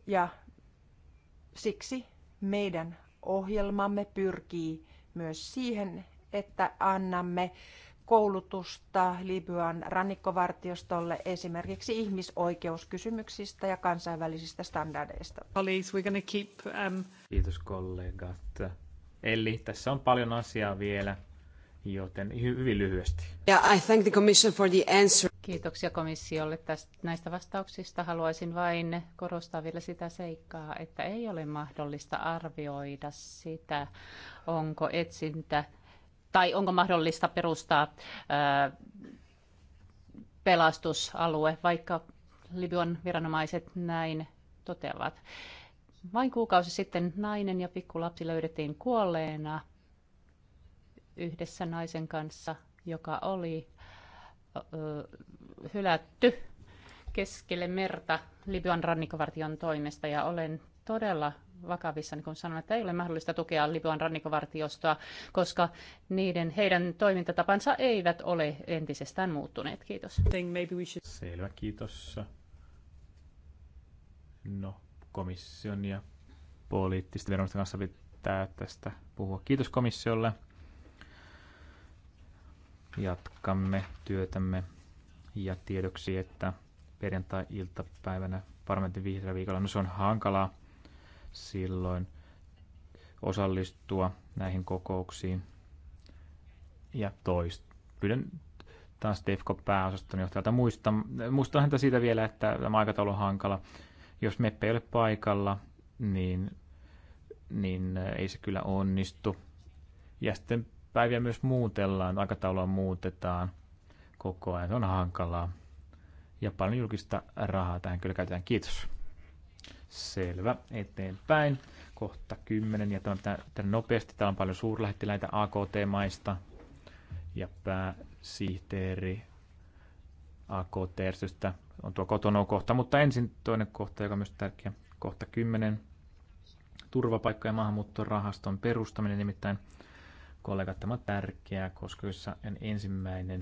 ja siksi meidän ohjelmamme pyrkii myös siihen, että annamme koulutusta Libyan rannikkovartiostolle esimerkiksi ihmisoikeuskysymyksistä ja kansainvälisistä standardeista. Um, Kiitos kollegat. Eli tässä on paljon asiaa vielä joten hy- hyvin lyhyesti. Yeah, I thank the commission for the answer. Kiitoksia komissiolle tästä, näistä vastauksista. Haluaisin vain korostaa vielä sitä seikkaa, että ei ole mahdollista arvioida sitä, onko etsintä tai onko mahdollista perustaa ää, pelastusalue, vaikka Libyan viranomaiset näin toteavat. Vain kuukausi sitten nainen ja pikkulapsi löydettiin kuolleena yhdessä naisen kanssa, joka oli hylätty keskelle merta Libyan rannikkovartion toimesta ja olen todella vakavissa, niin kun sanon, että ei ole mahdollista tukea Libyan rannikkovartiostoa, koska niiden, heidän toimintatapansa eivät ole entisestään muuttuneet. Kiitos. Selvä, kiitos. No, komission ja poliittisten viranomaisten kanssa pitää tästä puhua. Kiitos komissiolle jatkamme työtämme ja tiedoksi, että perjantai-iltapäivänä parlamentin vihreä viikolla, no se on hankalaa silloin osallistua näihin kokouksiin. Ja toista. Pyydän taas Defco pääosaston johtajalta muista, muistan häntä siitä vielä, että tämä aikataulu on hankala. Jos me ei ole paikalla, niin, niin äh, ei se kyllä onnistu. Ja sitten päiviä myös muutellaan, aikataulua muutetaan koko ajan. Se on hankalaa. Ja paljon julkista rahaa tähän kyllä käytetään. Kiitos. Selvä. Eteenpäin. Kohta 10. Ja tämä pitää nopeasti. Täällä on paljon suurlähettiläitä AKT-maista. Ja pääsihteeri AKT-järjestöstä on tuo kotona kohta. Mutta ensin toinen kohta, joka on myös tärkeä. Kohta 10. Turvapaikka- ja maahanmuuttorahaston perustaminen nimittäin – kollegat. Tämä on tärkeää, koska jos on ensimmäinen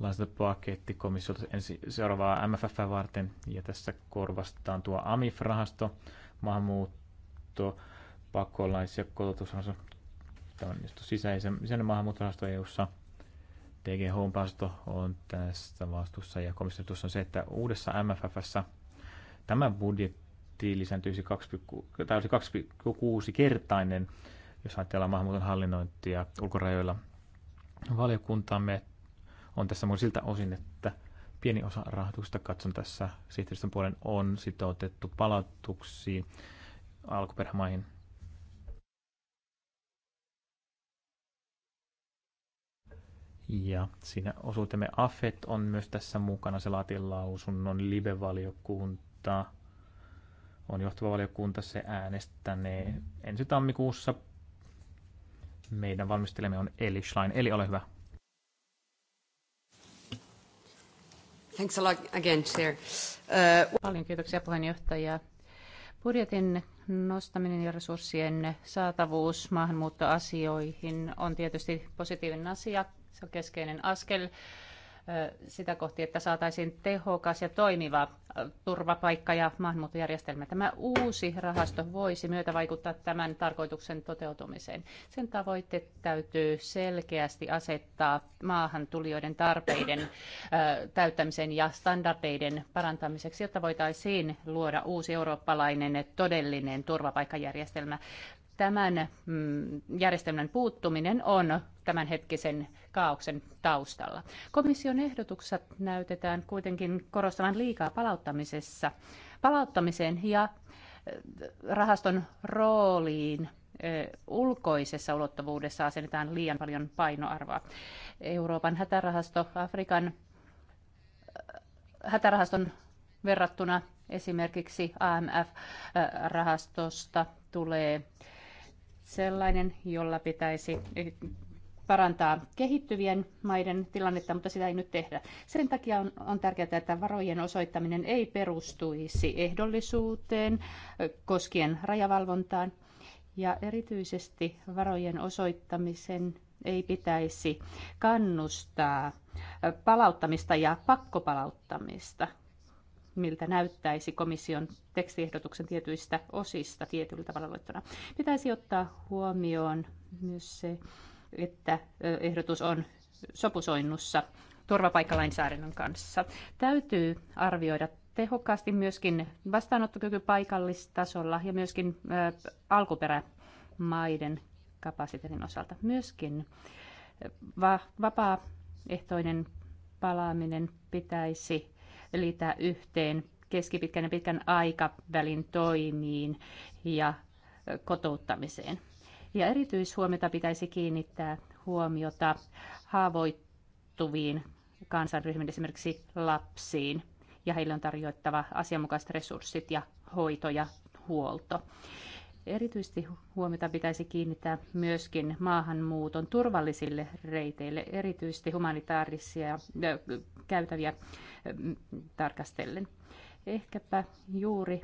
lainsäädäntöpaketti komissiolta ensi, seuraavaa MFF varten, ja tässä korvastetaan tuo AMIF-rahasto, maahanmuutto, pakolais- ja kotoutusrahasto, tämä on sisäisen, sisäinen maahanmuuttorahasto EU-ssa, DG Home-rahasto on tässä vastuussa, ja komissiotus on se, että uudessa MFFssä tämä budjetti lisääntyisi 2,6 kertainen jos ajatellaan maahanmuuton hallinnointia ulkorajoilla. Valiokuntamme on tässä muun siltä osin, että pieni osa rahoituksesta katson tässä sihteeristön puolen on sitoutettu palautuksiin alkuperämaihin. Ja siinä osuutemme AFET on myös tässä mukana. Se laatii lausunnon live-valiokunta on johtava valiokunta. Se äänestänee ensi tammikuussa meidän valmistelemme on Eli Schlein. Eli ole hyvä. Thanks a lot again, Chair. Uh... Paljon kiitoksia puheenjohtaja. Budjetin nostaminen ja resurssien saatavuus maahanmuuttoasioihin on tietysti positiivinen asia. Se on keskeinen askel sitä kohti, että saataisiin tehokas ja toimiva turvapaikka- ja maahanmuuttojärjestelmä. Tämä uusi rahasto voisi myötä vaikuttaa tämän tarkoituksen toteutumiseen. Sen tavoitteet täytyy selkeästi asettaa maahantulijoiden tarpeiden täyttämisen ja standardeiden parantamiseksi, jotta voitaisiin luoda uusi eurooppalainen todellinen turvapaikkajärjestelmä. Tämän mm, järjestelmän puuttuminen on tämänhetkisen kaauksen taustalla. Komission ehdotukset näytetään kuitenkin korostavan liikaa palauttamisessa, palauttamiseen ja äh, rahaston rooliin äh, ulkoisessa ulottuvuudessa asennetaan liian paljon painoarvoa. Euroopan hätärahasto Afrikan äh, hätärahaston verrattuna esimerkiksi AMF-rahastosta tulee sellainen, jolla pitäisi eh, parantaa kehittyvien maiden tilannetta, mutta sitä ei nyt tehdä. Sen takia on, on tärkeää, että varojen osoittaminen ei perustuisi ehdollisuuteen eh, koskien rajavalvontaan ja erityisesti varojen osoittamisen ei pitäisi kannustaa eh, palauttamista ja pakkopalauttamista, miltä näyttäisi komission tekstiehdotuksen tietyistä osista tietyllä tavalla luettuna. Pitäisi ottaa huomioon myös se, että ehdotus on sopusoinnussa turvapaikkalainsäädännön kanssa. Täytyy arvioida tehokkaasti myöskin vastaanottokyky paikallistasolla ja myöskin alkuperämaiden kapasiteetin osalta. Myöskin va- vapaaehtoinen palaaminen pitäisi liittää yhteen keskipitkän ja pitkän aikavälin toimiin ja kotouttamiseen. Ja erityishuomiota pitäisi kiinnittää huomiota haavoittuviin kansanryhmiin, esimerkiksi lapsiin, ja heille on tarjottava asianmukaiset resurssit ja hoito ja huolto. Erityisesti huomiota pitäisi kiinnittää myöskin maahanmuuton turvallisille reiteille, erityisesti humanitaarisia käytäviä tarkastellen. Ehkäpä juuri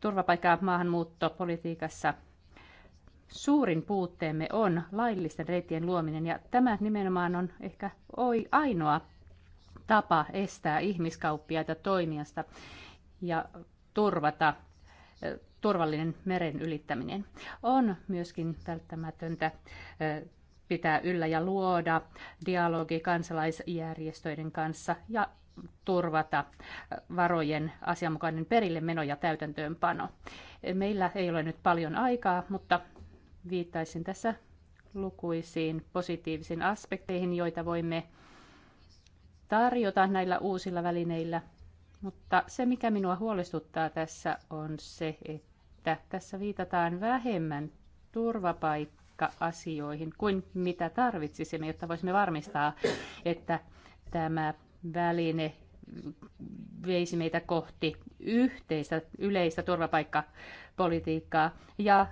turvapaikka- ja maahanmuuttopolitiikassa suurin puutteemme on laillisten reittien luominen, ja tämä nimenomaan on ehkä oi ainoa tapa estää ihmiskauppiaita toimijasta ja turvata turvallinen meren ylittäminen. On myöskin välttämätöntä pitää yllä ja luoda dialogi kansalaisjärjestöiden kanssa ja turvata varojen asianmukainen perille meno ja täytäntöönpano. Meillä ei ole nyt paljon aikaa, mutta viittaisin tässä lukuisiin positiivisiin aspekteihin, joita voimme tarjota näillä uusilla välineillä. Mutta se, mikä minua huolestuttaa tässä, on se, että että tässä viitataan vähemmän turvapaikka-asioihin kuin mitä tarvitsisimme, jotta voisimme varmistaa, että tämä väline veisi meitä kohti yhteistä yleistä turvapaikkapolitiikkaa ja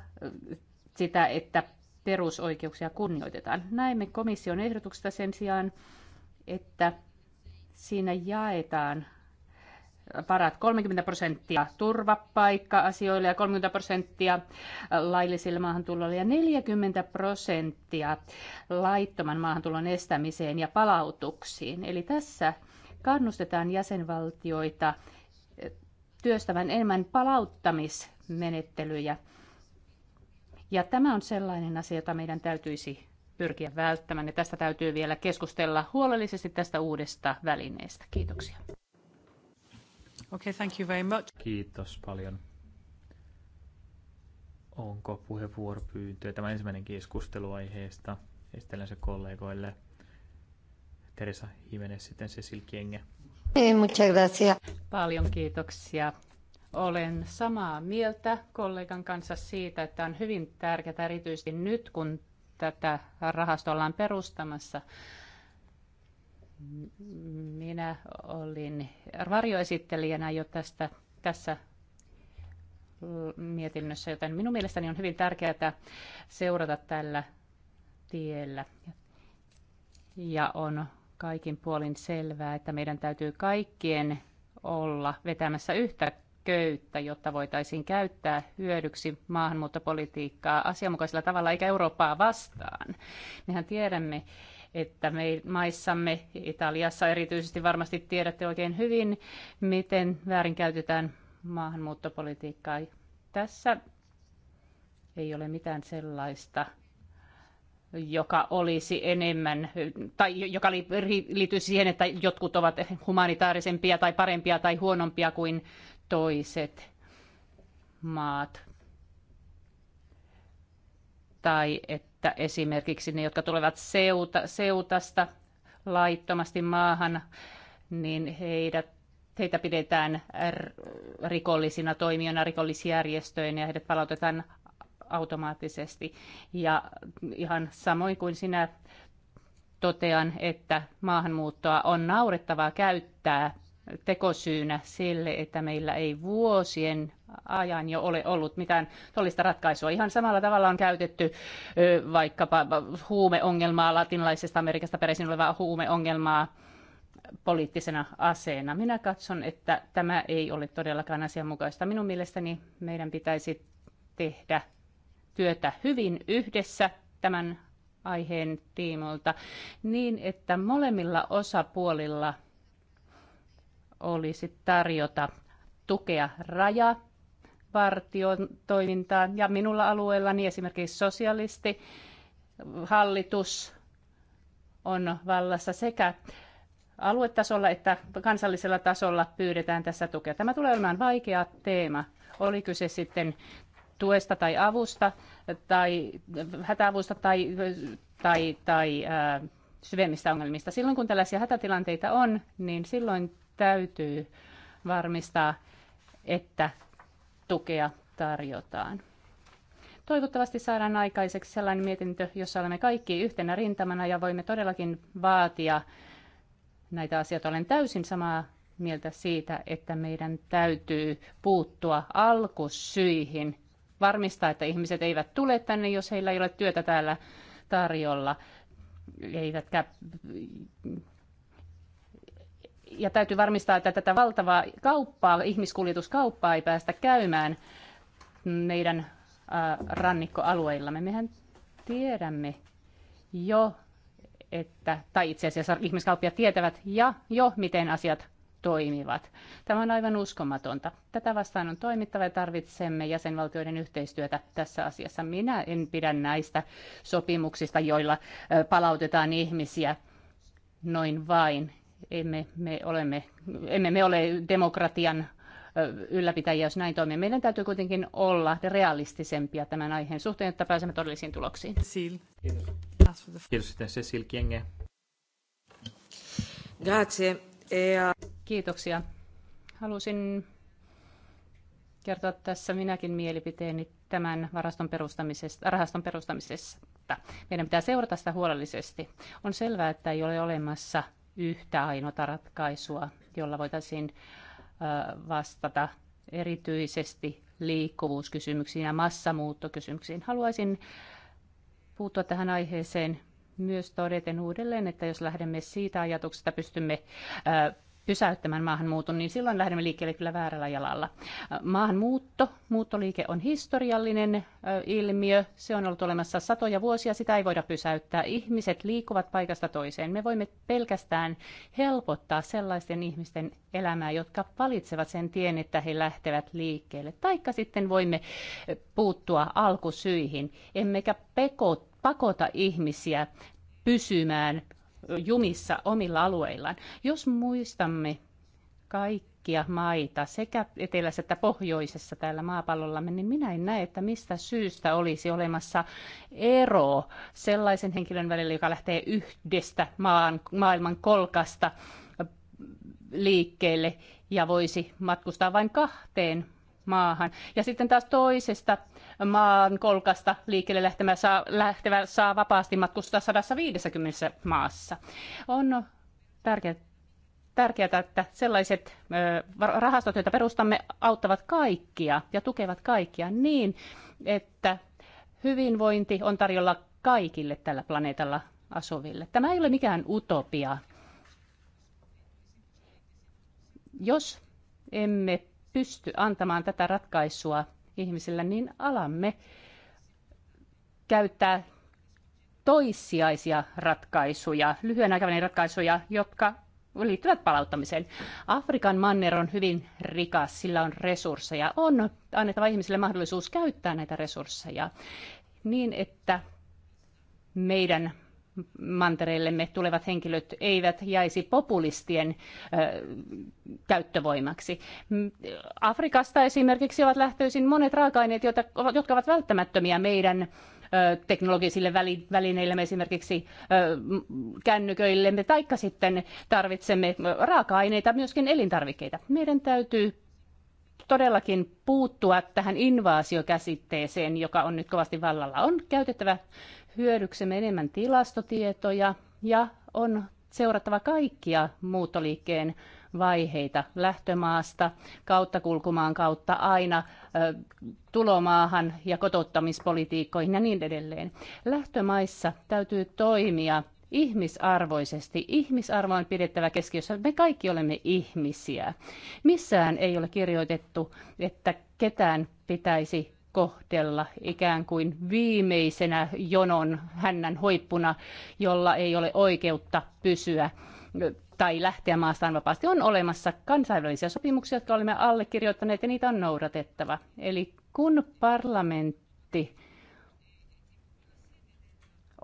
sitä, että perusoikeuksia kunnioitetaan. Näemme komission ehdotuksesta sen sijaan, että siinä jaetaan varat 30 prosenttia turvapaikka-asioille ja 30 prosenttia laillisille maahantulolle ja 40 prosenttia laittoman maahantulon estämiseen ja palautuksiin. Eli tässä kannustetaan jäsenvaltioita työstävän enemmän palauttamismenettelyjä. Ja tämä on sellainen asia, jota meidän täytyisi pyrkiä välttämään. Ja tästä täytyy vielä keskustella huolellisesti tästä uudesta välineestä. Kiitoksia. Okay, thank you very much. Kiitos paljon. Onko puheenvuoropyyntöjä? Tämä ensimmäinen keskustelu aiheesta. Esitellään se kollegoille. Teresa Jimenez, sitten Cecil Kienge. Muchas gracias. Paljon kiitoksia. Olen samaa mieltä kollegan kanssa siitä, että on hyvin tärkeää erityisesti nyt, kun tätä rahastoa ollaan perustamassa, minä olin varjoesittelijänä jo tästä, tässä mietinnössä, joten minun mielestäni on hyvin tärkeää seurata tällä tiellä. Ja on kaikin puolin selvää, että meidän täytyy kaikkien olla vetämässä yhtä köyttä, jotta voitaisiin käyttää hyödyksi maahanmuuttopolitiikkaa asianmukaisella tavalla eikä Eurooppaa vastaan. Mehän tiedämme, että me maissamme, Italiassa erityisesti varmasti tiedätte oikein hyvin, miten väärinkäytetään maahanmuuttopolitiikkaa. Tässä ei ole mitään sellaista, joka olisi enemmän, tai joka liittyy siihen, että jotkut ovat humanitaarisempia tai parempia tai huonompia kuin toiset maat. Tai että että esimerkiksi ne, jotka tulevat seuta, seutasta laittomasti maahan, niin heidät, heitä pidetään rikollisina toimijoina, rikollisjärjestöinä ja heidät palautetaan automaattisesti. Ja ihan samoin kuin sinä totean, että maahanmuuttoa on naurettavaa käyttää tekosyynä sille, että meillä ei vuosien ajan jo ole ollut mitään tollista ratkaisua. Ihan samalla tavalla on käytetty vaikkapa huumeongelmaa, latinalaisesta Amerikasta peräisin olevaa huumeongelmaa poliittisena aseena. Minä katson, että tämä ei ole todellakaan asianmukaista. Minun mielestäni meidän pitäisi tehdä työtä hyvin yhdessä tämän aiheen tiimoilta niin, että molemmilla osapuolilla – olisi tarjota tukea rajavartion toimintaan. Ja minulla alueellani esimerkiksi sosialisti hallitus on vallassa sekä aluetasolla että kansallisella tasolla pyydetään tässä tukea. Tämä tulee olemaan vaikea teema, oli kyse sitten tuesta tai avusta tai hätäavusta tai, tai, tai ää, syvemmistä ongelmista. Silloin kun tällaisia hätätilanteita on, niin silloin täytyy varmistaa, että tukea tarjotaan. Toivottavasti saadaan aikaiseksi sellainen mietintö, jossa olemme kaikki yhtenä rintamana ja voimme todellakin vaatia näitä asioita. Olen täysin samaa mieltä siitä, että meidän täytyy puuttua alkusyihin, varmistaa, että ihmiset eivät tule tänne, jos heillä ei ole työtä täällä tarjolla, eivätkä ja täytyy varmistaa, että tätä valtavaa kauppaa, ihmiskuljetuskauppaa ei päästä käymään meidän rannikkoalueillamme. Mehän tiedämme jo, että, tai itse asiassa ihmiskauppia tietävät ja jo, miten asiat toimivat. Tämä on aivan uskomatonta. Tätä vastaan on toimittava ja tarvitsemme jäsenvaltioiden yhteistyötä tässä asiassa. Minä en pidä näistä sopimuksista, joilla palautetaan ihmisiä noin vain emme me, olemme, emme me ole demokratian ylläpitäjiä, jos näin toimii. Meidän täytyy kuitenkin olla realistisempia tämän aiheen suhteen, että pääsemme todellisiin tuloksiin. Sil. Kiitos. Kiitos sitten Cecil Kienge. Grazie. E, Kiitoksia. Halusin kertoa tässä minäkin mielipiteeni tämän varaston perustamisesta, rahaston perustamisesta. Meidän pitää seurata sitä huolellisesti. On selvää, että ei ole olemassa yhtä ainoata ratkaisua, jolla voitaisiin vastata erityisesti liikkuvuuskysymyksiin ja massamuuttokysymyksiin. Haluaisin puuttua tähän aiheeseen myös todeten uudelleen, että jos lähdemme siitä ajatuksesta, pystymme pysäyttämään maahanmuuton, niin silloin lähdemme liikkeelle kyllä väärällä jalalla. Äh, maahanmuutto, muuttoliike on historiallinen äh, ilmiö. Se on ollut olemassa satoja vuosia, sitä ei voida pysäyttää. Ihmiset liikkuvat paikasta toiseen. Me voimme pelkästään helpottaa sellaisten ihmisten elämää, jotka valitsevat sen tien, että he lähtevät liikkeelle. Taikka sitten voimme äh, puuttua alkusyihin, emmekä pekot, pakota ihmisiä pysymään jumissa omilla alueillaan. Jos muistamme kaikkia maita sekä etelässä että pohjoisessa täällä maapallollamme, niin minä en näe, että mistä syystä olisi olemassa ero sellaisen henkilön välillä, joka lähtee yhdestä maan, maailman kolkasta liikkeelle ja voisi matkustaa vain kahteen maahan. Ja sitten taas toisesta maan kolkasta liikkeelle lähtevä saa, lähtevä saa vapaasti matkustaa 150 maassa. On tärkeää, tärkeää, että sellaiset rahastot, joita perustamme, auttavat kaikkia ja tukevat kaikkia niin, että hyvinvointi on tarjolla kaikille tällä planeetalla asuville. Tämä ei ole mikään utopia. Jos emme pysty antamaan tätä ratkaisua ihmisille, niin alamme käyttää toissijaisia ratkaisuja, lyhyen aikavälin ratkaisuja, jotka liittyvät palauttamiseen. Afrikan manner on hyvin rikas, sillä on resursseja. On annettava ihmisille mahdollisuus käyttää näitä resursseja niin, että meidän mantereillemme tulevat henkilöt eivät jäisi populistien käyttövoimaksi. Afrikasta esimerkiksi ovat lähtöisin monet raaka-aineet, jotka ovat välttämättömiä meidän teknologisille välineillemme, esimerkiksi kännyköillemme, taikka sitten tarvitsemme raaka-aineita, myöskin elintarvikkeita. Meidän täytyy todellakin puuttua tähän invaasiokäsitteeseen, joka on nyt kovasti vallalla. On käytettävä hyödyksemme enemmän tilastotietoja ja on seurattava kaikkia muuttoliikkeen vaiheita lähtömaasta, kautta kulkumaan kautta aina ö, tulomaahan ja kotouttamispolitiikkoihin ja niin edelleen. Lähtömaissa täytyy toimia ihmisarvoisesti. Ihmisarvo on pidettävä keskiössä. Me kaikki olemme ihmisiä. Missään ei ole kirjoitettu, että ketään pitäisi kohdella ikään kuin viimeisenä jonon hännän hoippuna, jolla ei ole oikeutta pysyä tai lähteä maastaan vapaasti. On olemassa kansainvälisiä sopimuksia, jotka olemme allekirjoittaneet ja niitä on noudatettava. Eli kun parlamentti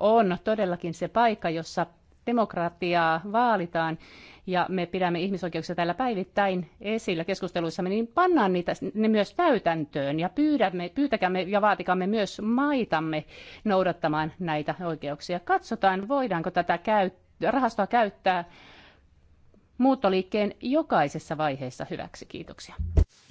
on todellakin se paikka, jossa demokratiaa vaalitaan, ja me pidämme ihmisoikeuksia täällä päivittäin esillä keskusteluissamme, niin pannaan niitä, ne myös täytäntöön ja pyydämme, pyytäkäämme ja vaatikamme myös maitamme noudattamaan näitä oikeuksia. Katsotaan, voidaanko tätä käyt- rahastoa käyttää muuttoliikkeen jokaisessa vaiheessa hyväksi. Kiitoksia.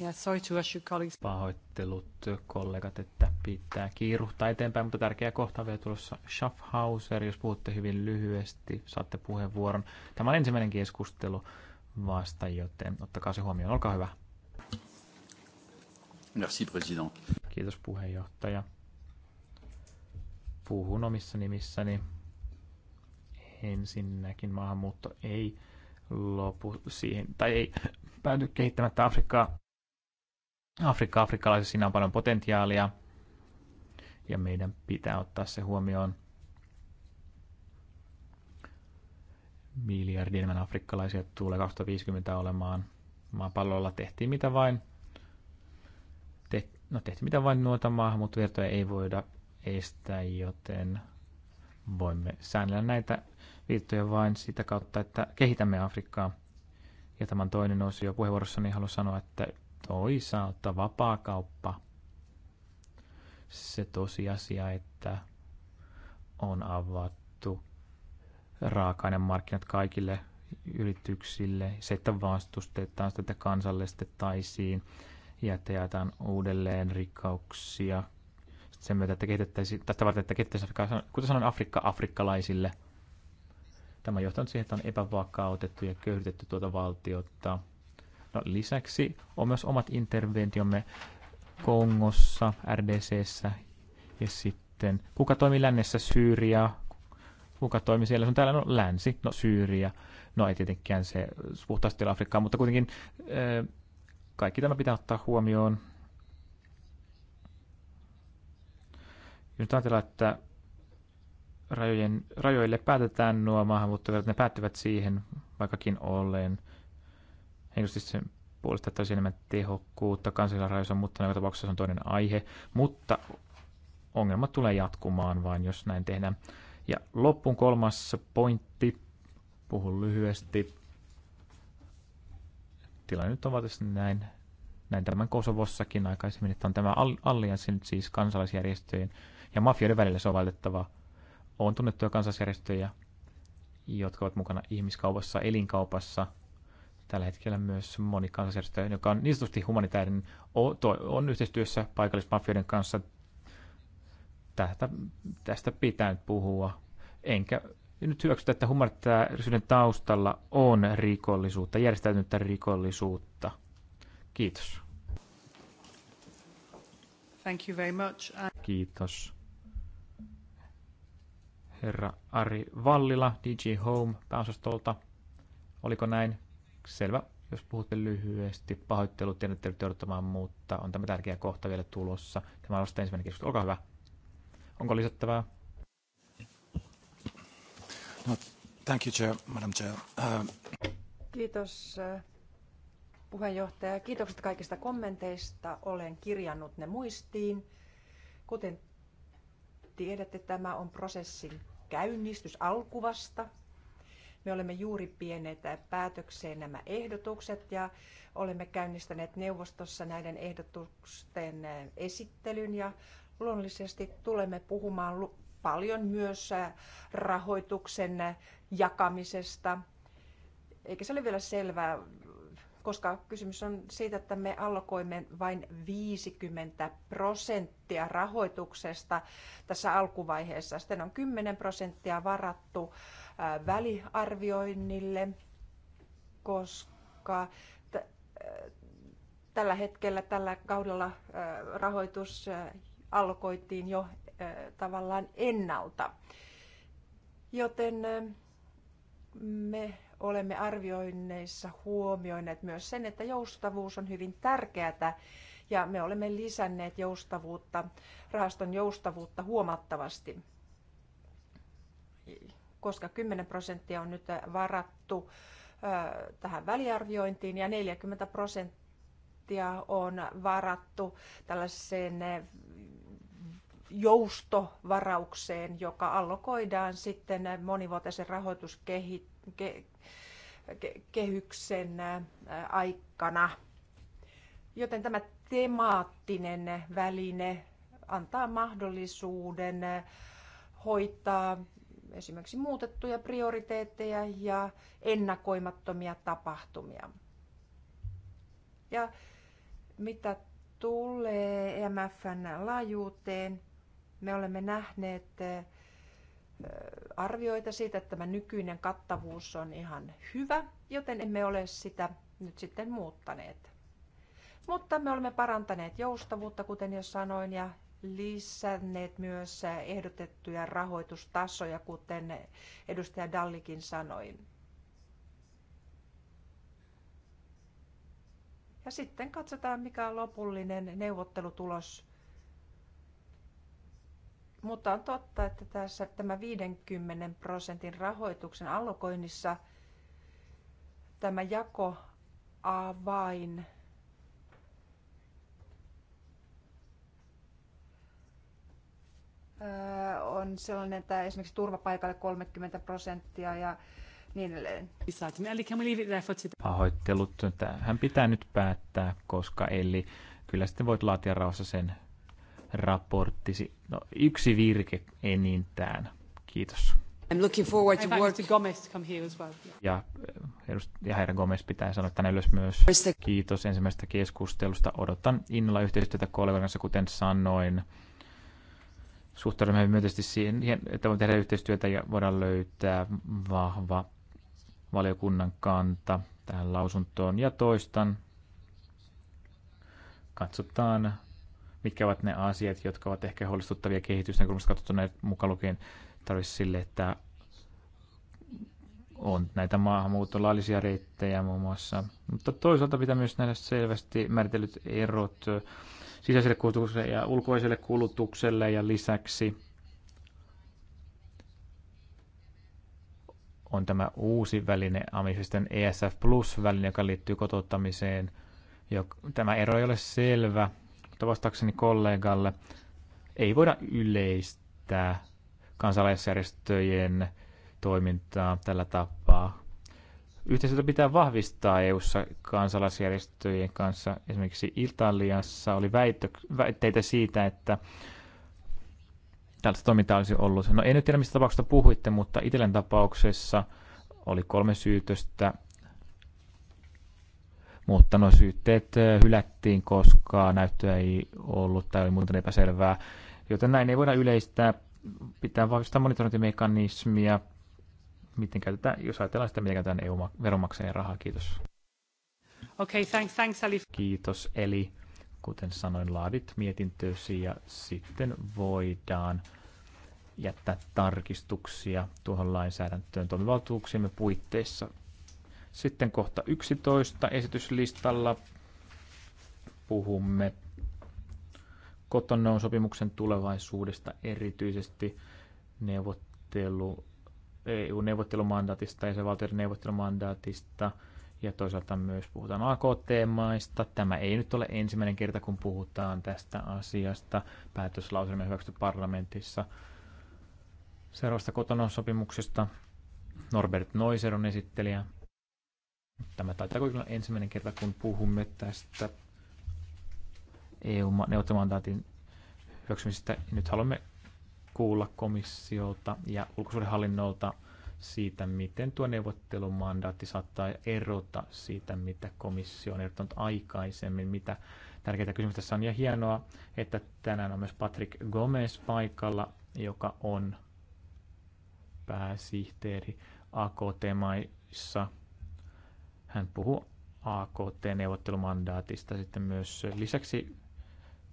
Yeah, sorry to rush colleagues. Pahoittelut kollegat, että pitää kiiruhtaa eteenpäin, mutta tärkeä kohta on vielä tulossa Schaffhauser. Jos puhutte hyvin lyhyesti, saatte puheenvuoron. Tämä on ensimmäinen keskustelu vasta, joten ottakaa se huomioon. Olkaa hyvä. Merci, president. Kiitos puheenjohtaja. Puhun omissa nimissäni. Ensinnäkin maahanmuutto ei lopu siihen, tai ei pääty kehittämättä Afrikkaa. Afrikka afrikkalaiset, siinä on paljon potentiaalia, ja meidän pitää ottaa se huomioon. Miljardi enemmän afrikkalaisia tulee 2050 olemaan. Maapallolla tehtiin mitä vain. Te, no tehtiin mitä vain noita virtoja ei voida estää, joten voimme säännellä näitä viittoja vain sitä kautta, että kehitämme Afrikkaa. Ja tämän toinen osio puheenvuorossani haluan sanoa, että toisaalta vapaakauppa, se tosiasia, että on avattu raaka markkinat kaikille yrityksille, se, että vastustetaan sitä, että kansallistettaisiin ja että jaetaan uudelleen rikkauksia sen myötä, että kehitettäisiin, tästä varten, että kehitettäisiin, kuten sanoin, Afrikka afrikkalaisille – Tämä on johtanut siihen, että on epävakautettu ja köyhdytetty tuota valtiota. No, lisäksi on myös omat interventiomme Kongossa, RDCssä ja sitten kuka toimii lännessä Syyria, kuka toimii siellä, se on täällä no, länsi, no Syyria, no ei tietenkään se puhtaasti Afrikkaa, mutta kuitenkin ö, eh, kaikki tämä pitää ottaa huomioon. Jos nyt ajatellaan, että rajojen, rajoille päätetään nuo maahanmuuttovirrat, ne päättyvät siihen, vaikkakin ollen henkilöstisesti sen puolesta, että olisi enemmän tehokkuutta kansallisilla rajoissa, mutta näin tapauksessa se on toinen aihe. Mutta ongelma tulee jatkumaan vain, jos näin tehdään. Ja loppuun kolmas pointti. Puhun lyhyesti. Tilanne nyt on näin, näin tämän Kosovossakin aikaisemmin, että on tämä allianssi nyt siis kansalaisjärjestöjen ja mafioiden välillä sovellettava on tunnettuja kansalaisjärjestöjä, jotka ovat mukana ihmiskaupassa, elinkaupassa. Tällä hetkellä myös moni kansalaisjärjestö, joka on niin sanotusti humanitaarinen, on yhteistyössä paikallismafioiden kanssa. Tästä, tästä pitää nyt puhua. Enkä nyt hyväksytä, että humanitaarisuuden taustalla on rikollisuutta, järjestäytynyttä rikollisuutta. Kiitos. Thank you very much. Kiitos herra Ari Vallila DG Home pääosastolta. Oliko näin? Selvä. Jos puhutte lyhyesti, pahoittelut, tiedän, että odottamaan, mutta on tämä tärkeä kohta vielä tulossa. Tämä on vasta ensimmäinen keskustelu. Olkaa hyvä. Onko lisättävää? No, thank you, chair, madam chair. Uh... Kiitos äh, puheenjohtaja. Kiitokset kaikista kommenteista. Olen kirjannut ne muistiin. Kuten tiedätte, tämä on prosessin käynnistys alkuvasta. Me olemme juuri pieneet päätökseen nämä ehdotukset ja olemme käynnistäneet neuvostossa näiden ehdotusten esittelyn ja luonnollisesti tulemme puhumaan paljon myös rahoituksen jakamisesta. Eikä se ole vielä selvää, koska kysymys on siitä, että me allokoimme vain 50 prosenttia rahoituksesta tässä alkuvaiheessa. Sitten on 10 prosenttia varattu väliarvioinnille, koska tällä hetkellä, tällä kaudella rahoitus allokoitiin jo tavallaan ennalta. Joten me olemme arvioinneissa huomioineet myös sen, että joustavuus on hyvin tärkeää ja me olemme lisänneet joustavuutta, rahaston joustavuutta huomattavasti, koska 10 prosenttia on nyt varattu tähän väliarviointiin ja 40 prosenttia on varattu tällaiseen joustovaraukseen, joka allokoidaan sitten monivuotisen rahoituskehityksen ke, ke, kehyksen aikana. Joten tämä temaattinen väline antaa mahdollisuuden hoitaa esimerkiksi muutettuja prioriteetteja ja ennakoimattomia tapahtumia. Ja mitä tulee EMFn laajuuteen, me olemme nähneet arvioita siitä, että tämä nykyinen kattavuus on ihan hyvä, joten emme ole sitä nyt sitten muuttaneet. Mutta me olemme parantaneet joustavuutta, kuten jo sanoin, ja lisänneet myös ehdotettuja rahoitustasoja, kuten edustaja Dallikin sanoi. Ja sitten katsotaan, mikä on lopullinen neuvottelutulos mutta on totta, että tässä tämä 50 prosentin rahoituksen allokoinnissa tämä jako avain on sellainen, että esimerkiksi turvapaikalle 30 prosenttia ja niin edelleen. Pahoittelut, hän pitää nyt päättää, koska eli kyllä sitten voit laatia rauhassa sen raporttisi? No, yksi virke enintään. Kiitos. I'm looking forward to work. Gomez to come here as well. Ja, eh, ja herra Gomez pitää sanoa tänne ylös myös. Kiitos ensimmäisestä keskustelusta. Odotan innolla yhteistyötä kollegan kanssa, kuten sanoin. Suhtaudumme myönteisesti siihen, että voimme tehdä yhteistyötä ja voidaan löytää vahva valiokunnan kanta tähän lausuntoon. Ja toistan, katsotaan mitkä ovat ne asiat, jotka ovat ehkä huolestuttavia kehitysnäkökulmasta katsottuna mukaan lukien tarvitsisi sille, että on näitä maahanmuuttolaillisia reittejä muun muassa. Mutta toisaalta pitää myös nähdä selvästi määritellyt erot sisäiselle kulutukselle ja ulkoiselle kulutukselle ja lisäksi on tämä uusi väline, Amisisten ESF Plus-väline, joka liittyy kotouttamiseen. Tämä ero ei ole selvä, mutta vastaakseni kollegalle ei voida yleistää kansalaisjärjestöjen toimintaa tällä tapaa. Yhteistyötä pitää vahvistaa EU-ssa kansalaisjärjestöjen kanssa. Esimerkiksi Italiassa oli väitö, väitteitä siitä, että tällaista toimintaa olisi ollut. No en nyt tiedä, mistä tapauksesta puhuitte, mutta Italian tapauksessa oli kolme syytöstä mutta no syytteet eh, hylättiin, koska näyttöä ei ollut tai oli muuten niin epäselvää. Joten näin ei voida yleistää. Pitää vahvistaa monitorointimekanismia, miten käytetään, jos ajatellaan sitä, miten käytetään EU-veronmaksajien rahaa. Kiitos. Okay, thanks, thanks, Ali. Kiitos, Eli. Kuten sanoin, laadit mietintösi ja sitten voidaan jättää tarkistuksia tuohon lainsäädäntöön toimivaltuuksiemme puitteissa sitten kohta 11 esityslistalla puhumme kotonnoon sopimuksen tulevaisuudesta, erityisesti neuvottelu, EU-neuvottelumandaatista ja se valtioiden neuvottelumandaatista ja toisaalta myös puhutaan AKT-maista. Tämä ei nyt ole ensimmäinen kerta, kun puhutaan tästä asiasta Päätöslauselma hyväksytty parlamentissa. Seuraavasta kotonon sopimuksesta Norbert Noiser on esittelijä. Tämä taitaa kuitenkin olla ensimmäinen kerta, kun puhumme tästä EU-neuvottelumandaatin hyväksymisestä. Nyt haluamme kuulla komissiolta ja ulkosuudenhallinnolta siitä, miten tuo neuvottelumandaatti saattaa erota siitä, mitä komissio on erottanut aikaisemmin, mitä tärkeitä kysymyksiä tässä on. Ja hienoa, että tänään on myös Patrick Gomez paikalla, joka on pääsihteeri AKT-maissa – hän puhuu AKT-neuvottelumandaatista sitten myös lisäksi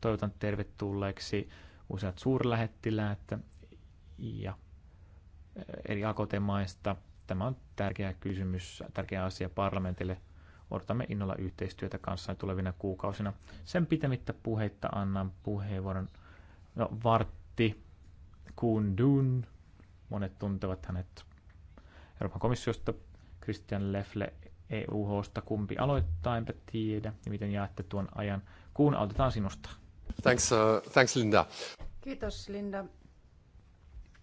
toivotan tervetulleeksi useat suurlähettiläät ja eh, eri AKT-maista. Tämä on tärkeä kysymys, tärkeä asia parlamentille. Odotamme innolla yhteistyötä kanssa tulevina kuukausina. Sen pitämättä puheitta annan puheenvuoron no, Vartti Kundun. Monet tuntevat hänet Euroopan komissiosta. Christian Leffle EU-hosta kumpi aloittaa, enpä tiedä, ja miten jaatte tuon ajan, kun autetaan sinusta. Thanks, uh, thanks Linda. Kiitos Linda.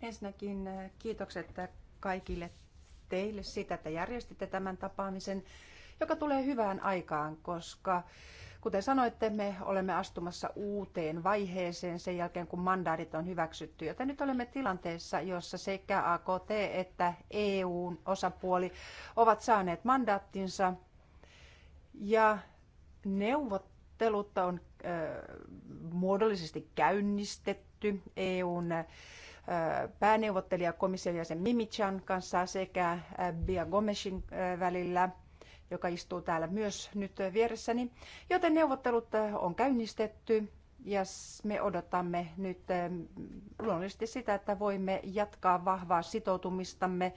Ensinnäkin uh, kiitokset kaikille teille siitä, että järjestitte tämän tapaamisen, joka tulee hyvään aikaan, koska Kuten sanoitte, me olemme astumassa uuteen vaiheeseen sen jälkeen, kun mandaatit on hyväksytty. Joten nyt olemme tilanteessa, jossa sekä AKT että EUn osapuoli ovat saaneet mandaattinsa ja neuvottelut on äh, muodollisesti käynnistetty EUn äh, pääneuvottelija komission jäsen Mimichan kanssa sekä Bia Gomesin välillä – joka istuu täällä myös nyt vieressäni. Joten neuvottelut äh, on käynnistetty ja me odotamme nyt ähm, luonnollisesti sitä, että voimme jatkaa vahvaa sitoutumistamme.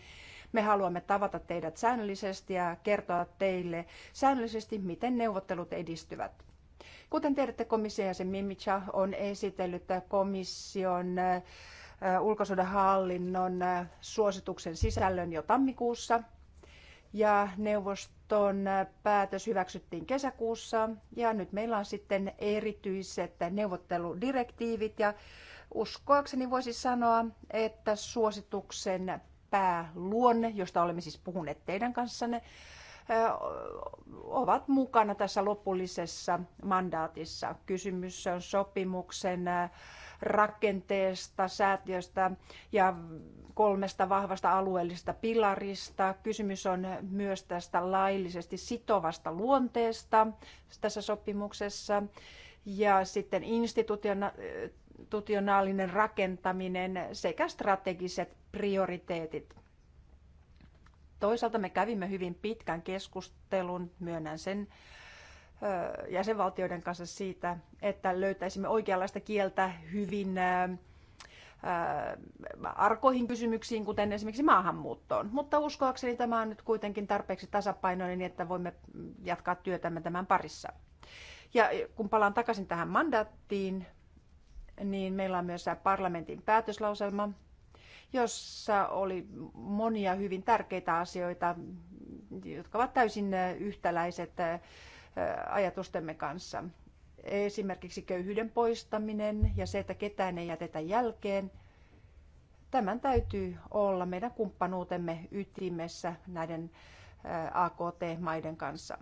Me haluamme tavata teidät säännöllisesti ja kertoa teille säännöllisesti, miten neuvottelut edistyvät. Kuten tiedätte, komission jäsen Mimicha on esitellyt komission äh, äh, ulkosuudenhallinnon suosituksen sisällön jo tammikuussa – ja neuvoston päätös hyväksyttiin kesäkuussa ja nyt meillä on sitten erityiset neuvotteludirektiivit ja uskoakseni voisi sanoa, että suosituksen pääluonne, josta olemme siis puhuneet teidän kanssanne, ovat mukana tässä lopullisessa mandaatissa. Kysymys on sopimuksen rakenteesta, säätiöstä ja kolmesta vahvasta alueellisesta pilarista. Kysymys on myös tästä laillisesti sitovasta luonteesta tässä sopimuksessa ja sitten institutionaalinen rakentaminen sekä strategiset prioriteetit. Toisaalta me kävimme hyvin pitkän keskustelun, myönnän sen jäsenvaltioiden kanssa siitä, että löytäisimme oikeanlaista kieltä hyvin arkoihin kysymyksiin, kuten esimerkiksi maahanmuuttoon. Mutta uskoakseni tämä on nyt kuitenkin tarpeeksi tasapainoinen, niin että voimme jatkaa työtämme tämän parissa. Ja kun palaan takaisin tähän mandaattiin, niin meillä on myös parlamentin päätöslauselma, jossa oli monia hyvin tärkeitä asioita, jotka ovat täysin yhtäläiset ajatustemme kanssa. Esimerkiksi köyhyyden poistaminen ja se, että ketään ei jätetä jälkeen. Tämän täytyy olla meidän kumppanuutemme ytimessä näiden AKT-maiden kanssa.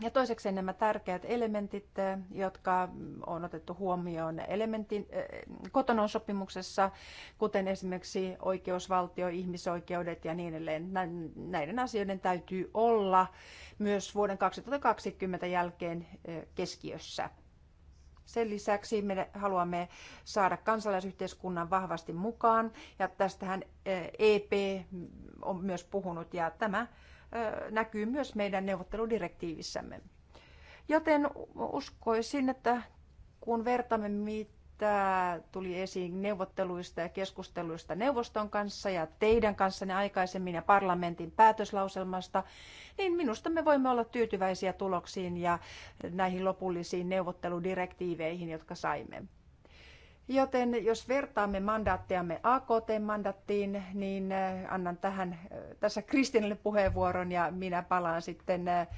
Ja toiseksi nämä tärkeät elementit, eh, jotka on otettu huomioon elementin, eh, kotonon sopimuksessa, kuten esimerkiksi oikeusvaltio, ihmisoikeudet ja niin edelleen. Näiden asioiden täytyy olla myös vuoden 2020 jälkeen eh, keskiössä. Sen lisäksi me haluamme saada kansalaisyhteiskunnan vahvasti mukaan ja tästähän EP e on myös puhunut ja tämä näkyy myös meidän neuvotteludirektiivissämme. Joten uskoisin, että kun vertaamme, mitä tuli esiin neuvotteluista ja keskusteluista neuvoston kanssa ja teidän kanssanne aikaisemmin ja parlamentin päätöslauselmasta, niin minusta me voimme olla tyytyväisiä tuloksiin ja näihin lopullisiin neuvotteludirektiiveihin, jotka saimme. Joten jos vertaamme mandaattiamme AKT-mandattiin, niin äh, annan tähän äh, tässä Kristinille puheenvuoron ja minä palaan sitten äh,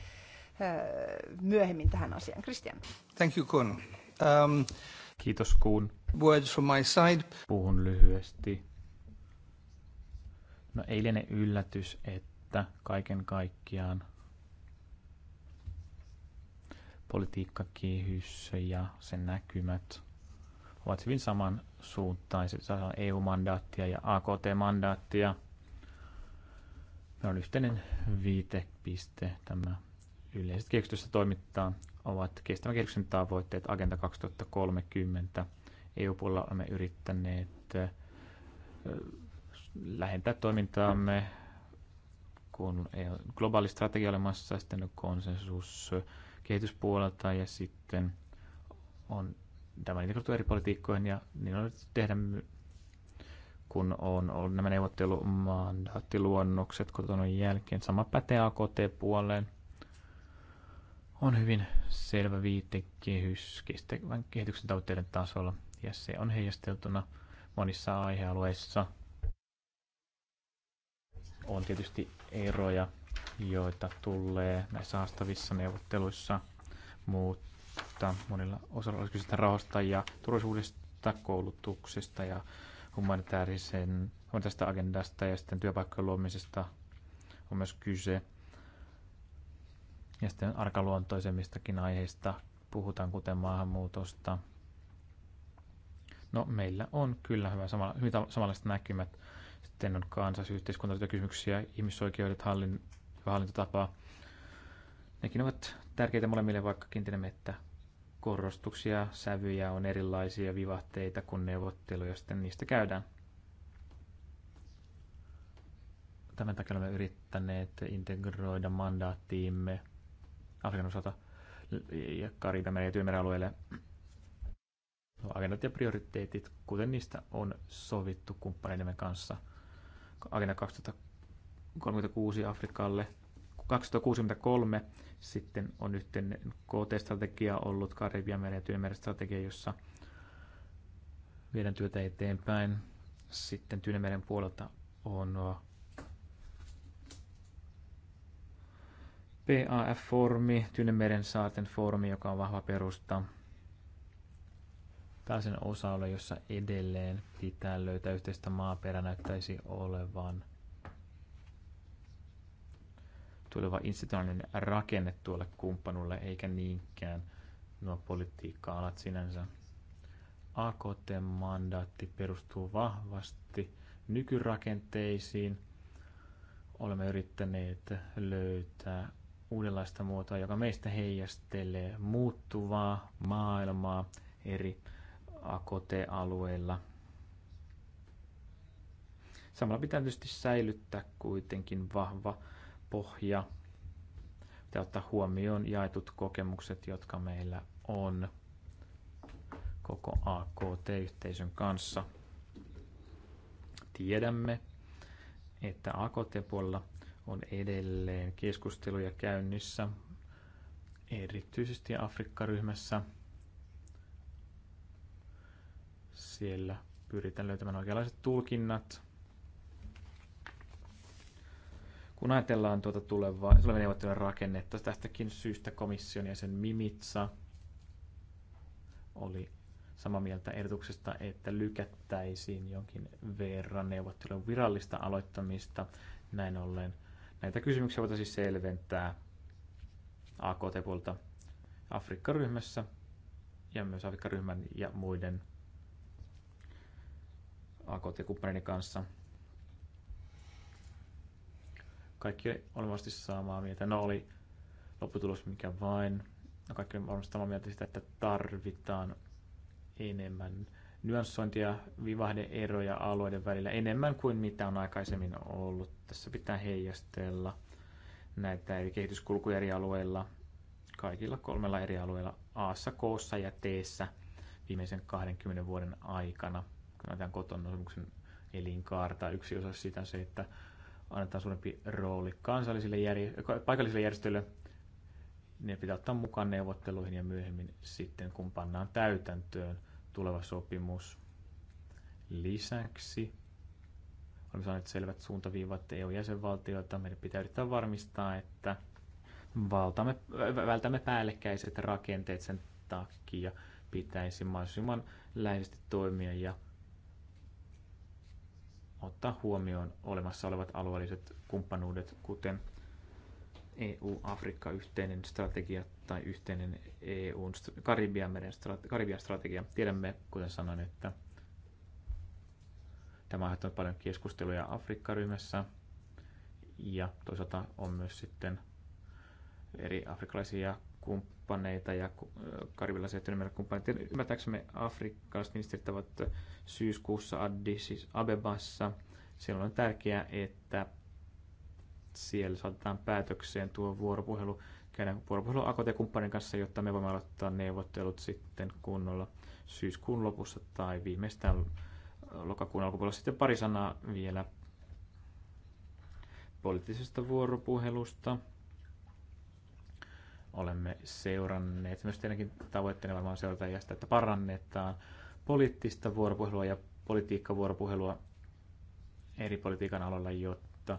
myöhemmin tähän asiaan. Christian. Thank you, Kun. Um, Kiitos, Kun. Words from my side. Puhun lyhyesti. No ei liene yllätys, että kaiken kaikkiaan politiikkakehys ja sen näkymät – ovat hyvin samansuuntaiset. Saa EU-mandaattia ja AKT-mandaattia. Meillä on yhteinen viitepiste. Tämä yleiset kehitystä toimittaa ovat kestävän kehityksen tavoitteet Agenda 2030. EU-puolella olemme yrittäneet lähentää toimintaamme, kun e globaali strategia olemassa, sitten on konsensus kehityspuolelta ja sitten on tämä on integroitu eri politiikkoihin ja niin on tehdä, kun on ollut nämä neuvottelumandaattiluonnokset kotonon jälkeen. Sama pätee AKT-puoleen. On hyvin selvä viitekehys kestävän kehityksen tavoitteiden tasolla ja se on heijasteltuna monissa aihealueissa. On tietysti eroja, joita tulee näissä haastavissa neuvotteluissa, mutta tota, monilla osalla olisi kyse rahoista ja turvallisuudesta, koulutuksesta ja humanitaarisen tästä agendasta ja sitten työpaikkojen luomisesta on myös kyse. Ja sitten arkaluontoisemmistakin aiheista puhutaan, kuten maahanmuutosta. No, meillä on kyllä hyvä, samalla, hyvin samanlaiset näkymät. Sitten on kansas- ja kysymyksiä, ihmisoikeudet, hallin, hyvä hallintotapa, Nekin ovat tärkeitä molemmille, vaikkakin tiedämme, että korostuksia, sävyjä on erilaisia vivahteita, kuin neuvotteluja sitten niistä käydään. Tämän takia olemme yrittäneet integroida mandaattiimme Afrikan osalta ja Karibian ja Tyymeren alueelle agendat ja prioriteetit, kuten niistä on sovittu kumppaneidemme kanssa. Agenda 2036 Afrikalle – 263 sitten on yhteen KT-strategia ollut, Karibian meren ja Tyynemeren strategia, jossa viedään työtä eteenpäin. Sitten tyynemeren puolelta on PAF-foorumi, Tyynemeren saarten foorumi, joka on vahva perusta. Pääsen osa-alue, jossa edelleen pitää löytää yhteistä maaperä, näyttäisi olevan – tuleva institutionaalinen rakenne tuolle kumppanulle, eikä niinkään nuo politiikka-alat sinänsä. AKT-mandaatti perustuu vahvasti nykyrakenteisiin. Olemme yrittäneet löytää uudenlaista muotoa, joka meistä heijastelee muuttuvaa maailmaa eri AKT-alueilla. Samalla pitää tietysti säilyttää kuitenkin vahva pohja. Pitää ottaa huomioon jaetut kokemukset, jotka meillä on koko AKT-yhteisön kanssa. Tiedämme, että AKT-puolella on edelleen keskusteluja käynnissä, erityisesti Afrikkaryhmässä. Siellä pyritään löytämään oikeanlaiset tulkinnat Kun ajatellaan tuota tulevaa, tulevaa neuvottelujen rakennetta, tästäkin syystä komission jäsen Mimitsa oli samaa mieltä ehdotuksesta, että lykättäisiin jonkin verran neuvottelujen virallista aloittamista. Näin ollen näitä kysymyksiä voitaisiin siis selventää AKT-puolta Afrikkaryhmässä ja myös Afrikkaryhmän ja muiden AKT-kumppaneiden kanssa – kaikki oli varmasti samaa mieltä. No oli lopputulos mikä vain. No kaikki oli varmasti samaa mieltä sitä, että tarvitaan enemmän nyanssointia, vivahdeeroja alueiden välillä enemmän kuin mitä on aikaisemmin ollut. Tässä pitää heijastella näitä eri kehityskulkuja eri alueilla, kaikilla kolmella eri alueella, Aassa, Koossa ja Teessä viimeisen 20 vuoden aikana. Kun otetaan kotona elinkaarta, yksi osa sitä se, että annetaan suurempi rooli kansallisille järj- paikallisille järjestöille. Ne pitää ottaa mukaan neuvotteluihin ja myöhemmin sitten, kun pannaan täytäntöön tuleva sopimus. Lisäksi olemme saaneet selvät suuntaviivat EU-jäsenvaltioilta. Meidän pitää yrittää varmistaa, että valtamme, vältämme päällekkäiset rakenteet sen takia pitäisi mahdollisimman läheisesti toimia ja ottaa huomioon olemassa olevat alueelliset kumppanuudet, kuten EU-Afrikka yhteinen strategia tai yhteinen EUn Karibian, strate, Karibian strategia. Tiedämme, kuten sanoin, että tämä on paljon keskusteluja Afrikka-ryhmässä ja toisaalta on myös sitten eri afrikkalaisia kumppanuuksia kumppaneita ja karibilaisia työmarkkinakumppaneita. Ymmärtääksemme afrikkalaiset ministerit ovat syyskuussa Addis Abebassa. Siellä on tärkeää, että siellä saatetaan päätökseen tuo vuoropuhelu, käydään vuoropuhelu AKT kumppanin kanssa, jotta me voimme aloittaa neuvottelut sitten kunnolla syyskuun lopussa tai viimeistään lokakuun alkupuolella. Sitten pari sanaa vielä poliittisesta vuoropuhelusta olemme seuranneet. Myös teidänkin tavoitteena varmaan seurata ja sitä, että parannetaan poliittista vuoropuhelua ja politiikkavuoropuhelua eri politiikan aloilla, jotta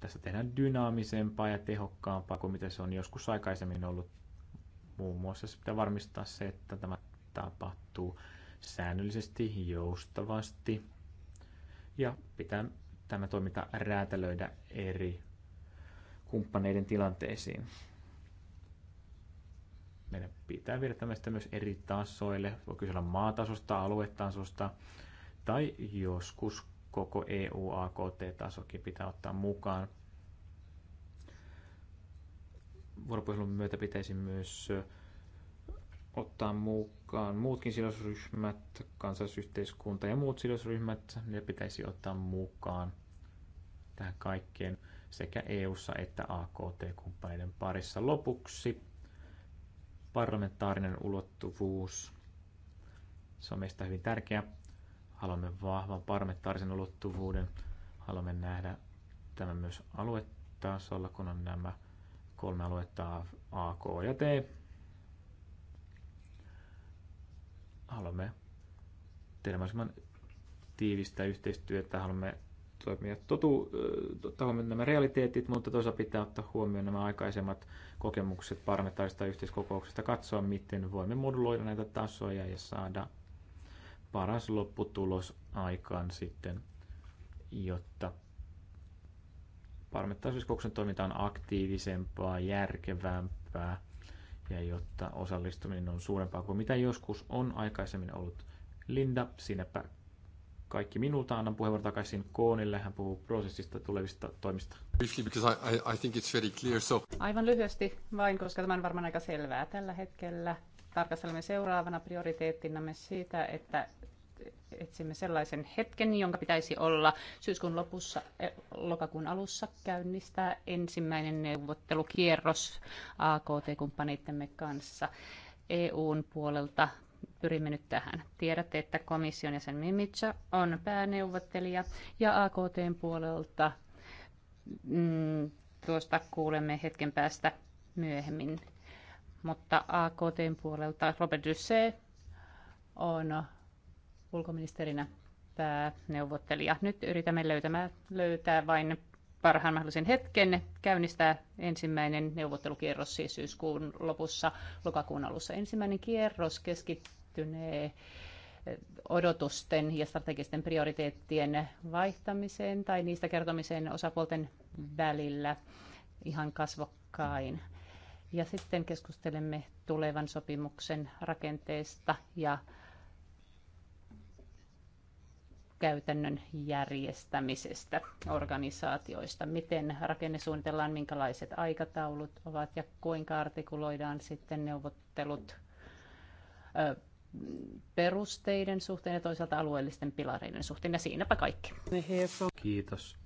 tästä tehdään dynaamisempaa ja tehokkaampaa kuin mitä se on joskus aikaisemmin ollut. Muun muassa se pitää varmistaa se, että tämä tapahtuu säännöllisesti, joustavasti ja pitää tämä toiminta räätälöidä eri kumppaneiden tilanteisiin. Meidän pitää viedä tämmöistä myös eri tasoille, voi kyse maatasosta, aluetasosta tai joskus koko EU-AKT-tasokin pitää ottaa mukaan. Vuoropuhelun myötä pitäisi myös ottaa mukaan muutkin sidosryhmät, kansallisyhteiskunta ja muut sidosryhmät, ne pitäisi ottaa mukaan tähän kaikkeen sekä EU:ssa että AKT-kumppaneiden parissa. Lopuksi parlamentaarinen ulottuvuus. Se on meistä hyvin tärkeä. Haluamme vahvan parlamentaarisen ulottuvuuden. Haluamme nähdä tämän myös aluetasolla, kun on nämä kolme aluetta A, K ja T. Haluamme tehdä mahdollisimman tiivistä yhteistyötä, haluamme toimia totu, haluamme nämä realiteetit, mutta toisaalta pitää ottaa huomioon nämä aikaisemmat kokemukset parlamentaarista yhteiskokouksesta, katsoa miten voimme moduloida näitä tasoja ja saada paras lopputulos aikaan sitten, jotta parlamentaarisen toiminta on aktiivisempaa, järkevämpää ja jotta osallistuminen on suurempaa kuin mitä joskus on aikaisemmin ollut. Linda, sinäpä kaikki minulta. Annan puheenvuoron takaisin Koonille. Hän puhuu prosessista tulevista toimista. Aivan lyhyesti vain, koska tämä on varmaan aika selvää tällä hetkellä. Tarkastelemme seuraavana prioriteettinamme siitä, että etsimme sellaisen hetken, jonka pitäisi olla syyskuun lopussa, eh, lokakuun alussa käynnistää ensimmäinen neuvottelukierros AKT-kumppaneittemme kanssa EUn puolelta pyrimme nyt tähän. Tiedätte, että komission jäsen Mimitsa on pääneuvottelija ja AKTn puolelta mm, tuosta kuulemme hetken päästä myöhemmin. Mutta AKTn puolelta Robert Dussé on ulkoministerinä pääneuvottelija. Nyt yritämme löytämään, löytää vain parhaan mahdollisen hetken käynnistää ensimmäinen neuvottelukierros siis syyskuun lopussa, lokakuun alussa. Ensimmäinen kierros keskittyy liittynee odotusten ja strategisten prioriteettien vaihtamiseen tai niistä kertomiseen osapuolten välillä ihan kasvokkain. Ja sitten keskustelemme tulevan sopimuksen rakenteesta ja käytännön järjestämisestä, organisaatioista, miten rakenne suunnitellaan, minkälaiset aikataulut ovat ja kuinka artikuloidaan sitten neuvottelut perusteiden suhteen ja toisaalta alueellisten pilareiden suhteen. Ja siinäpä kaikki. Kiitos.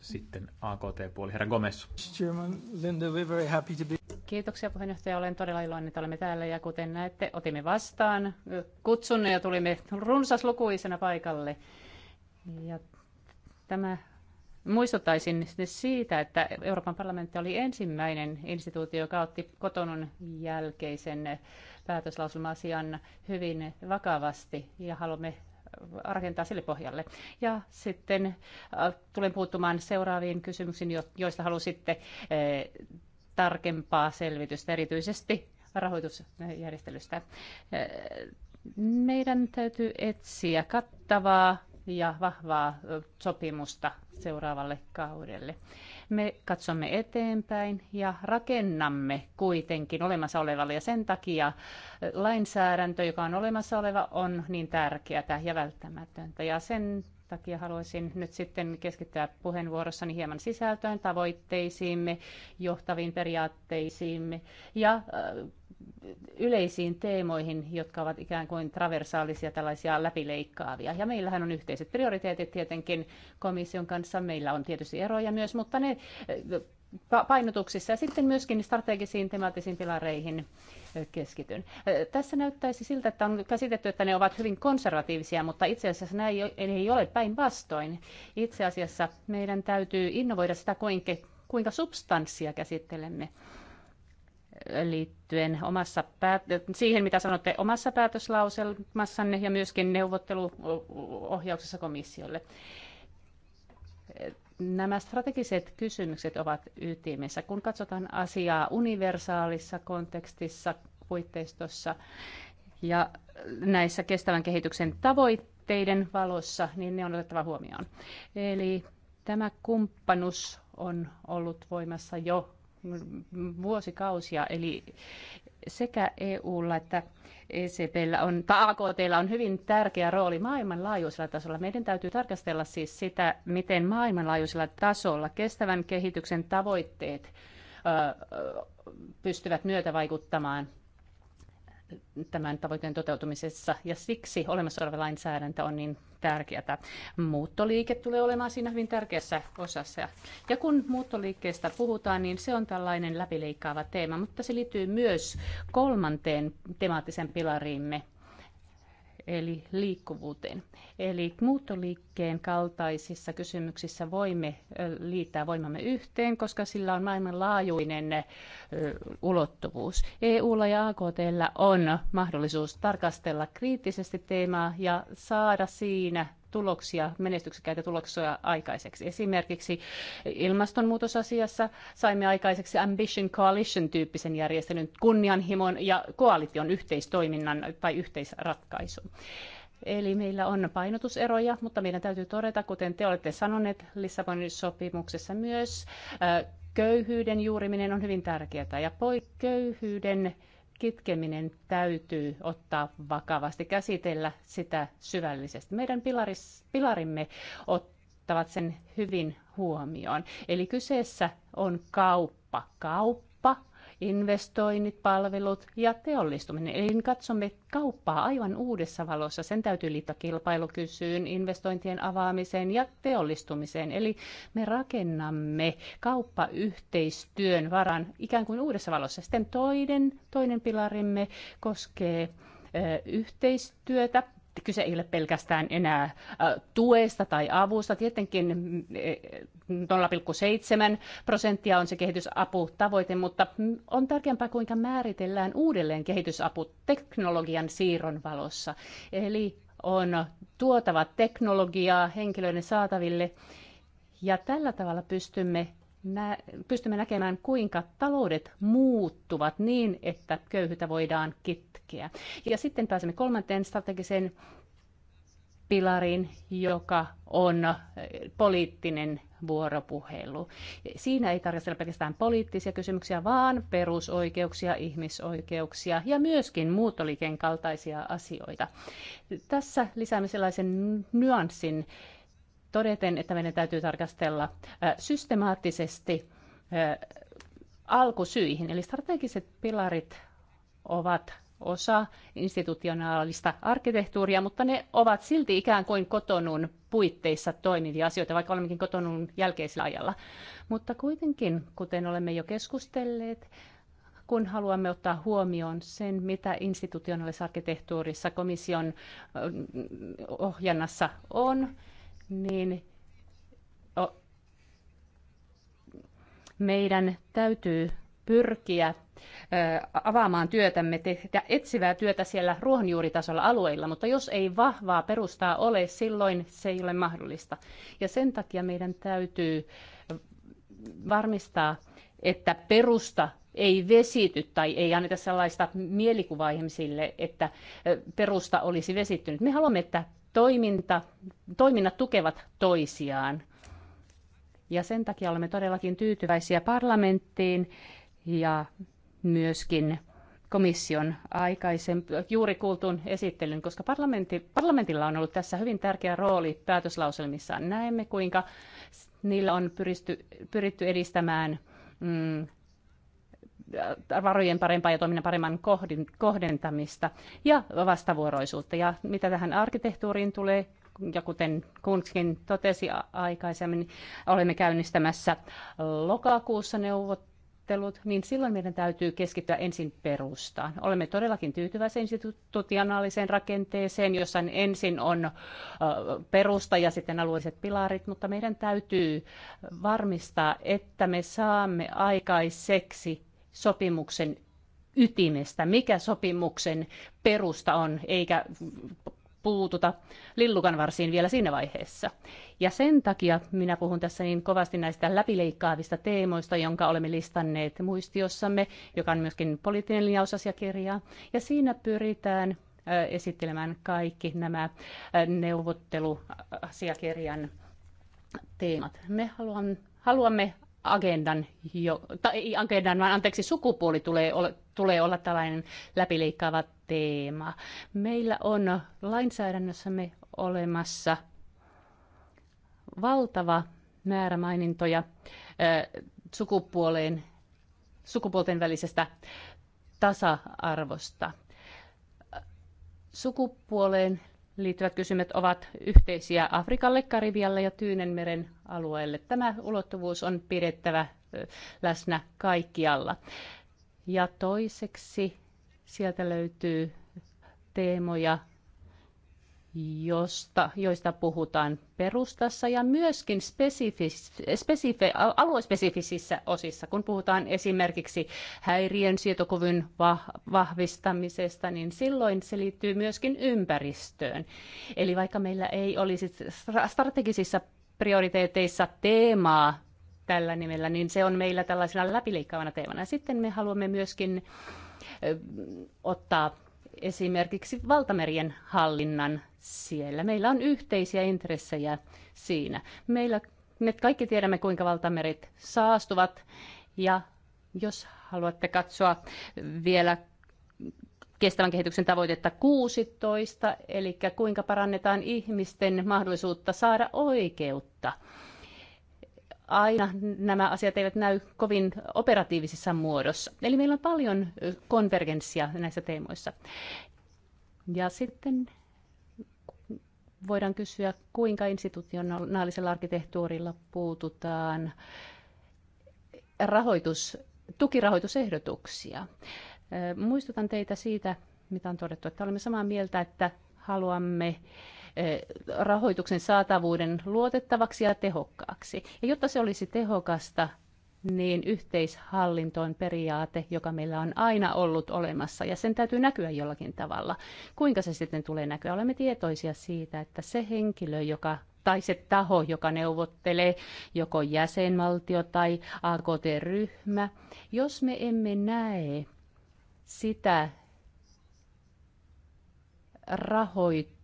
Sitten AKT-puoli, herra Gomez. Kiitoksia puheenjohtaja, olen todella iloinen, että olemme täällä ja kuten näette, otimme vastaan kutsunne ja tulimme runsaslukuisena paikalle. Ja tämä Muistuttaisin siitä, että Euroopan parlamentti oli ensimmäinen instituutio, joka otti kotonun jälkeisen päätöslausuma asian hyvin vakavasti ja haluamme rakentaa sille pohjalle. Ja sitten äh, tulen puuttumaan seuraaviin kysymyksiin, joista halusitte äh, tarkempaa selvitystä, erityisesti rahoitusjärjestelystä. Äh, meidän täytyy etsiä kattavaa ja vahvaa sopimusta seuraavalle kaudelle. Me katsomme eteenpäin ja rakennamme kuitenkin olemassa olevalle ja sen takia lainsäädäntö, joka on olemassa oleva, on niin tärkeää ja välttämätöntä ja sen takia haluaisin nyt sitten keskittää puheenvuorossani hieman sisältöön, tavoitteisiimme, johtaviin periaatteisiimme ja yleisiin teemoihin, jotka ovat ikään kuin traversaalisia, tällaisia läpileikkaavia. Ja meillähän on yhteiset prioriteetit tietenkin komission kanssa. Meillä on tietysti eroja myös, mutta ne painotuksissa ja sitten myöskin strategisiin temaattisiin pilareihin keskityn. Tässä näyttäisi siltä, että on käsitetty, että ne ovat hyvin konservatiivisia, mutta itse asiassa näin ei ole päinvastoin. Itse asiassa meidän täytyy innovoida sitä, kuinka, kuinka substanssia käsittelemme liittyen omassa päät- siihen, mitä sanotte omassa päätöslauselmassanne ja myöskin neuvotteluohjauksessa komissiolle. Nämä strategiset kysymykset ovat ytimessä. Kun katsotaan asiaa universaalissa kontekstissa, puitteistossa ja näissä kestävän kehityksen tavoitteiden valossa, niin ne on otettava huomioon. Eli tämä kumppanuus on ollut voimassa jo vuosikausia, eli sekä EUlla että ECPllä on, tai AKTllä on hyvin tärkeä rooli maailmanlaajuisella tasolla. Meidän täytyy tarkastella siis sitä, miten maailmanlaajuisella tasolla kestävän kehityksen tavoitteet pystyvät myötävaikuttamaan tämän tavoitteen toteutumisessa. Ja siksi olemassa oleva lainsäädäntö on niin tärkeätä. Muuttoliike tulee olemaan siinä hyvin tärkeässä osassa. Ja kun muuttoliikkeestä puhutaan, niin se on tällainen läpileikkaava teema, mutta se liittyy myös kolmanteen temaattiseen pilariimme, eli liikkuvuuteen. Eli muuttoliikkeen kaltaisissa kysymyksissä voimme liittää voimamme yhteen, koska sillä on maailmanlaajuinen ulottuvuus. EUlla ja AKTllä on mahdollisuus tarkastella kriittisesti teemaa ja saada siinä tuloksia, menestyksekkäitä tuloksia aikaiseksi. Esimerkiksi ilmastonmuutosasiassa saimme aikaiseksi Ambition Coalition-tyyppisen järjestelyn kunnianhimon ja koalition yhteistoiminnan tai yhteisratkaisun. Eli meillä on painotuseroja, mutta meidän täytyy todeta, kuten te olette sanoneet Lissabonin sopimuksessa myös, köyhyyden juuriminen on hyvin tärkeää ja köyhyyden kitkeminen täytyy ottaa vakavasti, käsitellä sitä syvällisesti. Meidän pilaris, pilarimme ottavat sen hyvin huomioon. Eli kyseessä on kauppa. Kauppa investoinnit, palvelut ja teollistuminen. Eli katsomme kauppaa aivan uudessa valossa. Sen täytyy liittyä kilpailukysyyn, investointien avaamiseen ja teollistumiseen. Eli me rakennamme kauppayhteistyön varan ikään kuin uudessa valossa. Sitten toinen, toinen pilarimme koskee yhteistyötä kyse ei ole pelkästään enää äh, tuesta tai avusta. Tietenkin 0,7 mm, eh, prosenttia on se kehitysaputavoite, mutta mm, on tärkeämpää, kuinka määritellään uudelleen kehitysapu teknologian siirron valossa. Eli on tuotava teknologiaa henkilöiden saataville ja tällä tavalla pystymme nä- pystymme näkemään, kuinka taloudet muuttuvat niin, että köyhyyttä voidaan kitkeä. Ja sitten pääsemme kolmanteen strategiseen pilarin, joka on eh, poliittinen vuoropuhelu. Siinä ei tarkastella pelkästään poliittisia kysymyksiä, vaan perusoikeuksia, ihmisoikeuksia ja myöskin muuttoliikkeen kaltaisia asioita. Tässä lisäämme sellaisen nyanssin todeten, että meidän täytyy tarkastella systemaattisesti alkusyihin. Eli strategiset pilarit ovat osa institutionaalista arkkitehtuuria, mutta ne ovat silti ikään kuin kotonun puitteissa toimivia asioita, vaikka olemmekin kotonun jälkeisellä ajalla. Mutta kuitenkin, kuten olemme jo keskustelleet, kun haluamme ottaa huomioon sen, mitä institutionaalisessa arkkitehtuurissa komission ohjannassa on, niin meidän täytyy pyrkiä avaamaan työtämme, tehdä etsivää työtä siellä ruohonjuuritasolla alueilla, mutta jos ei vahvaa perustaa ole, silloin se ei ole mahdollista. Ja sen takia meidän täytyy varmistaa, että perusta ei vesity tai ei anneta sellaista mielikuvaa ihmisille, että perusta olisi vesittynyt. Me haluamme, että toiminta, toiminnat tukevat toisiaan. Ja sen takia olemme todellakin tyytyväisiä parlamenttiin ja myöskin komission aikaisen juuri kuultuun esittelyn, koska parlamentti, parlamentilla on ollut tässä hyvin tärkeä rooli päätöslauselmissaan. Näemme, kuinka niillä on pyristy, pyritty edistämään mm, Äh, varojen parempaa ja toiminnan paremman kohdentamista ja vastavuoroisuutta. Ja mitä tähän arkkitehtuuriin tulee, ja kuten Kunskin totesi aikaisemmin, olemme käynnistämässä lokakuussa neuvottelut, niin silloin meidän täytyy keskittyä ensin perustaan. Olemme todellakin tyytyväisiä institutionaaliseen rakenteeseen, jossa ensin on äh, perusta ja sitten alueelliset pilarit, mutta meidän täytyy varmistaa, että me saamme aikaiseksi sopimuksen ytimestä, mikä sopimuksen perusta on, eikä puututa lillukan varsiin vielä siinä vaiheessa. Ja sen takia minä puhun tässä niin kovasti näistä läpileikkaavista teemoista, jonka olemme listanneet muistiossamme, joka on myöskin poliittinen linjausasiakirja. Ja siinä pyritään esittelemään kaikki nämä neuvotteluasiakirjan teemat. Me haluamme, haluamme agendan, jo, tai ei agendan, vaan anteeksi, sukupuoli tulee ole, tulee olla tällainen läpileikkaava teema. Meillä on lainsäädännössämme olemassa valtava määrä mainintoja äh, sukupuoleen, sukupuolten välisestä tasa-arvosta. Sukupuoleen liittyvät kysymykset ovat yhteisiä Afrikalle, Karibialle ja Tyynenmeren alueelle. Tämä ulottuvuus on pidettävä läsnä kaikkialla. Ja toiseksi sieltä löytyy teemoja josta, joista puhutaan perustassa ja myöskin spesifis, aluespesifisissä osissa. Kun puhutaan esimerkiksi häiriön sietokuvun vahvistamisesta, niin silloin se liittyy myöskin ympäristöön. Eli vaikka meillä ei olisi strategisissa prioriteeteissa teemaa tällä nimellä, niin se on meillä tällaisena läpileikkaavana teemana. Sitten me haluamme myöskin ottaa esimerkiksi valtamerien hallinnan siellä. Meillä on yhteisiä intressejä siinä. Meillä, me kaikki tiedämme, kuinka valtamerit saastuvat ja jos haluatte katsoa vielä kestävän kehityksen tavoitetta 16, eli kuinka parannetaan ihmisten mahdollisuutta saada oikeutta aina nämä asiat eivät näy kovin operatiivisessa muodossa. Eli meillä on paljon konvergenssia näissä teemoissa. Ja sitten voidaan kysyä, kuinka institutionaalisella arkkitehtuurilla puututaan rahoitus, tukirahoitusehdotuksia. Muistutan teitä siitä, mitä on todettu, että olemme samaa mieltä, että haluamme Eh, rahoituksen saatavuuden luotettavaksi ja tehokkaaksi. Ja jotta se olisi tehokasta, niin yhteishallinto on periaate, joka meillä on aina ollut olemassa, ja sen täytyy näkyä jollakin tavalla. Kuinka se sitten tulee näkyä? Olemme tietoisia siitä, että se henkilö, joka tai se taho, joka neuvottelee, joko jäsenvaltio tai AKT-ryhmä, jos me emme näe sitä rahoit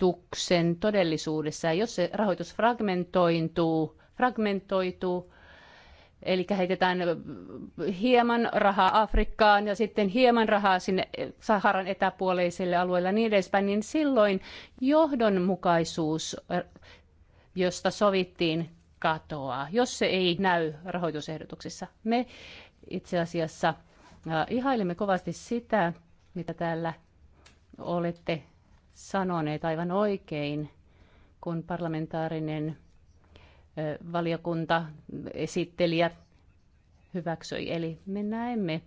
rahoituksen todellisuudessa. Ja jos se rahoitus fragmentointuu, fragmentoituu, Eli heitetään hieman rahaa Afrikkaan ja sitten hieman rahaa sinne Saharan etäpuoleisille alueille ja niin edespäin, niin silloin johdonmukaisuus, josta sovittiin, katoaa, jos se ei näy rahoitusehdotuksissa. Me itse asiassa äh, ihailemme kovasti sitä, mitä täällä olette sanoneet aivan oikein, kun parlamentaarinen valiokunta esittelijä hyväksyi. Eli me näemme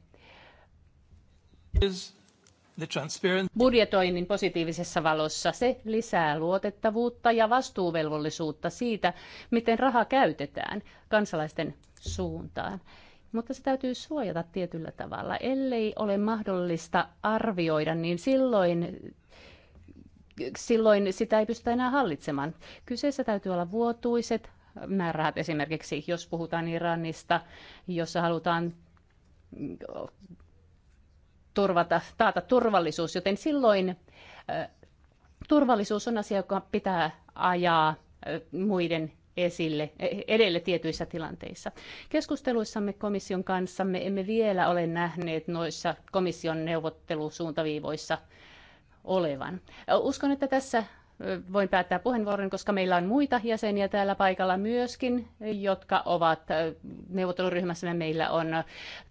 budjetoinnin positiivisessa valossa. Se lisää luotettavuutta ja vastuuvelvollisuutta siitä, miten raha käytetään kansalaisten suuntaan. Mutta se täytyy suojata tietyllä tavalla. Ellei ole mahdollista arvioida, niin silloin silloin sitä ei pystytä enää hallitsemaan. Kyseessä täytyy olla vuotuiset määrärahat esimerkiksi, jos puhutaan Iranista, jossa halutaan mm, turvata, taata turvallisuus, joten silloin turvallisuus on asia, joka pitää ajaa muiden esille, e, edelle tietyissä tilanteissa. Keskusteluissamme komission kanssa me emme vielä ole nähneet noissa komission neuvottelusuuntaviivoissa – olevan. Uskon, että tässä voin päättää puheenvuoron, koska meillä on muita jäseniä täällä paikalla myöskin, jotka ovat neuvotteluryhmässämme. Meillä on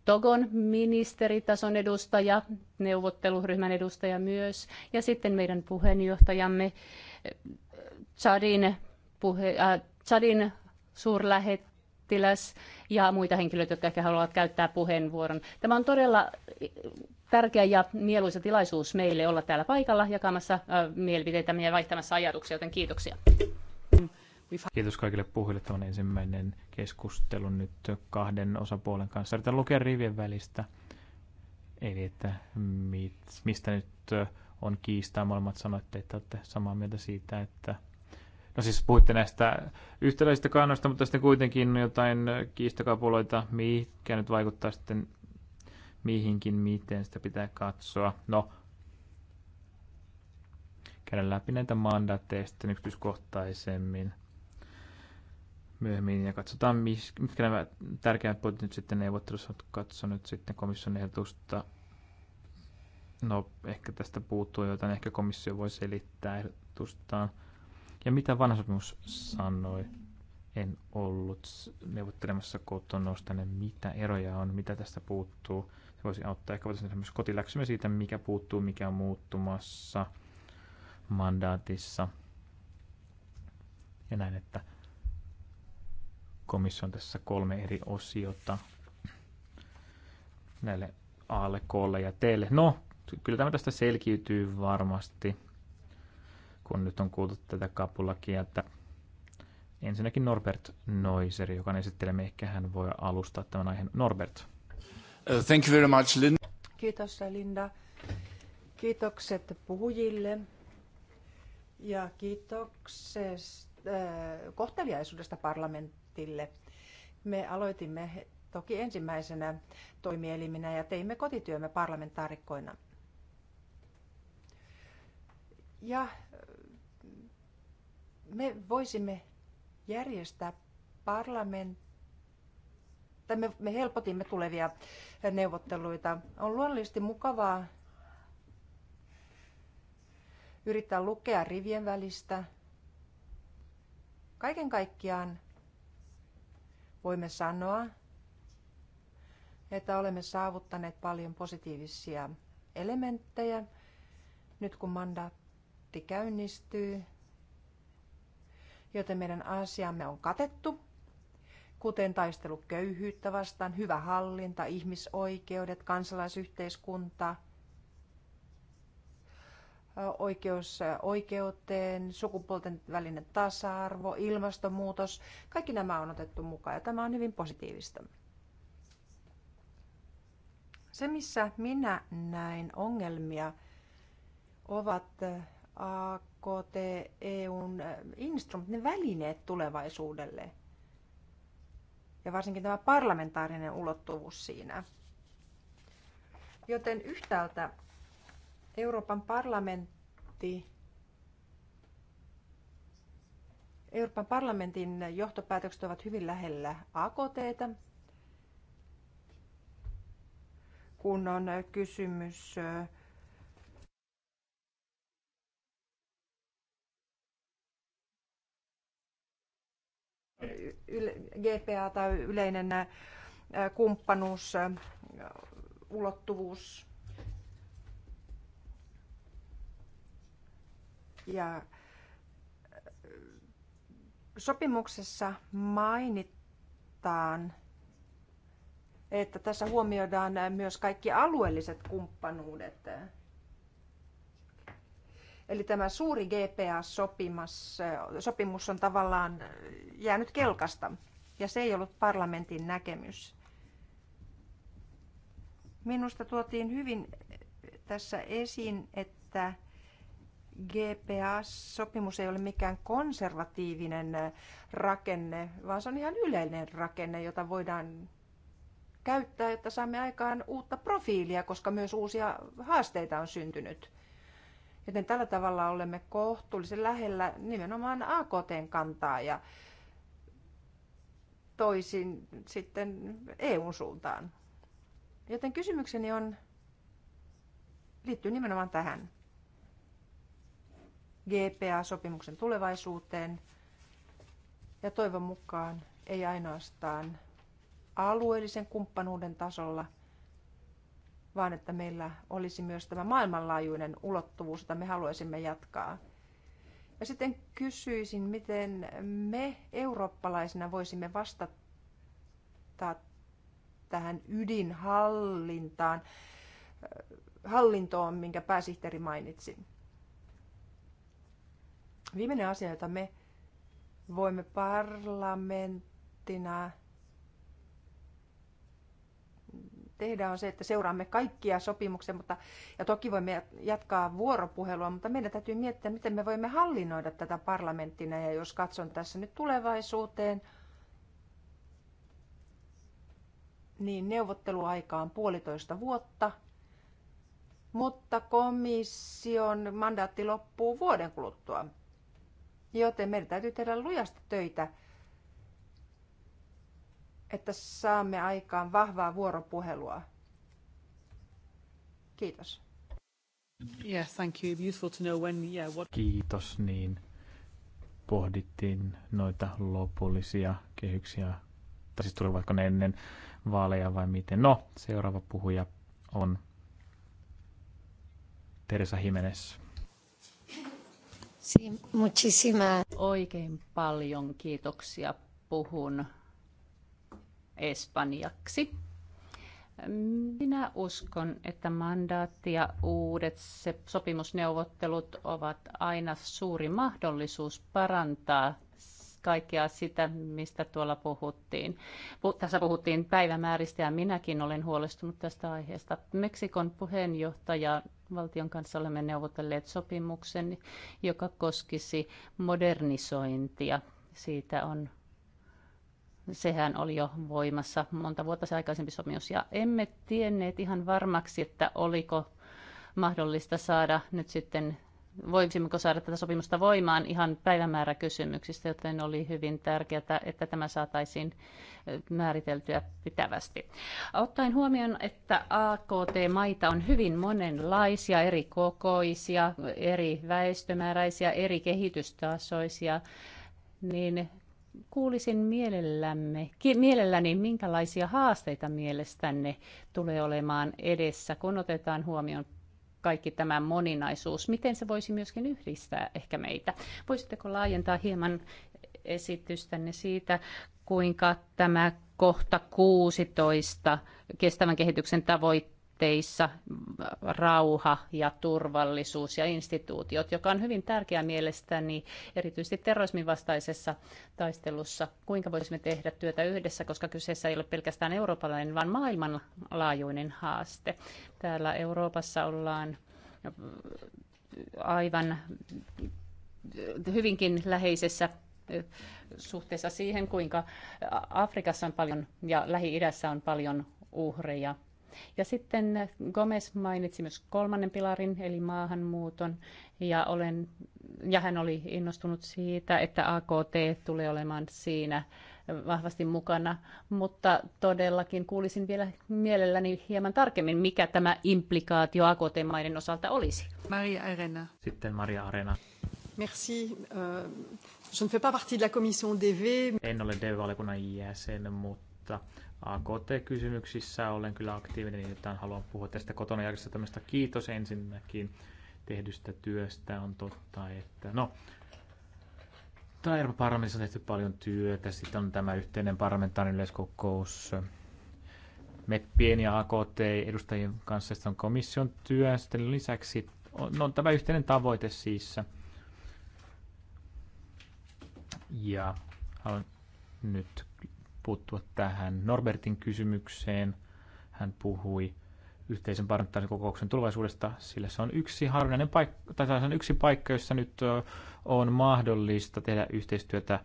Togon ministeritason edustaja, neuvotteluryhmän edustaja myös, ja sitten meidän puheenjohtajamme Chadin, puhe, äh, Chadin suurlähet, lähettiläs ja muita henkilöitä, jotka ehkä haluavat käyttää puheenvuoron. Tämä on todella eh, tärkeä ja mieluisa tilaisuus meille olla täällä paikalla jakamassa eh, mielipiteitä ja vaihtamassa ajatuksia, joten kiitoksia. Kiitos kaikille puhujille. Tämä on ensimmäinen keskustelu nyt kahden osapuolen kanssa. Yritän lukea rivien välistä. Eli että mit, mistä nyt eh, on kiistaa. Molemmat sanoitte, että olette samaa mieltä siitä, että No siis puhutte näistä yhtäläisistä kannoista, mutta sitten kuitenkin jotain kiistakapuloita, mikä nyt vaikuttaa sitten mihinkin, miten sitä pitää katsoa. No, käydä läpi näitä mandaatteja sitten yksityiskohtaisemmin myöhemmin ja katsotaan, mitkä nämä tärkeät puolet nyt sitten neuvottelussa on katsonut sitten komission ehdotusta. No, ehkä tästä puuttuu jotain, ehkä komissio voi selittää ehdotustaan. Ja mitä vanha sopimus sanoi? En ollut neuvottelemassa kotona niin mitä eroja on, mitä tästä puuttuu. Se voisi auttaa. Ehkä myös kotiläksymme siitä, mikä puuttuu, mikä on muuttumassa mandaatissa. Ja näin, että komissio on tässä kolme eri osiota näille Alle, Kolle ja teille. No, kyllä tämä tästä selkiytyy varmasti kun nyt on kuultu tätä kapulakieltä. Ensinnäkin Norbert Noiser, joka esittelemme, ehkä hän voi alustaa tämän aiheen. Norbert. Uh, thank you very much, Linda. Kiitos Linda. Kiitokset puhujille ja kiitokset äh, uh, kohteliaisuudesta parlamentille. Me aloitimme toki ensimmäisenä toimieliminä ja teimme kotityömme parlamentaarikkoina. Ja me voisimme järjestää parlament, tai me, me helpotimme tulevia neuvotteluita. On luonnollisesti mukavaa yrittää lukea rivien välistä. Kaiken kaikkiaan voimme sanoa, että olemme saavuttaneet paljon positiivisia elementtejä. Nyt kun mandaatti käynnistyy, joten meidän asiamme on katettu, kuten taistelu köyhyyttä vastaan, hyvä hallinta, ihmisoikeudet, kansalaisyhteiskunta, oikeus oikeuteen, sukupuolten välinen tasa-arvo, ilmastonmuutos, kaikki nämä on otettu mukaan ja tämä on hyvin positiivista. Se, missä minä näin ongelmia, ovat AKT, EUn äh, instrumentit, ne välineet tulevaisuudelle. Ja varsinkin tämä parlamentaarinen ulottuvuus siinä. Joten yhtäältä Euroopan parlamentti Euroopan parlamentin johtopäätökset ovat hyvin lähellä AKT, kun on kysymys äh, GPA tai yleinen äh, kumppanuus, äh, ulottuvuus. Ja äh, sopimuksessa mainitaan, että tässä huomioidaan myös kaikki alueelliset kumppanuudet. Eli tämä suuri GPA-sopimus on tavallaan jäänyt kelkasta, ja se ei ollut parlamentin näkemys. Minusta tuotiin hyvin tässä esiin, että GPA-sopimus ei ole mikään konservatiivinen rakenne, vaan se on ihan yleinen rakenne, jota voidaan käyttää, jotta saamme aikaan uutta profiilia, koska myös uusia haasteita on syntynyt. Joten tällä tavalla olemme kohtuullisen lähellä nimenomaan AKTn kantaa ja toisin sitten eu suuntaan. Joten kysymykseni on, liittyy nimenomaan tähän GPA-sopimuksen tulevaisuuteen ja toivon mukaan ei ainoastaan alueellisen kumppanuuden tasolla – vaan että meillä olisi myös tämä maailmanlaajuinen ulottuvuus, jota me haluaisimme jatkaa. Ja sitten kysyisin, miten me eurooppalaisina voisimme vastata tähän ydinhallintaan, äh, hallintoon, minkä pääsihteeri mainitsi. Viimeinen asia, jota me voimme parlamenttina tehdä, on se, että seuraamme kaikkia sopimuksia, mutta, ja toki voimme jatkaa vuoropuhelua, mutta meidän täytyy miettiä, miten me voimme hallinnoida tätä parlamenttina, ja jos katson tässä nyt tulevaisuuteen, niin neuvotteluaika on puolitoista vuotta, mutta komission mandaatti loppuu vuoden kuluttua. Joten meidän täytyy tehdä lujasti töitä että saamme aikaan vahvaa vuoropuhelua. Kiitos. Yes, thank you. Useful to know when, yeah, what... Kiitos, niin pohdittiin noita lopullisia kehyksiä, tai siis vaikka ne ennen vaaleja vai miten. No, seuraava puhuja on Teresa Jimenez. Muchísimas. Oikein paljon kiitoksia. Puhun espanjaksi. Minä uskon, että mandaatti ja uudet sopimusneuvottelut ovat aina suuri mahdollisuus parantaa kaikkea sitä, mistä tuolla puhuttiin. Tässä puhuttiin päivämääristä ja minäkin olen huolestunut tästä aiheesta. Meksikon puheenjohtaja valtion kanssa olemme neuvotelleet sopimuksen, joka koskisi modernisointia. Siitä on Sehän oli jo voimassa monta vuotta se aikaisempi sopimus ja emme tienneet ihan varmaksi, että oliko mahdollista saada nyt sitten voisimmeko saada tätä sopimusta voimaan ihan päivämääräkysymyksistä, joten oli hyvin tärkeää, että tämä saataisiin määriteltyä pitävästi. Ottaen huomioon, että AKT-maita on hyvin monenlaisia, eri kokoisia, eri väestömääräisiä, eri kehitystasoisia, niin kuulisin mielellämme, mielelläni, minkälaisia haasteita mielestänne tulee olemaan edessä, kun otetaan huomioon kaikki tämä moninaisuus. Miten se voisi myöskin yhdistää ehkä meitä? Voisitteko laajentaa hieman esitystänne siitä, kuinka tämä kohta 16 kestävän kehityksen tavoitteet puitteissa rauha ja turvallisuus ja instituutiot, joka on hyvin tärkeä mielestäni erityisesti terrorismin vastaisessa taistelussa. Kuinka voisimme tehdä työtä yhdessä, koska kyseessä ei ole pelkästään eurooppalainen, vaan maailmanlaajuinen haaste. Täällä Euroopassa ollaan aivan hyvinkin läheisessä suhteessa siihen, kuinka Afrikassa on paljon ja Lähi-idässä on paljon uhreja ja sitten Gomez mainitsi myös kolmannen pilarin, eli maahanmuuton, ja, olen, ja hän oli innostunut siitä, että AKT tulee olemaan siinä vahvasti mukana, mutta todellakin kuulisin vielä mielelläni hieman tarkemmin, mikä tämä implikaatio AKT-maiden osalta olisi. Maria Arena. Sitten Maria Arena. Merci. Uh, je ne fais pas partie de la commission DV. En ole DV-valiokunnan jäsen, mutta AKT-kysymyksissä olen kyllä aktiivinen, niin joten haluan puhua tästä kotona järjestelmästä. Kiitos ensinnäkin tehdystä työstä. On totta, että no, tai Euroopan parlamentissa on tehty paljon työtä. Sitten on tämä yhteinen parlamentaarinen yleiskokous MEPPien ja AKT-edustajien kanssa. Sitten on komission työ. Sitten lisäksi on, no, on tämä yhteinen tavoite siis. Ja haluan nyt puuttua tähän Norbertin kysymykseen. Hän puhui yhteisen parlamentaarisen kokouksen tulevaisuudesta, sillä se on yksi harvinainen paikka, tai se on yksi paikka, jossa nyt on mahdollista tehdä yhteistyötä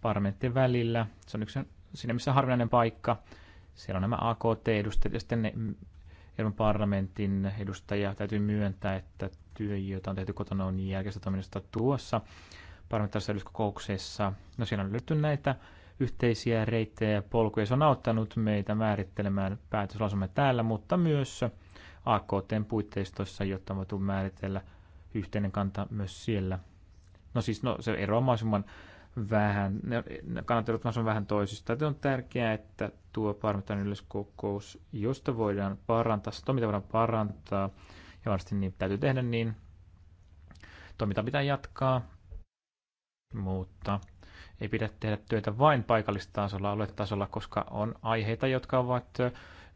parlamenttien välillä. Se on yksi siinä, missä harvinainen paikka. Siellä on nämä AKT-edustajat ja sitten ne Euroopan parlamentin edustajia. Täytyy myöntää, että työ, jota on tehty kotona, on jälkeistä toiminnasta tuossa parlamentaarisessa yleiskokouksessa. No siinä on löytynyt näitä yhteisiä reittejä ja polkuja. Se on auttanut meitä määrittelemään päätöslausumme täällä, mutta myös AKTn puitteistossa, jotta me tuu määritellä yhteinen kanta myös siellä. No siis no, se on mahdollisimman vähän, ne kannattelut mahdollisimman vähän toisista. Tämä on tärkeää, että tuo parlamentaarinen yleiskokous, josta voidaan parantaa, se toiminta voidaan parantaa, ja varmasti niin täytyy tehdä, niin toiminta pitää jatkaa, mutta ei pidä tehdä työtä vain paikallistasolla, aluetasolla, koska on aiheita, jotka ovat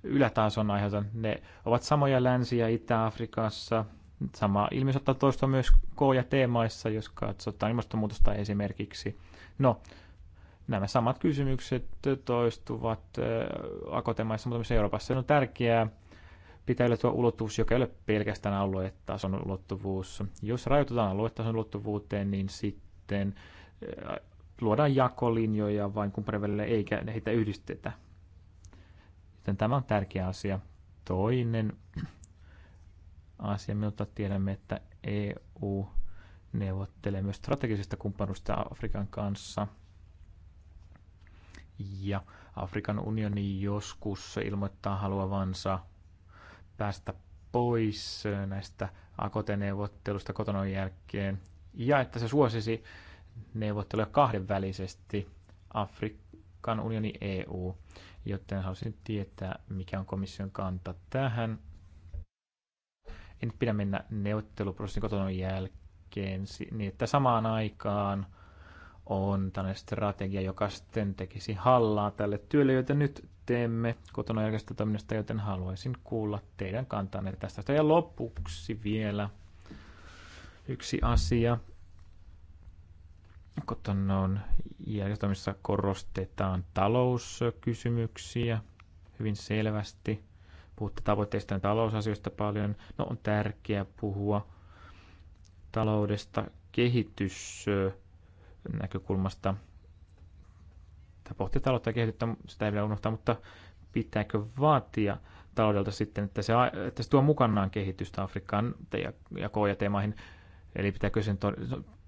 ylätason aiheita. Ne ovat samoja Länsi- ja Itä-Afrikassa. Sama ilmiö saattaa toistua myös K- ja T-maissa, jos katsotaan ilmastonmuutosta esimerkiksi. No, nämä samat kysymykset toistuvat akotemaissa, mutta myös Euroopassa. On tärkeää pitää yllä tuo ulottuvuus, joka ei ole pelkästään aluetason ulottuvuus. Jos rajoitetaan aluetason ulottuvuuteen, niin sitten sitten luodaan jakolinjoja vain kumppaneiden eikä heitä yhdistetä. Joten tämä on tärkeä asia. Toinen asia, minulta tiedämme, että EU neuvottelee myös strategisesta kumppanuudesta Afrikan kanssa. Ja Afrikan unioni joskus ilmoittaa haluavansa päästä pois näistä akoteneuvottelusta kotona jälkeen ja että se suosisi neuvotteluja kahdenvälisesti Afrikan unioni EU, joten haluaisin tietää, mikä on komission kanta tähän. En nyt pidä mennä neuvotteluprosessin kotonon jälkeen niin, että samaan aikaan on tämmöinen strategia, joka sitten tekisi hallaa tälle työlle, jota nyt teemme kotona toiminnasta, joten haluaisin kuulla teidän kantanne tästä. Ja lopuksi vielä yksi asia. on järjestämisessä korostetaan talouskysymyksiä hyvin selvästi. Puhutte tavoitteista ja talousasioista paljon. No on tärkeää puhua taloudesta kehitysnäkökulmasta. Tämä pohtia taloutta ja kehitystä, sitä ei vielä unohtaa, mutta pitääkö vaatia taloudelta sitten, että se, että se tuo mukanaan kehitystä Afrikkaan ja, ja KJT-maihin. Eli pitääkö sen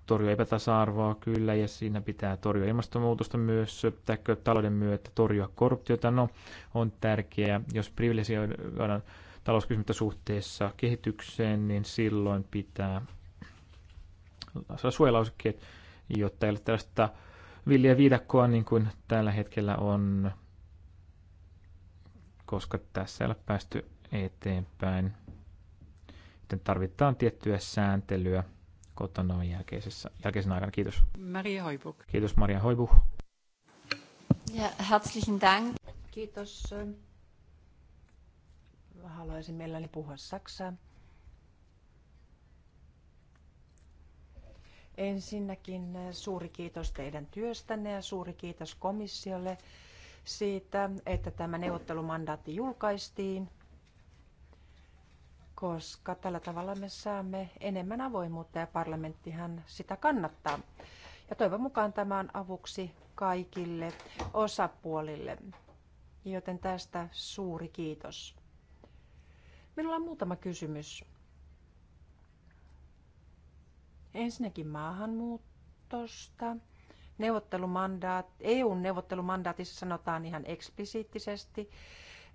torjua epätasa-arvoa? Kyllä, ja siinä pitää torjua ilmastonmuutosta myös. Pitääkö talouden myötä torjua korruptiota? No, on tärkeää. Jos privilegioidaan talouskysymystä suhteessa kehitykseen, niin silloin pitää saada suojelausekkeet, jotta ei ole tällaista villiä viidakkoa niin kuin tällä hetkellä on, koska tässä ei ole päästy eteenpäin joten tarvitaan tiettyä sääntelyä kotona jälkeisessä, jälkeisen aikana. Kiitos. Maria Hoibuk. Kiitos Maria Hoibuk. Ja herzlichen Dank. Kiitos. haluaisin mielelläni puhua saksaa. Ensinnäkin eh, suuri kiitos teidän työstänne ja suuri kiitos komissiolle siitä, että tämä neuvottelumandaatti julkaistiin koska tällä tavalla me saamme enemmän avoimuutta ja parlamenttihan sitä kannattaa. Ja toivon mukaan tämä on avuksi kaikille osapuolille, joten tästä suuri kiitos. Minulla on muutama kysymys. Ensinnäkin maahanmuutosta. Neuvottelumandaat, EUn neuvottelumandaatissa sanotaan ihan eksplisiittisesti,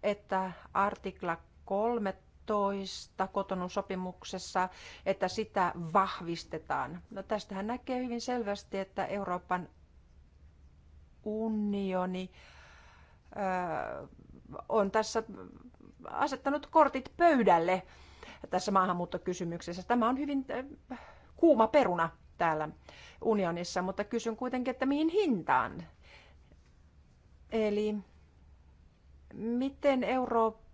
että artikla 3 toista kotonun sopimuksessa, että sitä vahvistetaan. No tästähän näkee hyvin selvästi, että Euroopan unioni äh, on tässä asettanut kortit pöydälle tässä maahanmuuttokysymyksessä. Tämä on hyvin äh, kuuma peruna täällä unionissa, mutta kysyn kuitenkin, että mihin hintaan? Eli miten Eurooppa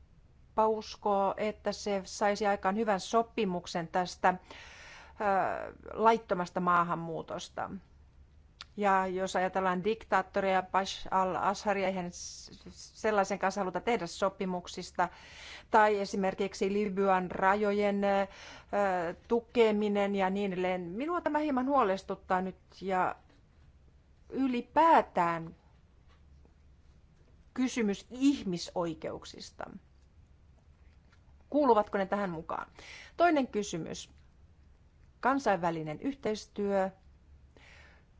Eurooppa uskoo, että se saisi aikaan hyvän sopimuksen tästä laittomasta maahanmuutosta. Ja jos ajatellaan diktaattoria Bash al-Asharia, eihän sellaisen kanssa haluta tehdä sopimuksista. Tai esimerkiksi Libyan rajojen tukeminen ja niin edelleen. Minua tämä hieman huolestuttaa nyt ja ylipäätään kysymys ihmisoikeuksista kuuluvatko ne tähän mukaan? Toinen kysymys. Kansainvälinen yhteistyö.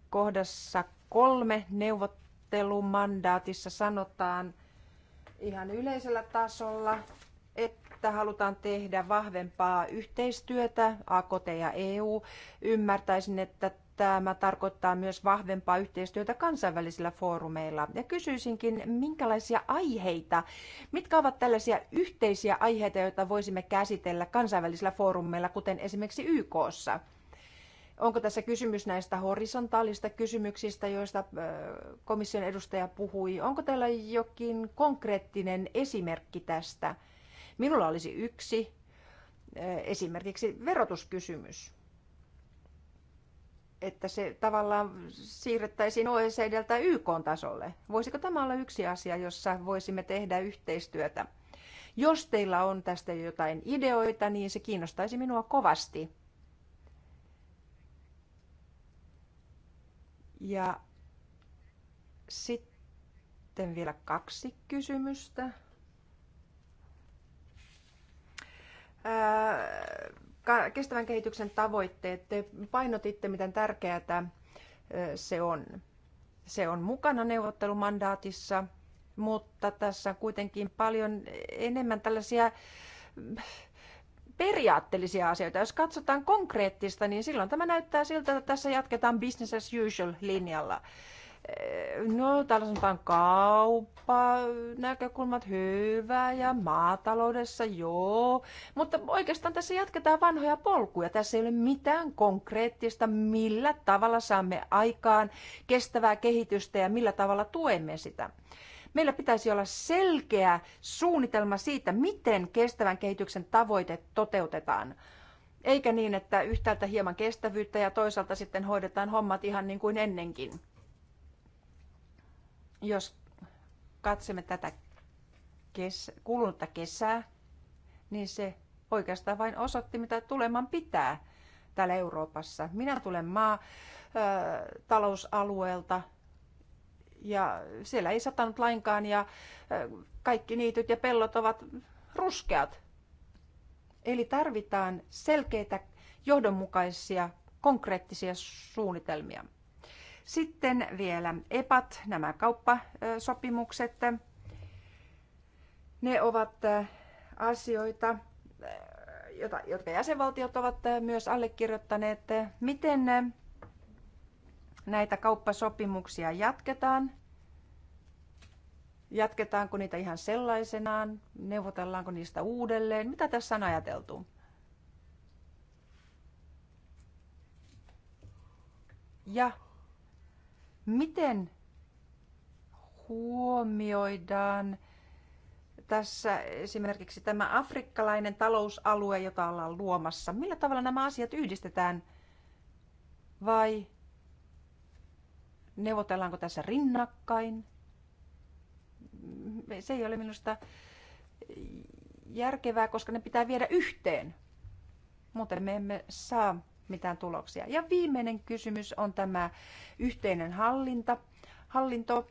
Kohdassa kolme neuvottelumandaatissa sanotaan ihan yleisellä tasolla, että halutaan tehdä vahvempaa yhteistyötä, AKT ja EU. Ymmärtäisin, että tämä tarkoittaa myös vahvempaa yhteistyötä kansainvälisillä foorumeilla. Ja kysyisinkin, minkälaisia aiheita, mitkä ovat tällaisia yhteisiä aiheita, joita voisimme käsitellä kansainvälisillä foorumeilla, kuten esimerkiksi YKssa? Onko tässä kysymys näistä horisontaalista kysymyksistä, joista komission edustaja puhui? Onko teillä jokin konkreettinen esimerkki tästä? Minulla olisi yksi, esimerkiksi verotuskysymys että se tavallaan siirrettäisiin OECDltä YK-tasolle. Voisiko tämä olla yksi asia, jossa voisimme tehdä yhteistyötä? Jos teillä on tästä jotain ideoita, niin se kiinnostaisi minua kovasti. Ja sitten vielä kaksi kysymystä. Öö, kestävän kehityksen tavoitteet, te painotitte, miten tärkeää se on. Se on mukana neuvottelumandaatissa, mutta tässä on kuitenkin paljon enemmän tällaisia mm, periaatteellisia asioita. Jos katsotaan konkreettista, niin silloin tämä näyttää siltä, että tässä jatketaan business as usual linjalla. No, täällä sanotaan kauppa, näkökulmat hyvä ja maataloudessa joo. Mutta oikeastaan tässä jatketaan vanhoja polkuja. Tässä ei ole mitään konkreettista, millä tavalla saamme aikaan kestävää kehitystä ja millä tavalla tuemme sitä. Meillä pitäisi olla selkeä suunnitelma siitä, miten kestävän kehityksen tavoite toteutetaan. Eikä niin, että yhtäältä hieman kestävyyttä ja toisaalta sitten hoidetaan hommat ihan niin kuin ennenkin jos katsomme tätä kes- kulunutta kesää, niin se oikeastaan vain osoitti, mitä tuleman pitää täällä Euroopassa. Minä tulen maa ö, talousalueelta ja siellä ei satanut lainkaan ja ö, kaikki niityt ja pellot ovat ruskeat. Eli tarvitaan selkeitä, johdonmukaisia, konkreettisia suunnitelmia. Sitten vielä EPAT, nämä kauppasopimukset. Ne ovat äh, asioita, äh, jotka jäsenvaltiot ovat äh, myös allekirjoittaneet. Miten näitä kauppasopimuksia jatketaan? Jatketaanko niitä ihan sellaisenaan? Neuvotellaanko niistä uudelleen? Mitä tässä on ajateltu? Ja Miten huomioidaan tässä esimerkiksi tämä afrikkalainen talousalue, jota ollaan luomassa? Millä tavalla nämä asiat yhdistetään vai neuvotellaanko tässä rinnakkain? Se ei ole minusta järkevää, koska ne pitää viedä yhteen. Muuten me emme saa mitään tuloksia. Ja viimeinen kysymys on tämä yhteinen hallinta, hallinto,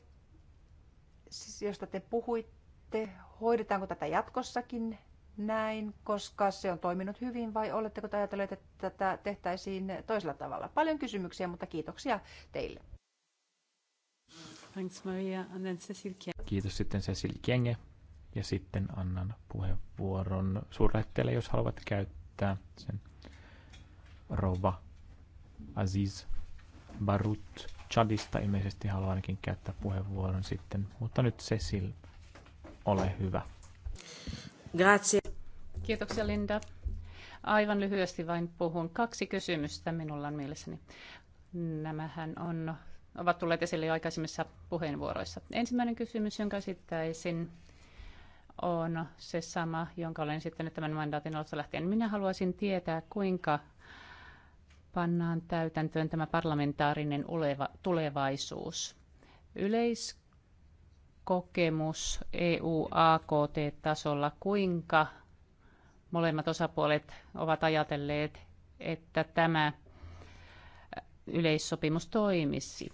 siis josta te puhuitte. Hoidetaanko tätä jatkossakin näin, koska se on toiminut hyvin vai oletteko te ajatelleet, että tätä tehtäisiin toisella tavalla? Paljon kysymyksiä, mutta kiitoksia teille. Thanks Maria and then Cecil Kiitos sitten Cecil Kenge. ja sitten annan puheenvuoron suurlähetteelle, jos haluat käyttää sen rouva Aziz Barut Chadista ilmeisesti haluaa ainakin käyttää puheenvuoron sitten. Mutta nyt Cecil, ole hyvä. Grazie. Kiitoksia Linda. Aivan lyhyesti vain puhun. Kaksi kysymystä minulla on mielessäni. Nämähän on, ovat tulleet esille jo aikaisemmissa puheenvuoroissa. Ensimmäinen kysymys, jonka esittäisin, on se sama, jonka olen esittänyt tämän mandaatin alusta lähtien. Minä haluaisin tietää, kuinka pannaan täytäntöön tämä parlamentaarinen oleva, tulevaisuus. Yleiskokemus EU-AKT-tasolla, kuinka molemmat osapuolet ovat ajatelleet, että tämä yleissopimus toimisi.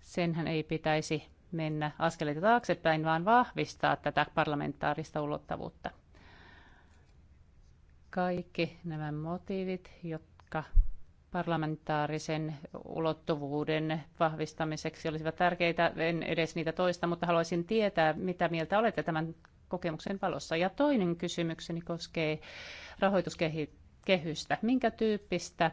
Senhän ei pitäisi mennä askeleita taaksepäin, vaan vahvistaa tätä parlamentaarista ulottavuutta. Kaikki nämä motiivit, jotka jotka parlamentaarisen ulottuvuuden vahvistamiseksi olisivat tärkeitä. En edes niitä toista, mutta haluaisin tietää, mitä mieltä olette tämän kokemuksen valossa. Ja toinen kysymykseni koskee rahoituskehystä. Minkä tyyppistä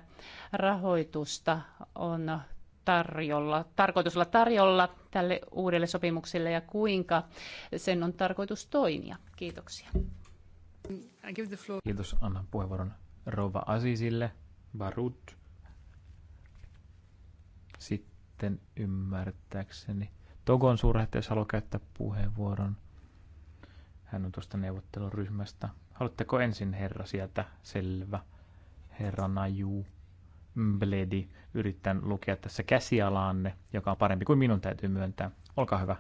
rahoitusta on tarjolla, tarkoitus olla tarjolla tälle uudelle sopimukselle ja kuinka sen on tarkoitus toimia? Kiitoksia. Kiitos. Annan puheenvuoron Rova Azizille. Barud. Sitten ymmärtääkseni Togon suurlähettiläs haluaa käyttää puheenvuoron. Hän on tuosta neuvotteluryhmästä. Haluatteko ensin herra sieltä? Selvä. Herra Naju. Mbledi Yritän lukea tässä käsialaanne, joka on parempi kuin minun täytyy myöntää. Olkaa hyvä.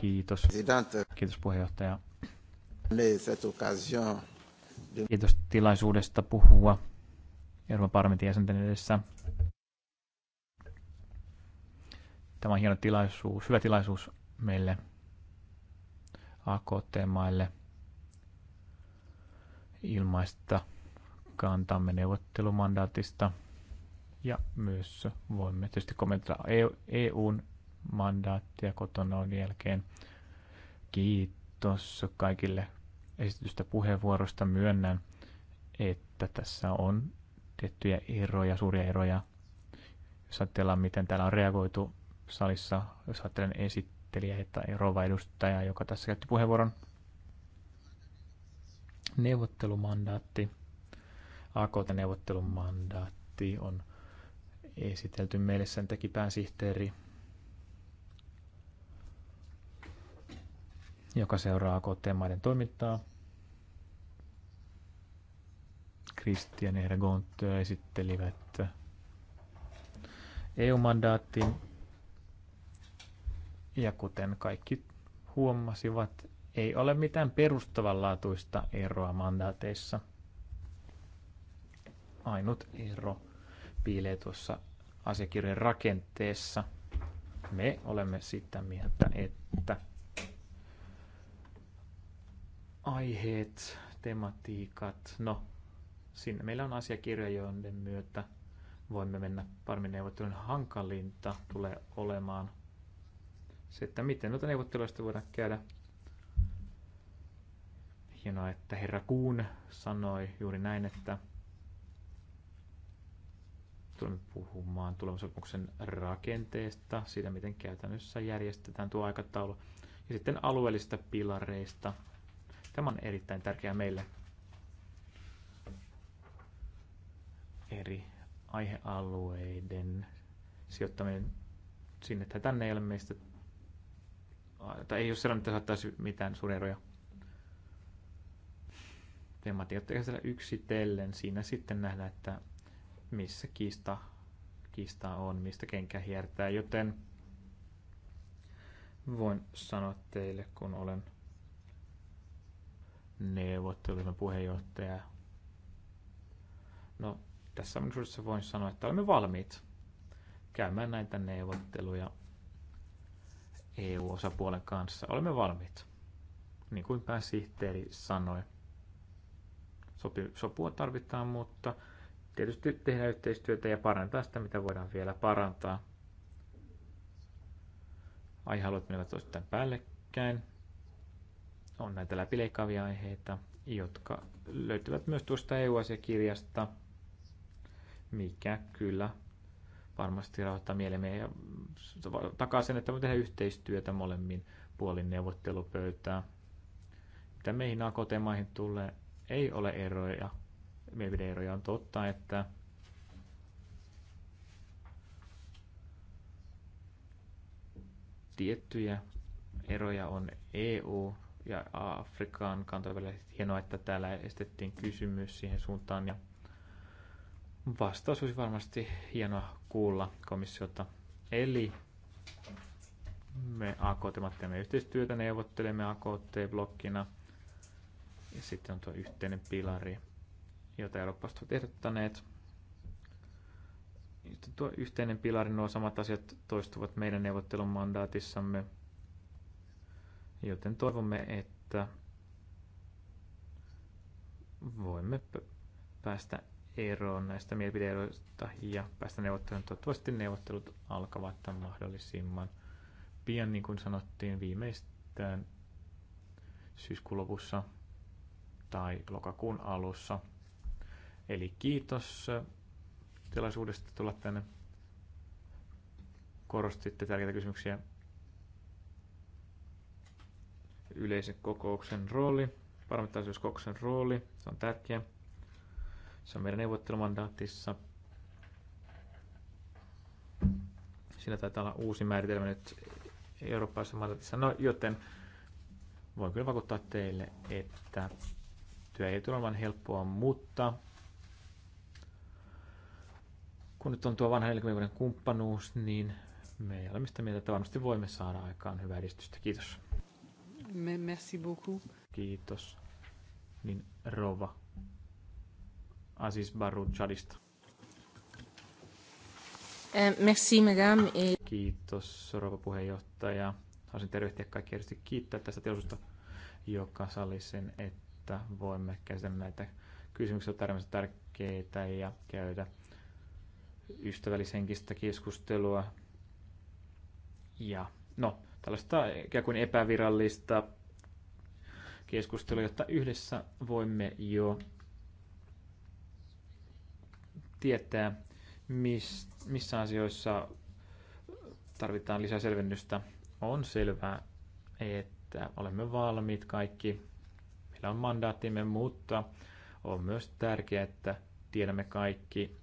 Kiitos. Kiitos puheenjohtaja. Les cette occasion Kiitos tilaisuudesta puhua Euroopan parlamentin jäsenten edessä. Tämä on hieno tilaisuus, hyvä tilaisuus meille AKT-maille ilmaista kantamme neuvottelumandaatista ja myös voimme tietysti kommentoida EUn e mandaattia kotona jälkeen. Kiitos kaikille esitystä puheenvuorosta. Myönnän, että tässä on tiettyjä eroja, suuria eroja. Jos ajatellaan, miten täällä on reagoitu salissa, jos ajattelen esittelijä tai rova edustaja, joka tässä käytti puheenvuoron. Neuvottelumandaatti, AKT-neuvottelumandaatti on esitelty meille, sen teki pääsihteeri joka seuraa AKT-maiden toimintaa. Christian Ergont esittelivät EU-mandaattiin. Ja kuten kaikki huomasivat, ei ole mitään perustavanlaatuista eroa mandaateissa. Ainut ero piilee tuossa asiakirjojen rakenteessa. Me olemme sitä mieltä, että aiheet, tematiikat. No, sinne meillä on asiakirja, joiden myötä voimme mennä paremmin neuvottelun hankalinta tulee olemaan se, että miten noita neuvotteluista voidaan käydä. Hienoa, että herra Kuun sanoi juuri näin, että tulemme puhumaan tulemusopimuksen rakenteesta, siitä miten käytännössä järjestetään tuo aikataulu, ja sitten alueellisista pilareista, Tämä on erittäin tärkeää meille. Eri aihealueiden sijoittaminen sinne tai tänne ei ole meistä, tai ei ole sellainen, että saattaisi mitään suureroja. Tematiot käsitellä yksitellen. Siinä sitten nähdään, että missä kiista, kiista on, mistä kenkä hiertää, joten voin sanoa teille, kun olen neuvotteluryhmän puheenjohtaja. No, tässä mahdollisuudessa voin sanoa, että olemme valmiit käymään näitä neuvotteluja EU-osapuolen kanssa. Olemme valmiit, niin kuin pääsihteeri sanoi. Sopi, sopua tarvitaan, mutta tietysti tehdään yhteistyötä ja parantaa sitä, mitä voidaan vielä parantaa. Aihealueet menevät osittain päällekkäin on näitä läpileikkaavia aiheita, jotka löytyvät myös tuosta EU-asiakirjasta, mikä kyllä varmasti rauhoittaa mielemme ja takaa sen, että me tehdään yhteistyötä molemmin puolin neuvottelupöytää. Mitä meihin AKT-maihin tulee, ei ole eroja, mielipideeroja. On totta, että tiettyjä eroja on EU- ja Afrikan kantojen Hienoa, että täällä estettiin kysymys siihen suuntaan ja vastaus olisi varmasti hienoa kuulla komissiota. Eli me AKT teemme yhteistyötä, neuvottelemme AKT-blokkina ja sitten on tuo yhteinen pilari, jota Euroopasta ovat ehdottaneet. tuo yhteinen pilari, nuo samat asiat toistuvat meidän neuvottelun mandaatissamme – Joten toivomme, että voimme päästä eroon näistä mielipideeroista ja päästä neuvotteluun. Toivottavasti neuvottelut alkavat mahdollisimman pian, niin kuin sanottiin, viimeistään syyskuun lopussa tai lokakuun alussa. Eli kiitos äh, tilaisuudesta tulla tänne. Korostitte tärkeitä kysymyksiä yleisen kokouksen rooli, parlamentaarisen siis kokouksen rooli, se on tärkeä. Se on meidän neuvottelumandaatissa. Siinä taitaa olla uusi määritelmä nyt eurooppalaisessa mandaatissa. No, joten voin kyllä vakuuttaa teille, että työ ei tule olemaan helppoa, mutta kun nyt on tuo vanha 40 vuoden kumppanuus, niin me ole mistä mieltä, että varmasti voimme saada aikaan hyvää edistystä. Kiitos. Me, merci beaucoup. Kiitos. Niin Rova. Asis Baru Chadista. Eh, merci, madame. Kiitos, rova puheenjohtaja. Haluaisin tervehtiä kaikki erityisesti kiittää tästä teosusta, joka sali sen, että voimme käsitellä näitä kysymyksiä tarvitsen tärkeitä ja käydä ystävällishenkistä keskustelua. Ja no, tällaista ikään kuin epävirallista keskustelua, jotta yhdessä voimme jo tietää, missä asioissa tarvitaan lisää selvennystä. On selvää, että olemme valmiit kaikki. Meillä on mandaattimme, mutta on myös tärkeää, että tiedämme kaikki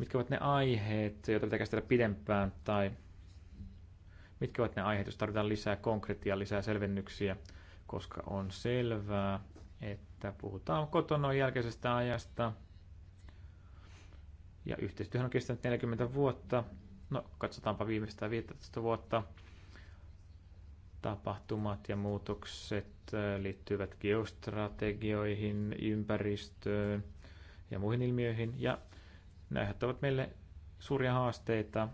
mitkä ovat ne aiheet, joita pitää käsitellä pidempään, tai mitkä ovat ne aiheet, jos tarvitaan lisää konkreettia, lisää selvennyksiä, koska on selvää, että puhutaan kotona jälkeisestä ajasta. Ja yhteistyöhän on kestänyt 40 vuotta. No, katsotaanpa viimeistä 15 vuotta. Tapahtumat ja muutokset äh, liittyvät geostrategioihin, ympäristöön ja muihin ilmiöihin. Ja ne aiheuttavat meille suuria haasteita.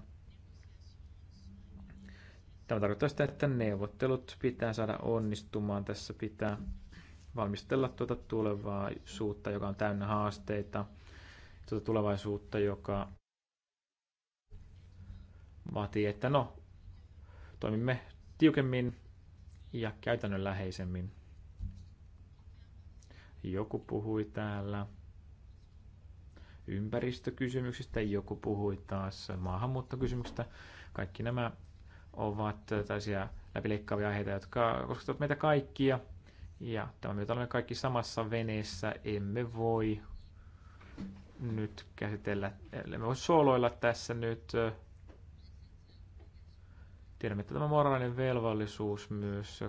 Tämä tarkoittaa sitä, että neuvottelut pitää saada onnistumaan. Tässä pitää valmistella tuota tulevaisuutta, joka on täynnä haasteita, tuota tulevaisuutta, joka vaatii, että no, toimimme tiukemmin ja käytännönläheisemmin. Joku puhui täällä ympäristökysymyksistä, joku puhui taas maahanmuuttokysymyksistä. Kaikki nämä ovat tällaisia läpileikkaavia aiheita, jotka koskettavat meitä kaikkia. Ja tämä myötä olemme kaikki samassa veneessä, emme voi nyt käsitellä, emme voi sooloilla tässä nyt. Tiedämme, että tämä moraalinen velvollisuus myös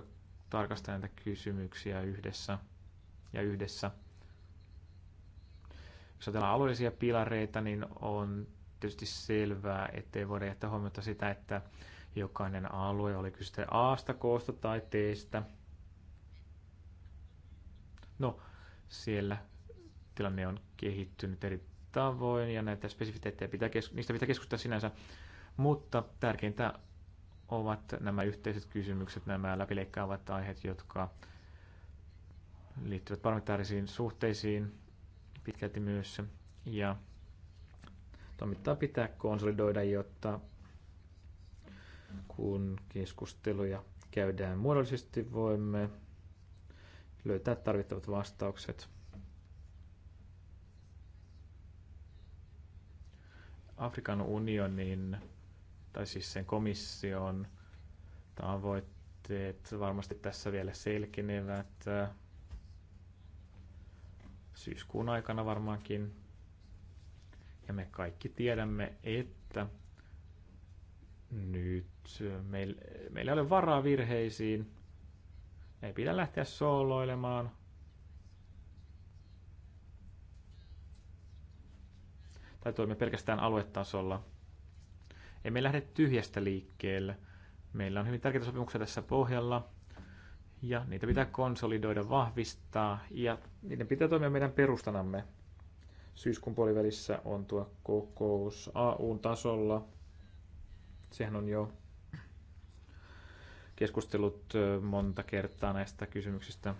tarkastaa näitä kysymyksiä yhdessä ja yhdessä. Jos ajatellaan alueellisia pilareita, niin on tietysti selvää, ettei voida jättää huomiota sitä, että jokainen alue, oli kyse aasta Koosta tai Teestä. No, siellä tilanne on kehittynyt eri tavoin ja näitä spesifiteettejä pitää niistä pitää keskustella sinänsä, mutta tärkeintä ovat nämä yhteiset kysymykset, nämä läpileikkaavat aiheet, jotka liittyvät parlamentaarisiin suhteisiin, pitkälti myös. Ja toimittaa pitää konsolidoida, jotta kun keskusteluja käydään muodollisesti, voimme löytää tarvittavat vastaukset. Afrikan unionin tai siis sen komission tavoitteet varmasti tässä vielä selkenevät syyskuun aikana varmaankin. Ja me kaikki tiedämme, että nyt meillä, meillä ei ole varaa virheisiin. Ei pidä lähteä sooloilemaan. Tai toimia pelkästään aluetasolla. Emme lähde tyhjästä liikkeelle. Meillä on hyvin tärkeitä sopimuksia tässä pohjalla ja niitä pitää konsolidoida, vahvistaa ja niiden pitää toimia meidän perustanamme. Syyskuun puolivälissä on tuo kokous AU-tasolla. Sehän on jo keskustellut monta kertaa näistä kysymyksistä.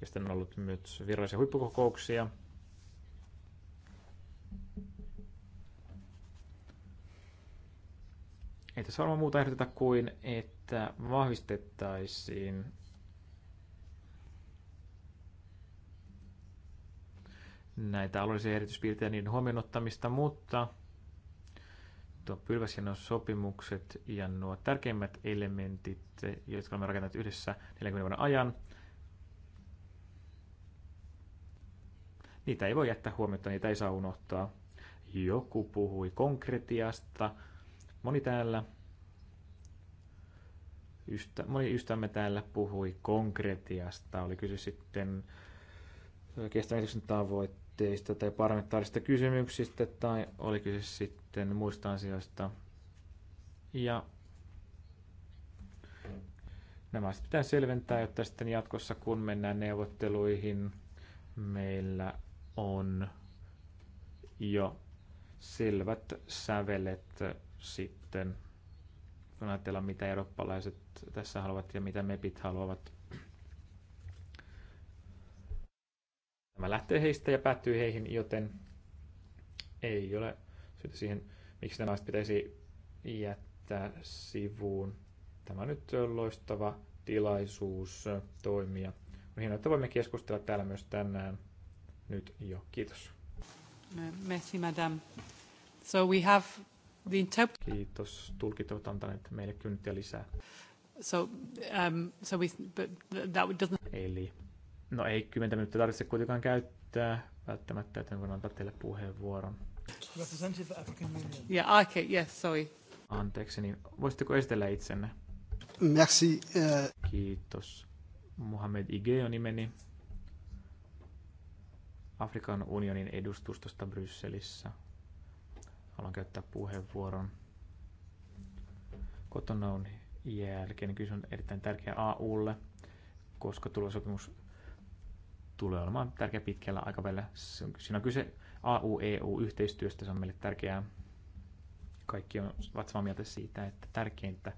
Ja sitten on ollut myös virallisia huippukokouksia. Ei tässä varmaan muuta ehdoteta kuin, että että vahvistettaisiin näitä alueellisia erityispiirteitä niiden huomioon ottamista, mutta tuo pylväsjänon sopimukset ja nuo tärkeimmät elementit, jotka olemme rakentaneet yhdessä 40 vuoden ajan, niitä ei voi jättää huomiota, niitä ei saa unohtaa. Joku puhui konkretiasta, moni täällä Ystä, moni ystävämme täällä puhui konkretiasta, oli kyse sitten kestävän tavoitteista tai parlamentaarista kysymyksistä tai oli kyse sitten muista asioista. Ja nämä pitää selventää, jotta sitten jatkossa kun mennään neuvotteluihin, meillä on jo selvät sävelet sitten kun ajatellaan, mitä eurooppalaiset tässä haluavat ja mitä MEPit haluavat. Tämä lähtee heistä ja päättyy heihin, joten ei ole syytä siihen, miksi nämä pitäisi jättää sivuun. Tämä on nyt loistava tilaisuus toimia. On hienoa, että voimme keskustella täällä myös tänään nyt jo. Kiitos. Merci, madame. So we have niin, The Kiitos. Tulkit ovat antaneet meille kynttiä lisää. So, um, so we, but that doesn't... Eli, no ei kymmentä minuuttia tarvitse kuitenkaan käyttää välttämättä, että voin antaa teille puheenvuoron. Representative African Union. Yeah, okay, yes, sorry. Anteeksi, niin voisitteko esitellä itsenne? Merci. Uh... Kiitos. Mohamed Ige on nimeni. Afrikan unionin edustustosta Brysselissä haluan käyttää puheenvuoron. on jälkeen se on niin erittäin tärkeä AUlle, koska tulosopimus tulee olemaan tärkeä pitkällä aikavälillä. Siinä on kyse AU-EU-yhteistyöstä, se on meille tärkeää. Kaikki on samaa mieltä siitä, että tärkeintä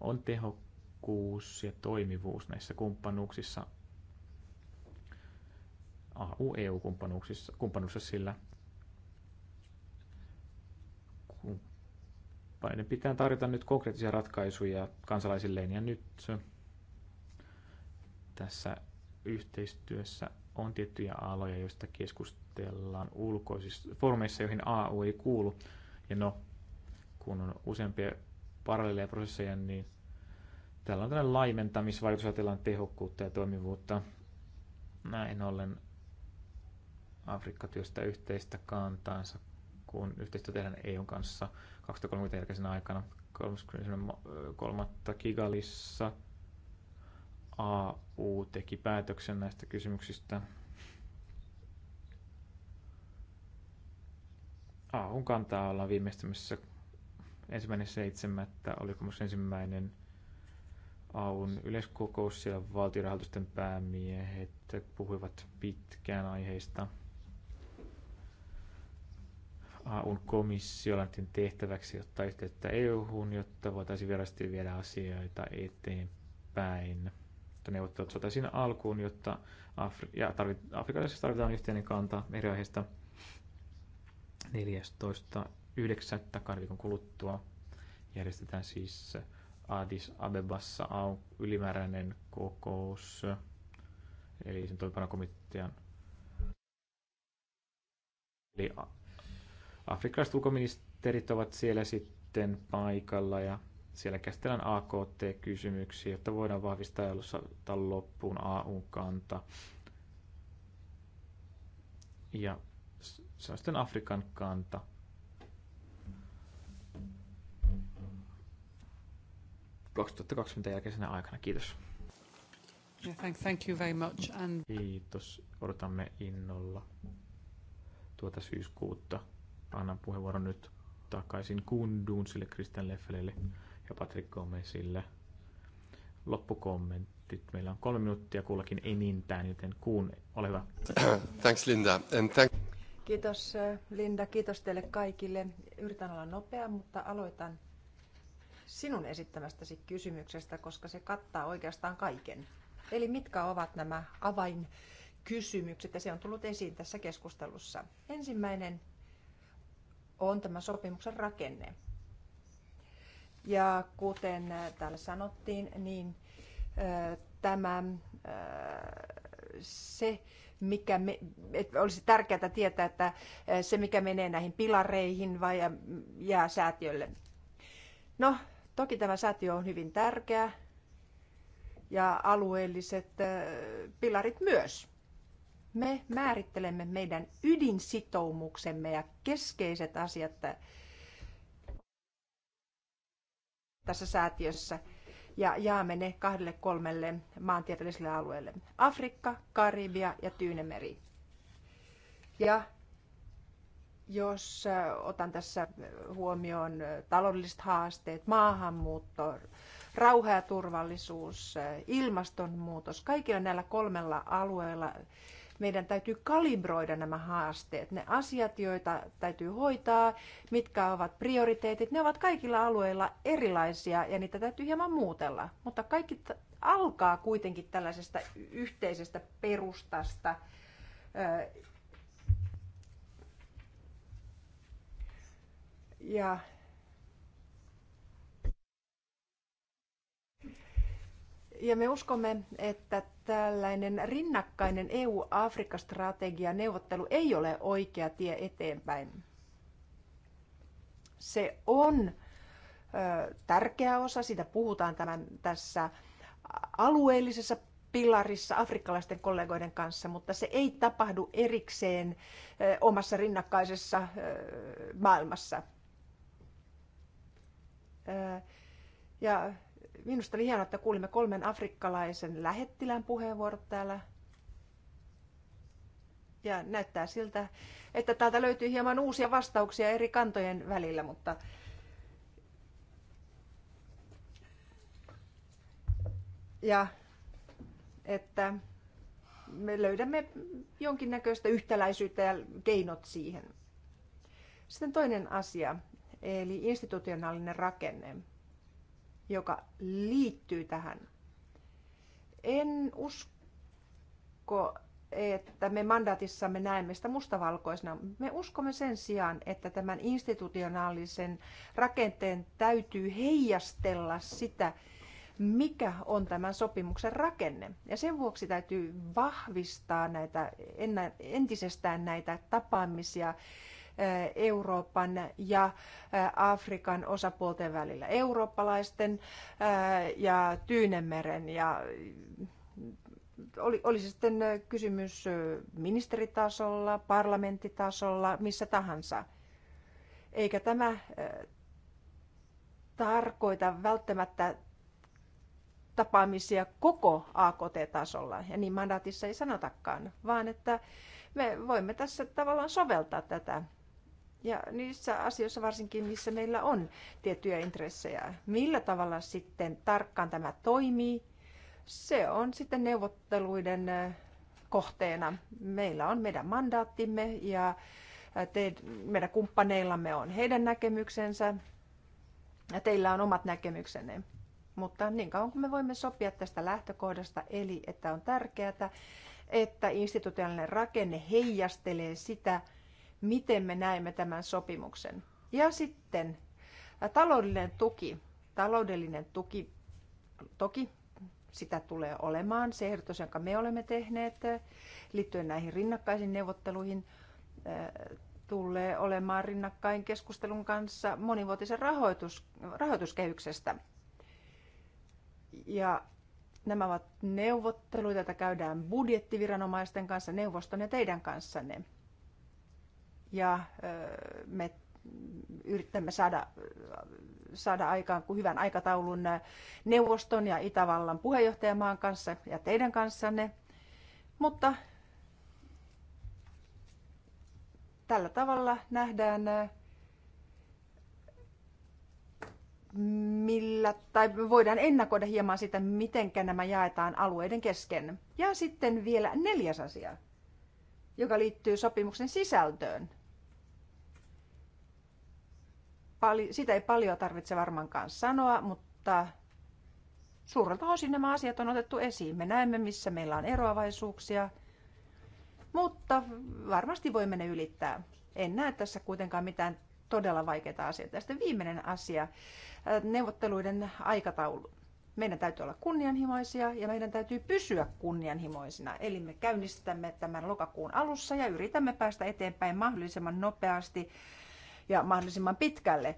on tehokkuus ja toimivuus näissä kumppanuuksissa, AU-EU-kumppanuuksissa, sillä Paine pitää tarjota nyt konkreettisia ratkaisuja kansalaisilleen ja nyt tässä yhteistyössä on tiettyjä aloja, joista keskustellaan ulkoisissa formeissa, joihin AU ei kuulu. Ja no, kun on useampia paralleleja prosesseja, niin täällä on tällainen laimentamisvaikutus, ajatellaan tehokkuutta ja toimivuutta. Näin ollen Afrikka työstää yhteistä kantaansa, kun yhteistyö tehdään EUn kanssa, 2030 jälkeisenä aikana 33. gigalissa AU teki päätöksen näistä kysymyksistä. AUn kantaa ollaan viimeistämisessä ensimmäinen seitsemättä, oli myös ensimmäinen AUn yleiskokous, siellä valtiorahoitusten päämiehet puhuivat pitkään aiheista – AUn komissio lähti tehtäväksi ottaa yhteyttä EU-hun, jotta voitaisiin virallisesti viedä asioita eteenpäin. Mutta neuvottelut saataisiin alkuun, jotta Afri- ja tarvit- Afrikalaisessa tarvitaan yhteinen kanta eri aiheista 14.9. kahden viikon kuluttua järjestetään siis Addis Abebassa AUn ylimääräinen kokous, eli sen toimipanokomitean eli Afrikkalaiset ulkoministerit ovat siellä sitten paikalla ja siellä käsitellään AKT-kysymyksiä, jotta voidaan vahvistaa ja saada loppuun AU-kanta. Ja se on sitten Afrikan kanta. ...2020 jälkeisenä aikana. Kiitos. Yeah, thank, thank you very much. And... Kiitos. Odotamme innolla tuota syyskuutta annan puheenvuoron nyt takaisin sille Christian Leffelille ja Patrick Gomezille. Loppukommentit. Meillä on kolme minuuttia kullakin enintään, joten kuun, ole hyvä. Thanks Linda. And thank... Kiitos äh, Linda, kiitos teille kaikille. Yritän olla nopea, mutta aloitan sinun esittämästäsi kysymyksestä, koska se kattaa oikeastaan kaiken. Eli mitkä ovat nämä avainkysymykset, ja se on tullut esiin tässä keskustelussa. Ensimmäinen on tämä sopimuksen rakenne. Ja kuten äh, täällä sanottiin, niin äh, tämä äh, se, mikä me, että olisi tärkeää tietää, että se mikä menee näihin pilareihin vai jää säätiölle. No, toki tämä säätiö on hyvin tärkeä ja alueelliset pilarit myös me määrittelemme meidän ydinsitoumuksemme ja keskeiset asiat tässä säätiössä ja jaamme ne kahdelle kolmelle maantieteelliselle alueelle. Afrikka, Karibia ja Tyynemeri. Ja jos äh, otan tässä huomioon äh, taloudelliset haasteet, maahanmuutto, rauha ja turvallisuus, äh, ilmastonmuutos, kaikilla näillä kolmella alueella meidän täytyy kalibroida nämä haasteet. Ne asiat, joita täytyy hoitaa, mitkä ovat prioriteetit, ne ovat kaikilla alueilla erilaisia ja niitä täytyy hieman muutella. Mutta kaikki alkaa kuitenkin tällaisesta yhteisestä perustasta. Ja ja me uskomme, että tällainen rinnakkainen EU-Afrikka-strategia neuvottelu ei ole oikea tie eteenpäin. Se on ö, tärkeä osa, siitä puhutaan tämän, tässä alueellisessa pilarissa afrikkalaisten kollegoiden kanssa, mutta se ei tapahdu erikseen ö, omassa rinnakkaisessa ö, maailmassa. Ö, ja Minusta oli hienoa, että kuulimme kolmen afrikkalaisen lähettilän puheenvuorot täällä. Ja näyttää siltä, että täältä löytyy hieman uusia vastauksia eri kantojen välillä, mutta ja että me löydämme jonkinnäköistä yhtäläisyyttä ja keinot siihen. Sitten toinen asia, eli institutionaalinen rakenne joka liittyy tähän. En usko, että me mandaatissamme näemme sitä mustavalkoisena. Me uskomme sen sijaan, että tämän institutionaalisen rakenteen täytyy heijastella sitä, mikä on tämän sopimuksen rakenne. Ja sen vuoksi täytyy vahvistaa näitä, entisestään näitä tapaamisia Eh, Euroopan ja eh, Afrikan osapuolten välillä, eurooppalaisten eh, ja Tyynemeren ja oli, oli sitten kysymys ministeritasolla, parlamenttitasolla, missä tahansa. Eikä tämä tarkoita välttämättä tapaamisia koko AKT-tasolla, ja niin mandaatissa ei sanotakaan, vaan että me voimme tässä tavallaan soveltaa tätä ja niissä asioissa varsinkin, missä meillä on tiettyjä intressejä. Millä tavalla sitten tarkkaan tämä toimii, se on sitten neuvotteluiden kohteena. Meillä on meidän mandaattimme ja te, meidän kumppaneillamme on heidän näkemyksensä ja teillä on omat näkemyksenne. Mutta niin kauan kuin me voimme sopia tästä lähtökohdasta, eli että on tärkeää, että institutionaalinen rakenne heijastelee sitä, miten me näemme tämän sopimuksen. Ja sitten taloudellinen tuki. Taloudellinen tuki, toki sitä tulee olemaan, se ehdotus, jonka me olemme tehneet liittyen näihin rinnakkaisiin neuvotteluihin, tulee olemaan rinnakkain keskustelun kanssa monivuotisen rahoitus, rahoituskehyksestä. Ja nämä ovat neuvotteluita, joita käydään budjettiviranomaisten kanssa, neuvoston ja teidän kanssanne ja me yrittämme saada, saada aikaan kuin hyvän aikataulun neuvoston ja Itävallan puheenjohtajamaan kanssa ja teidän kanssanne. Mutta tällä tavalla nähdään, millä, tai voidaan ennakoida hieman sitä, miten nämä jaetaan alueiden kesken. Ja sitten vielä neljäs asia, joka liittyy sopimuksen sisältöön pali, sitä ei paljon tarvitse varmaankaan sanoa, mutta suurelta osin nämä asiat on otettu esiin. Me näemme, missä meillä on eroavaisuuksia, mutta varmasti voimme ne ylittää. En näe tässä kuitenkaan mitään todella vaikeita asioita. Ja sitten viimeinen asia, äh, neuvotteluiden aikataulu. Meidän täytyy olla kunnianhimoisia ja meidän täytyy pysyä kunnianhimoisina. Eli me käynnistämme tämän lokakuun alussa ja yritämme päästä eteenpäin mahdollisimman nopeasti ja mahdollisimman pitkälle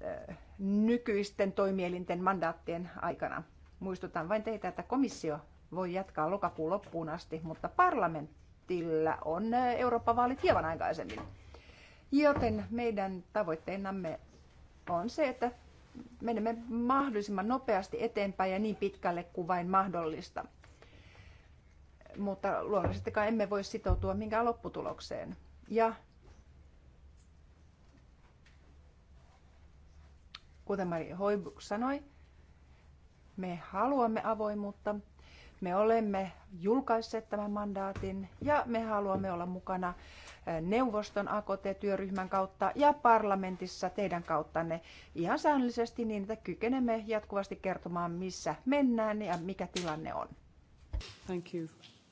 eh, nykyisten toimielinten mandaattien aikana. Muistutan vain teitä, että komissio voi jatkaa lokakuun loppuun asti, mutta parlamentilla on eh, Euroopan vaalit hieman aikaisemmin. Joten meidän tavoitteenamme on se, että menemme mahdollisimman nopeasti eteenpäin ja niin pitkälle kuin vain mahdollista. Mutta luonnollisestikaan emme voi sitoutua minkään lopputulokseen. Ja Kuten Mari Hoibuk sanoi, me haluamme avoimuutta, me olemme julkaisseet tämän mandaatin ja me haluamme olla mukana neuvoston AKT-työryhmän kautta ja parlamentissa teidän kauttanne ihan säännöllisesti niin, että kykenemme jatkuvasti kertomaan, missä mennään ja mikä tilanne on. Thank you.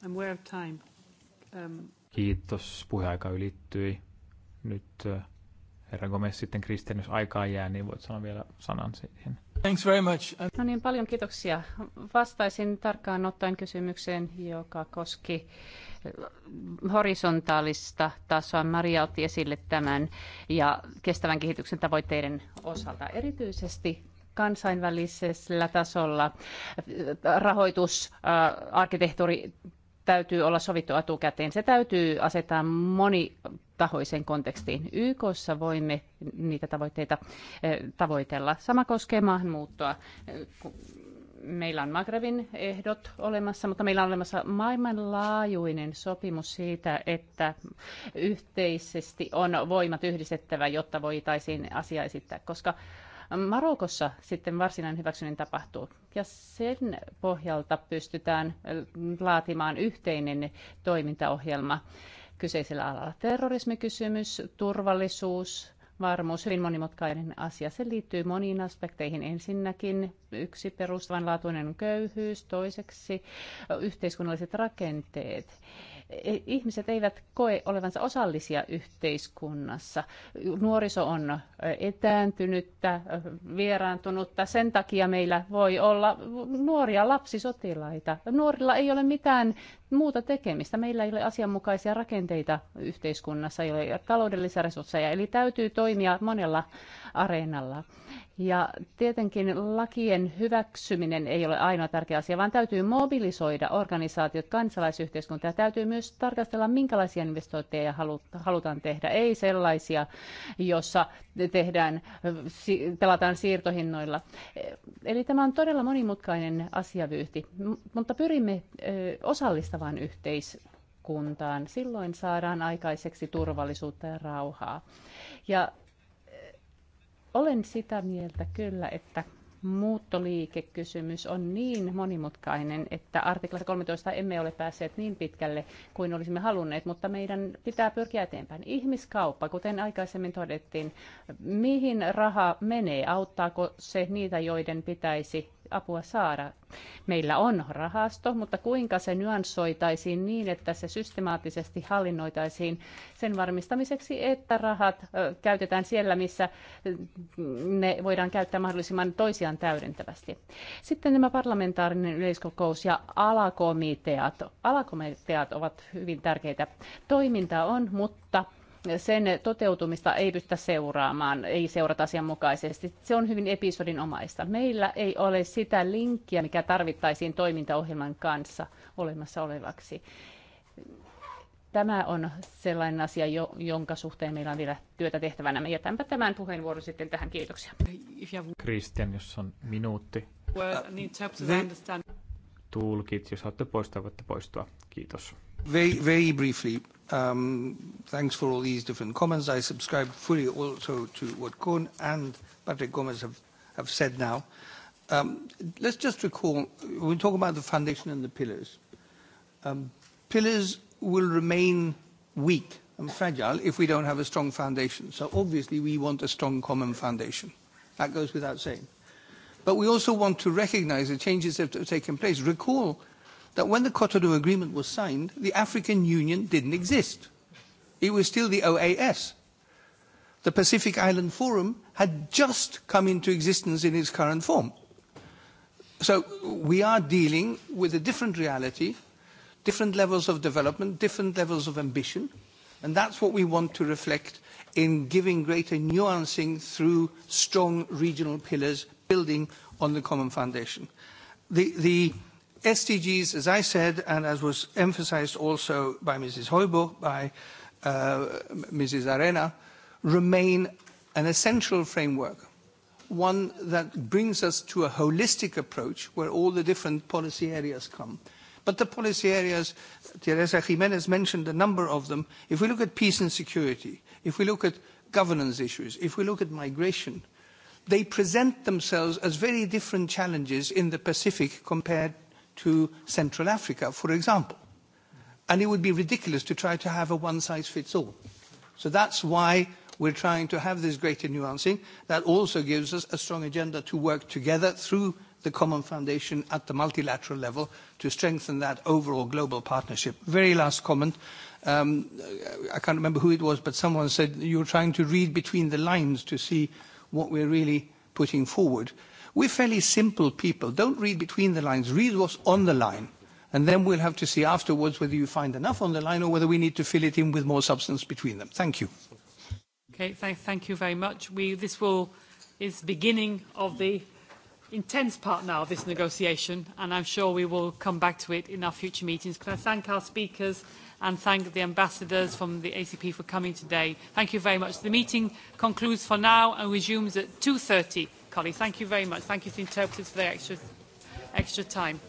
I'm aware of time. Um... Kiitos. Puheaika ylittyi. Nyt Herra Gomez, sitten Kristian, jos aikaa jää, niin voit sanoa vielä sanan siihen. Thanks very much. No niin, paljon kiitoksia. Vastaisin tarkkaan ottaen kysymykseen, joka koski horisontaalista tasoa. Maria otti esille tämän ja kestävän kehityksen tavoitteiden osalta erityisesti kansainvälisellä tasolla rahoitus, äh, arkkitehtuuri, täytyy olla sovittu etukäteen. Se täytyy asettaa tahoisen kontekstiin. YKssa voimme niitä tavoitteita eh, tavoitella. Sama koskee maahanmuuttoa. Meillä on Magrebin ehdot olemassa, mutta meillä on olemassa maailmanlaajuinen sopimus siitä, että yhteisesti on voimat yhdistettävä, jotta voitaisiin asia esittää, koska Marokossa sitten varsinainen hyväksyminen tapahtuu. Ja sen pohjalta pystytään laatimaan yhteinen toimintaohjelma kyseisellä alalla. Terrorismikysymys, turvallisuus, varmuus, hyvin monimutkainen asia. Se liittyy moniin aspekteihin. Ensinnäkin yksi perustavanlaatuinen köyhyys, toiseksi yhteiskunnalliset rakenteet E- ihmiset eivät koe olevansa osallisia yhteiskunnassa. Nuoriso on etääntynyttä, vieraantunutta. Sen takia meillä voi olla nuoria lapsisotilaita. Nuorilla ei ole mitään muuta tekemistä. Meillä ei ole asianmukaisia rakenteita yhteiskunnassa, ei ole taloudellisia resursseja, eli täytyy toimia monella areenalla. Ja tietenkin lakien hyväksyminen ei ole ainoa tärkeä asia, vaan täytyy mobilisoida organisaatiot, kansalaisyhteiskunta ja täytyy myös tarkastella, minkälaisia investointeja halutaan tehdä. Ei sellaisia, jossa tehdään, pelataan siirtohinnoilla. Eli tämä on todella monimutkainen asiavyyhti, mutta pyrimme osallistamaan rakentavaan yhteiskuntaan. Silloin saadaan aikaiseksi turvallisuutta ja rauhaa. Ja eh, olen sitä mieltä kyllä, että muuttoliikekysymys on niin monimutkainen, että artiklassa 13 emme ole päässeet niin pitkälle kuin olisimme halunneet, mutta meidän pitää pyrkiä eteenpäin. Ihmiskauppa, kuten aikaisemmin todettiin, mihin raha menee, auttaako se niitä, joiden pitäisi apua saada. Meillä on rahasto, mutta kuinka se nyanssoitaisiin niin, että se systemaattisesti hallinnoitaisiin sen varmistamiseksi, että rahat käytetään siellä, missä mm, ne voidaan käyttää mahdollisimman toisiaan täydentävästi. Sitten nämä parlamentaarinen yleiskokous ja alakomiteat. Alakomiteat ovat hyvin tärkeitä. Toiminta on, mutta sen toteutumista ei pystytä seuraamaan, ei seurata asianmukaisesti. Se on hyvin episodinomaista. Meillä ei ole sitä linkkiä, mikä tarvittaisiin toimintaohjelman kanssa olemassa olevaksi. Tämä on sellainen asia, jonka suhteen meillä on vielä työtä tehtävänä. Me jätänpä tämän puheenvuoron sitten tähän. Kiitoksia. Kristian, jos on minuutti. Tulkit, jos haluatte poistaa, voitte poistua. Kiitos. Very, very briefly. Um, thanks for all these different comments. I subscribe fully also to what Koen and Patrick Gomez have, said now. Um, let's just recall, we talk about the foundation and the pillars. Um, pillars will remain weak and fragile if we don't have a strong foundation. So obviously we want a strong common foundation. That goes without saying. But we also want to recognize the changes that have taken place. Recall that when the Cotonou Agreement was signed, the African Union didn't exist. It was still the OAS. The Pacific Island Forum had just come into existence in its current form. So we are dealing with a different reality, different levels of development, different levels of ambition, and that's what we want to reflect in giving greater nuancing through strong regional pillars building on the common foundation. The, the SDGs, as I said, and as was emphasized also by Mrs. Heubuch, by uh, Mrs. Arena, remain an essential framework, one that brings us to a holistic approach where all the different policy areas come. But the policy areas, Teresa Jimenez mentioned a number of them. If we look at peace and security, if we look at governance issues, if we look at migration, they present themselves as very different challenges in the Pacific compared to Central Africa, for example. And it would be ridiculous to try to have a one-size-fits-all. So that's why we're trying to have this greater nuancing. That also gives us a strong agenda to work together through the common foundation at the multilateral level to strengthen that overall global partnership. Very last comment. Um, I can't remember who it was, but someone said you're trying to read between the lines to see what we're really putting forward. We're fairly simple people. Don't read between the lines. Read what's on the line. And then we'll have to see afterwards whether you find enough on the line or whether we need to fill it in with more substance between them. Thank you. Okay, th thank you very much. We, this will, is the beginning of the intense part now of this negotiation, and I'm sure we will come back to it in our future meetings. Can I thank our speakers and thank the ambassadors from the ACP for coming today? Thank you very much. The meeting concludes for now and resumes at 2.30 colleagues. Thank you very much. Thank you to the interpreters for their extra, extra time.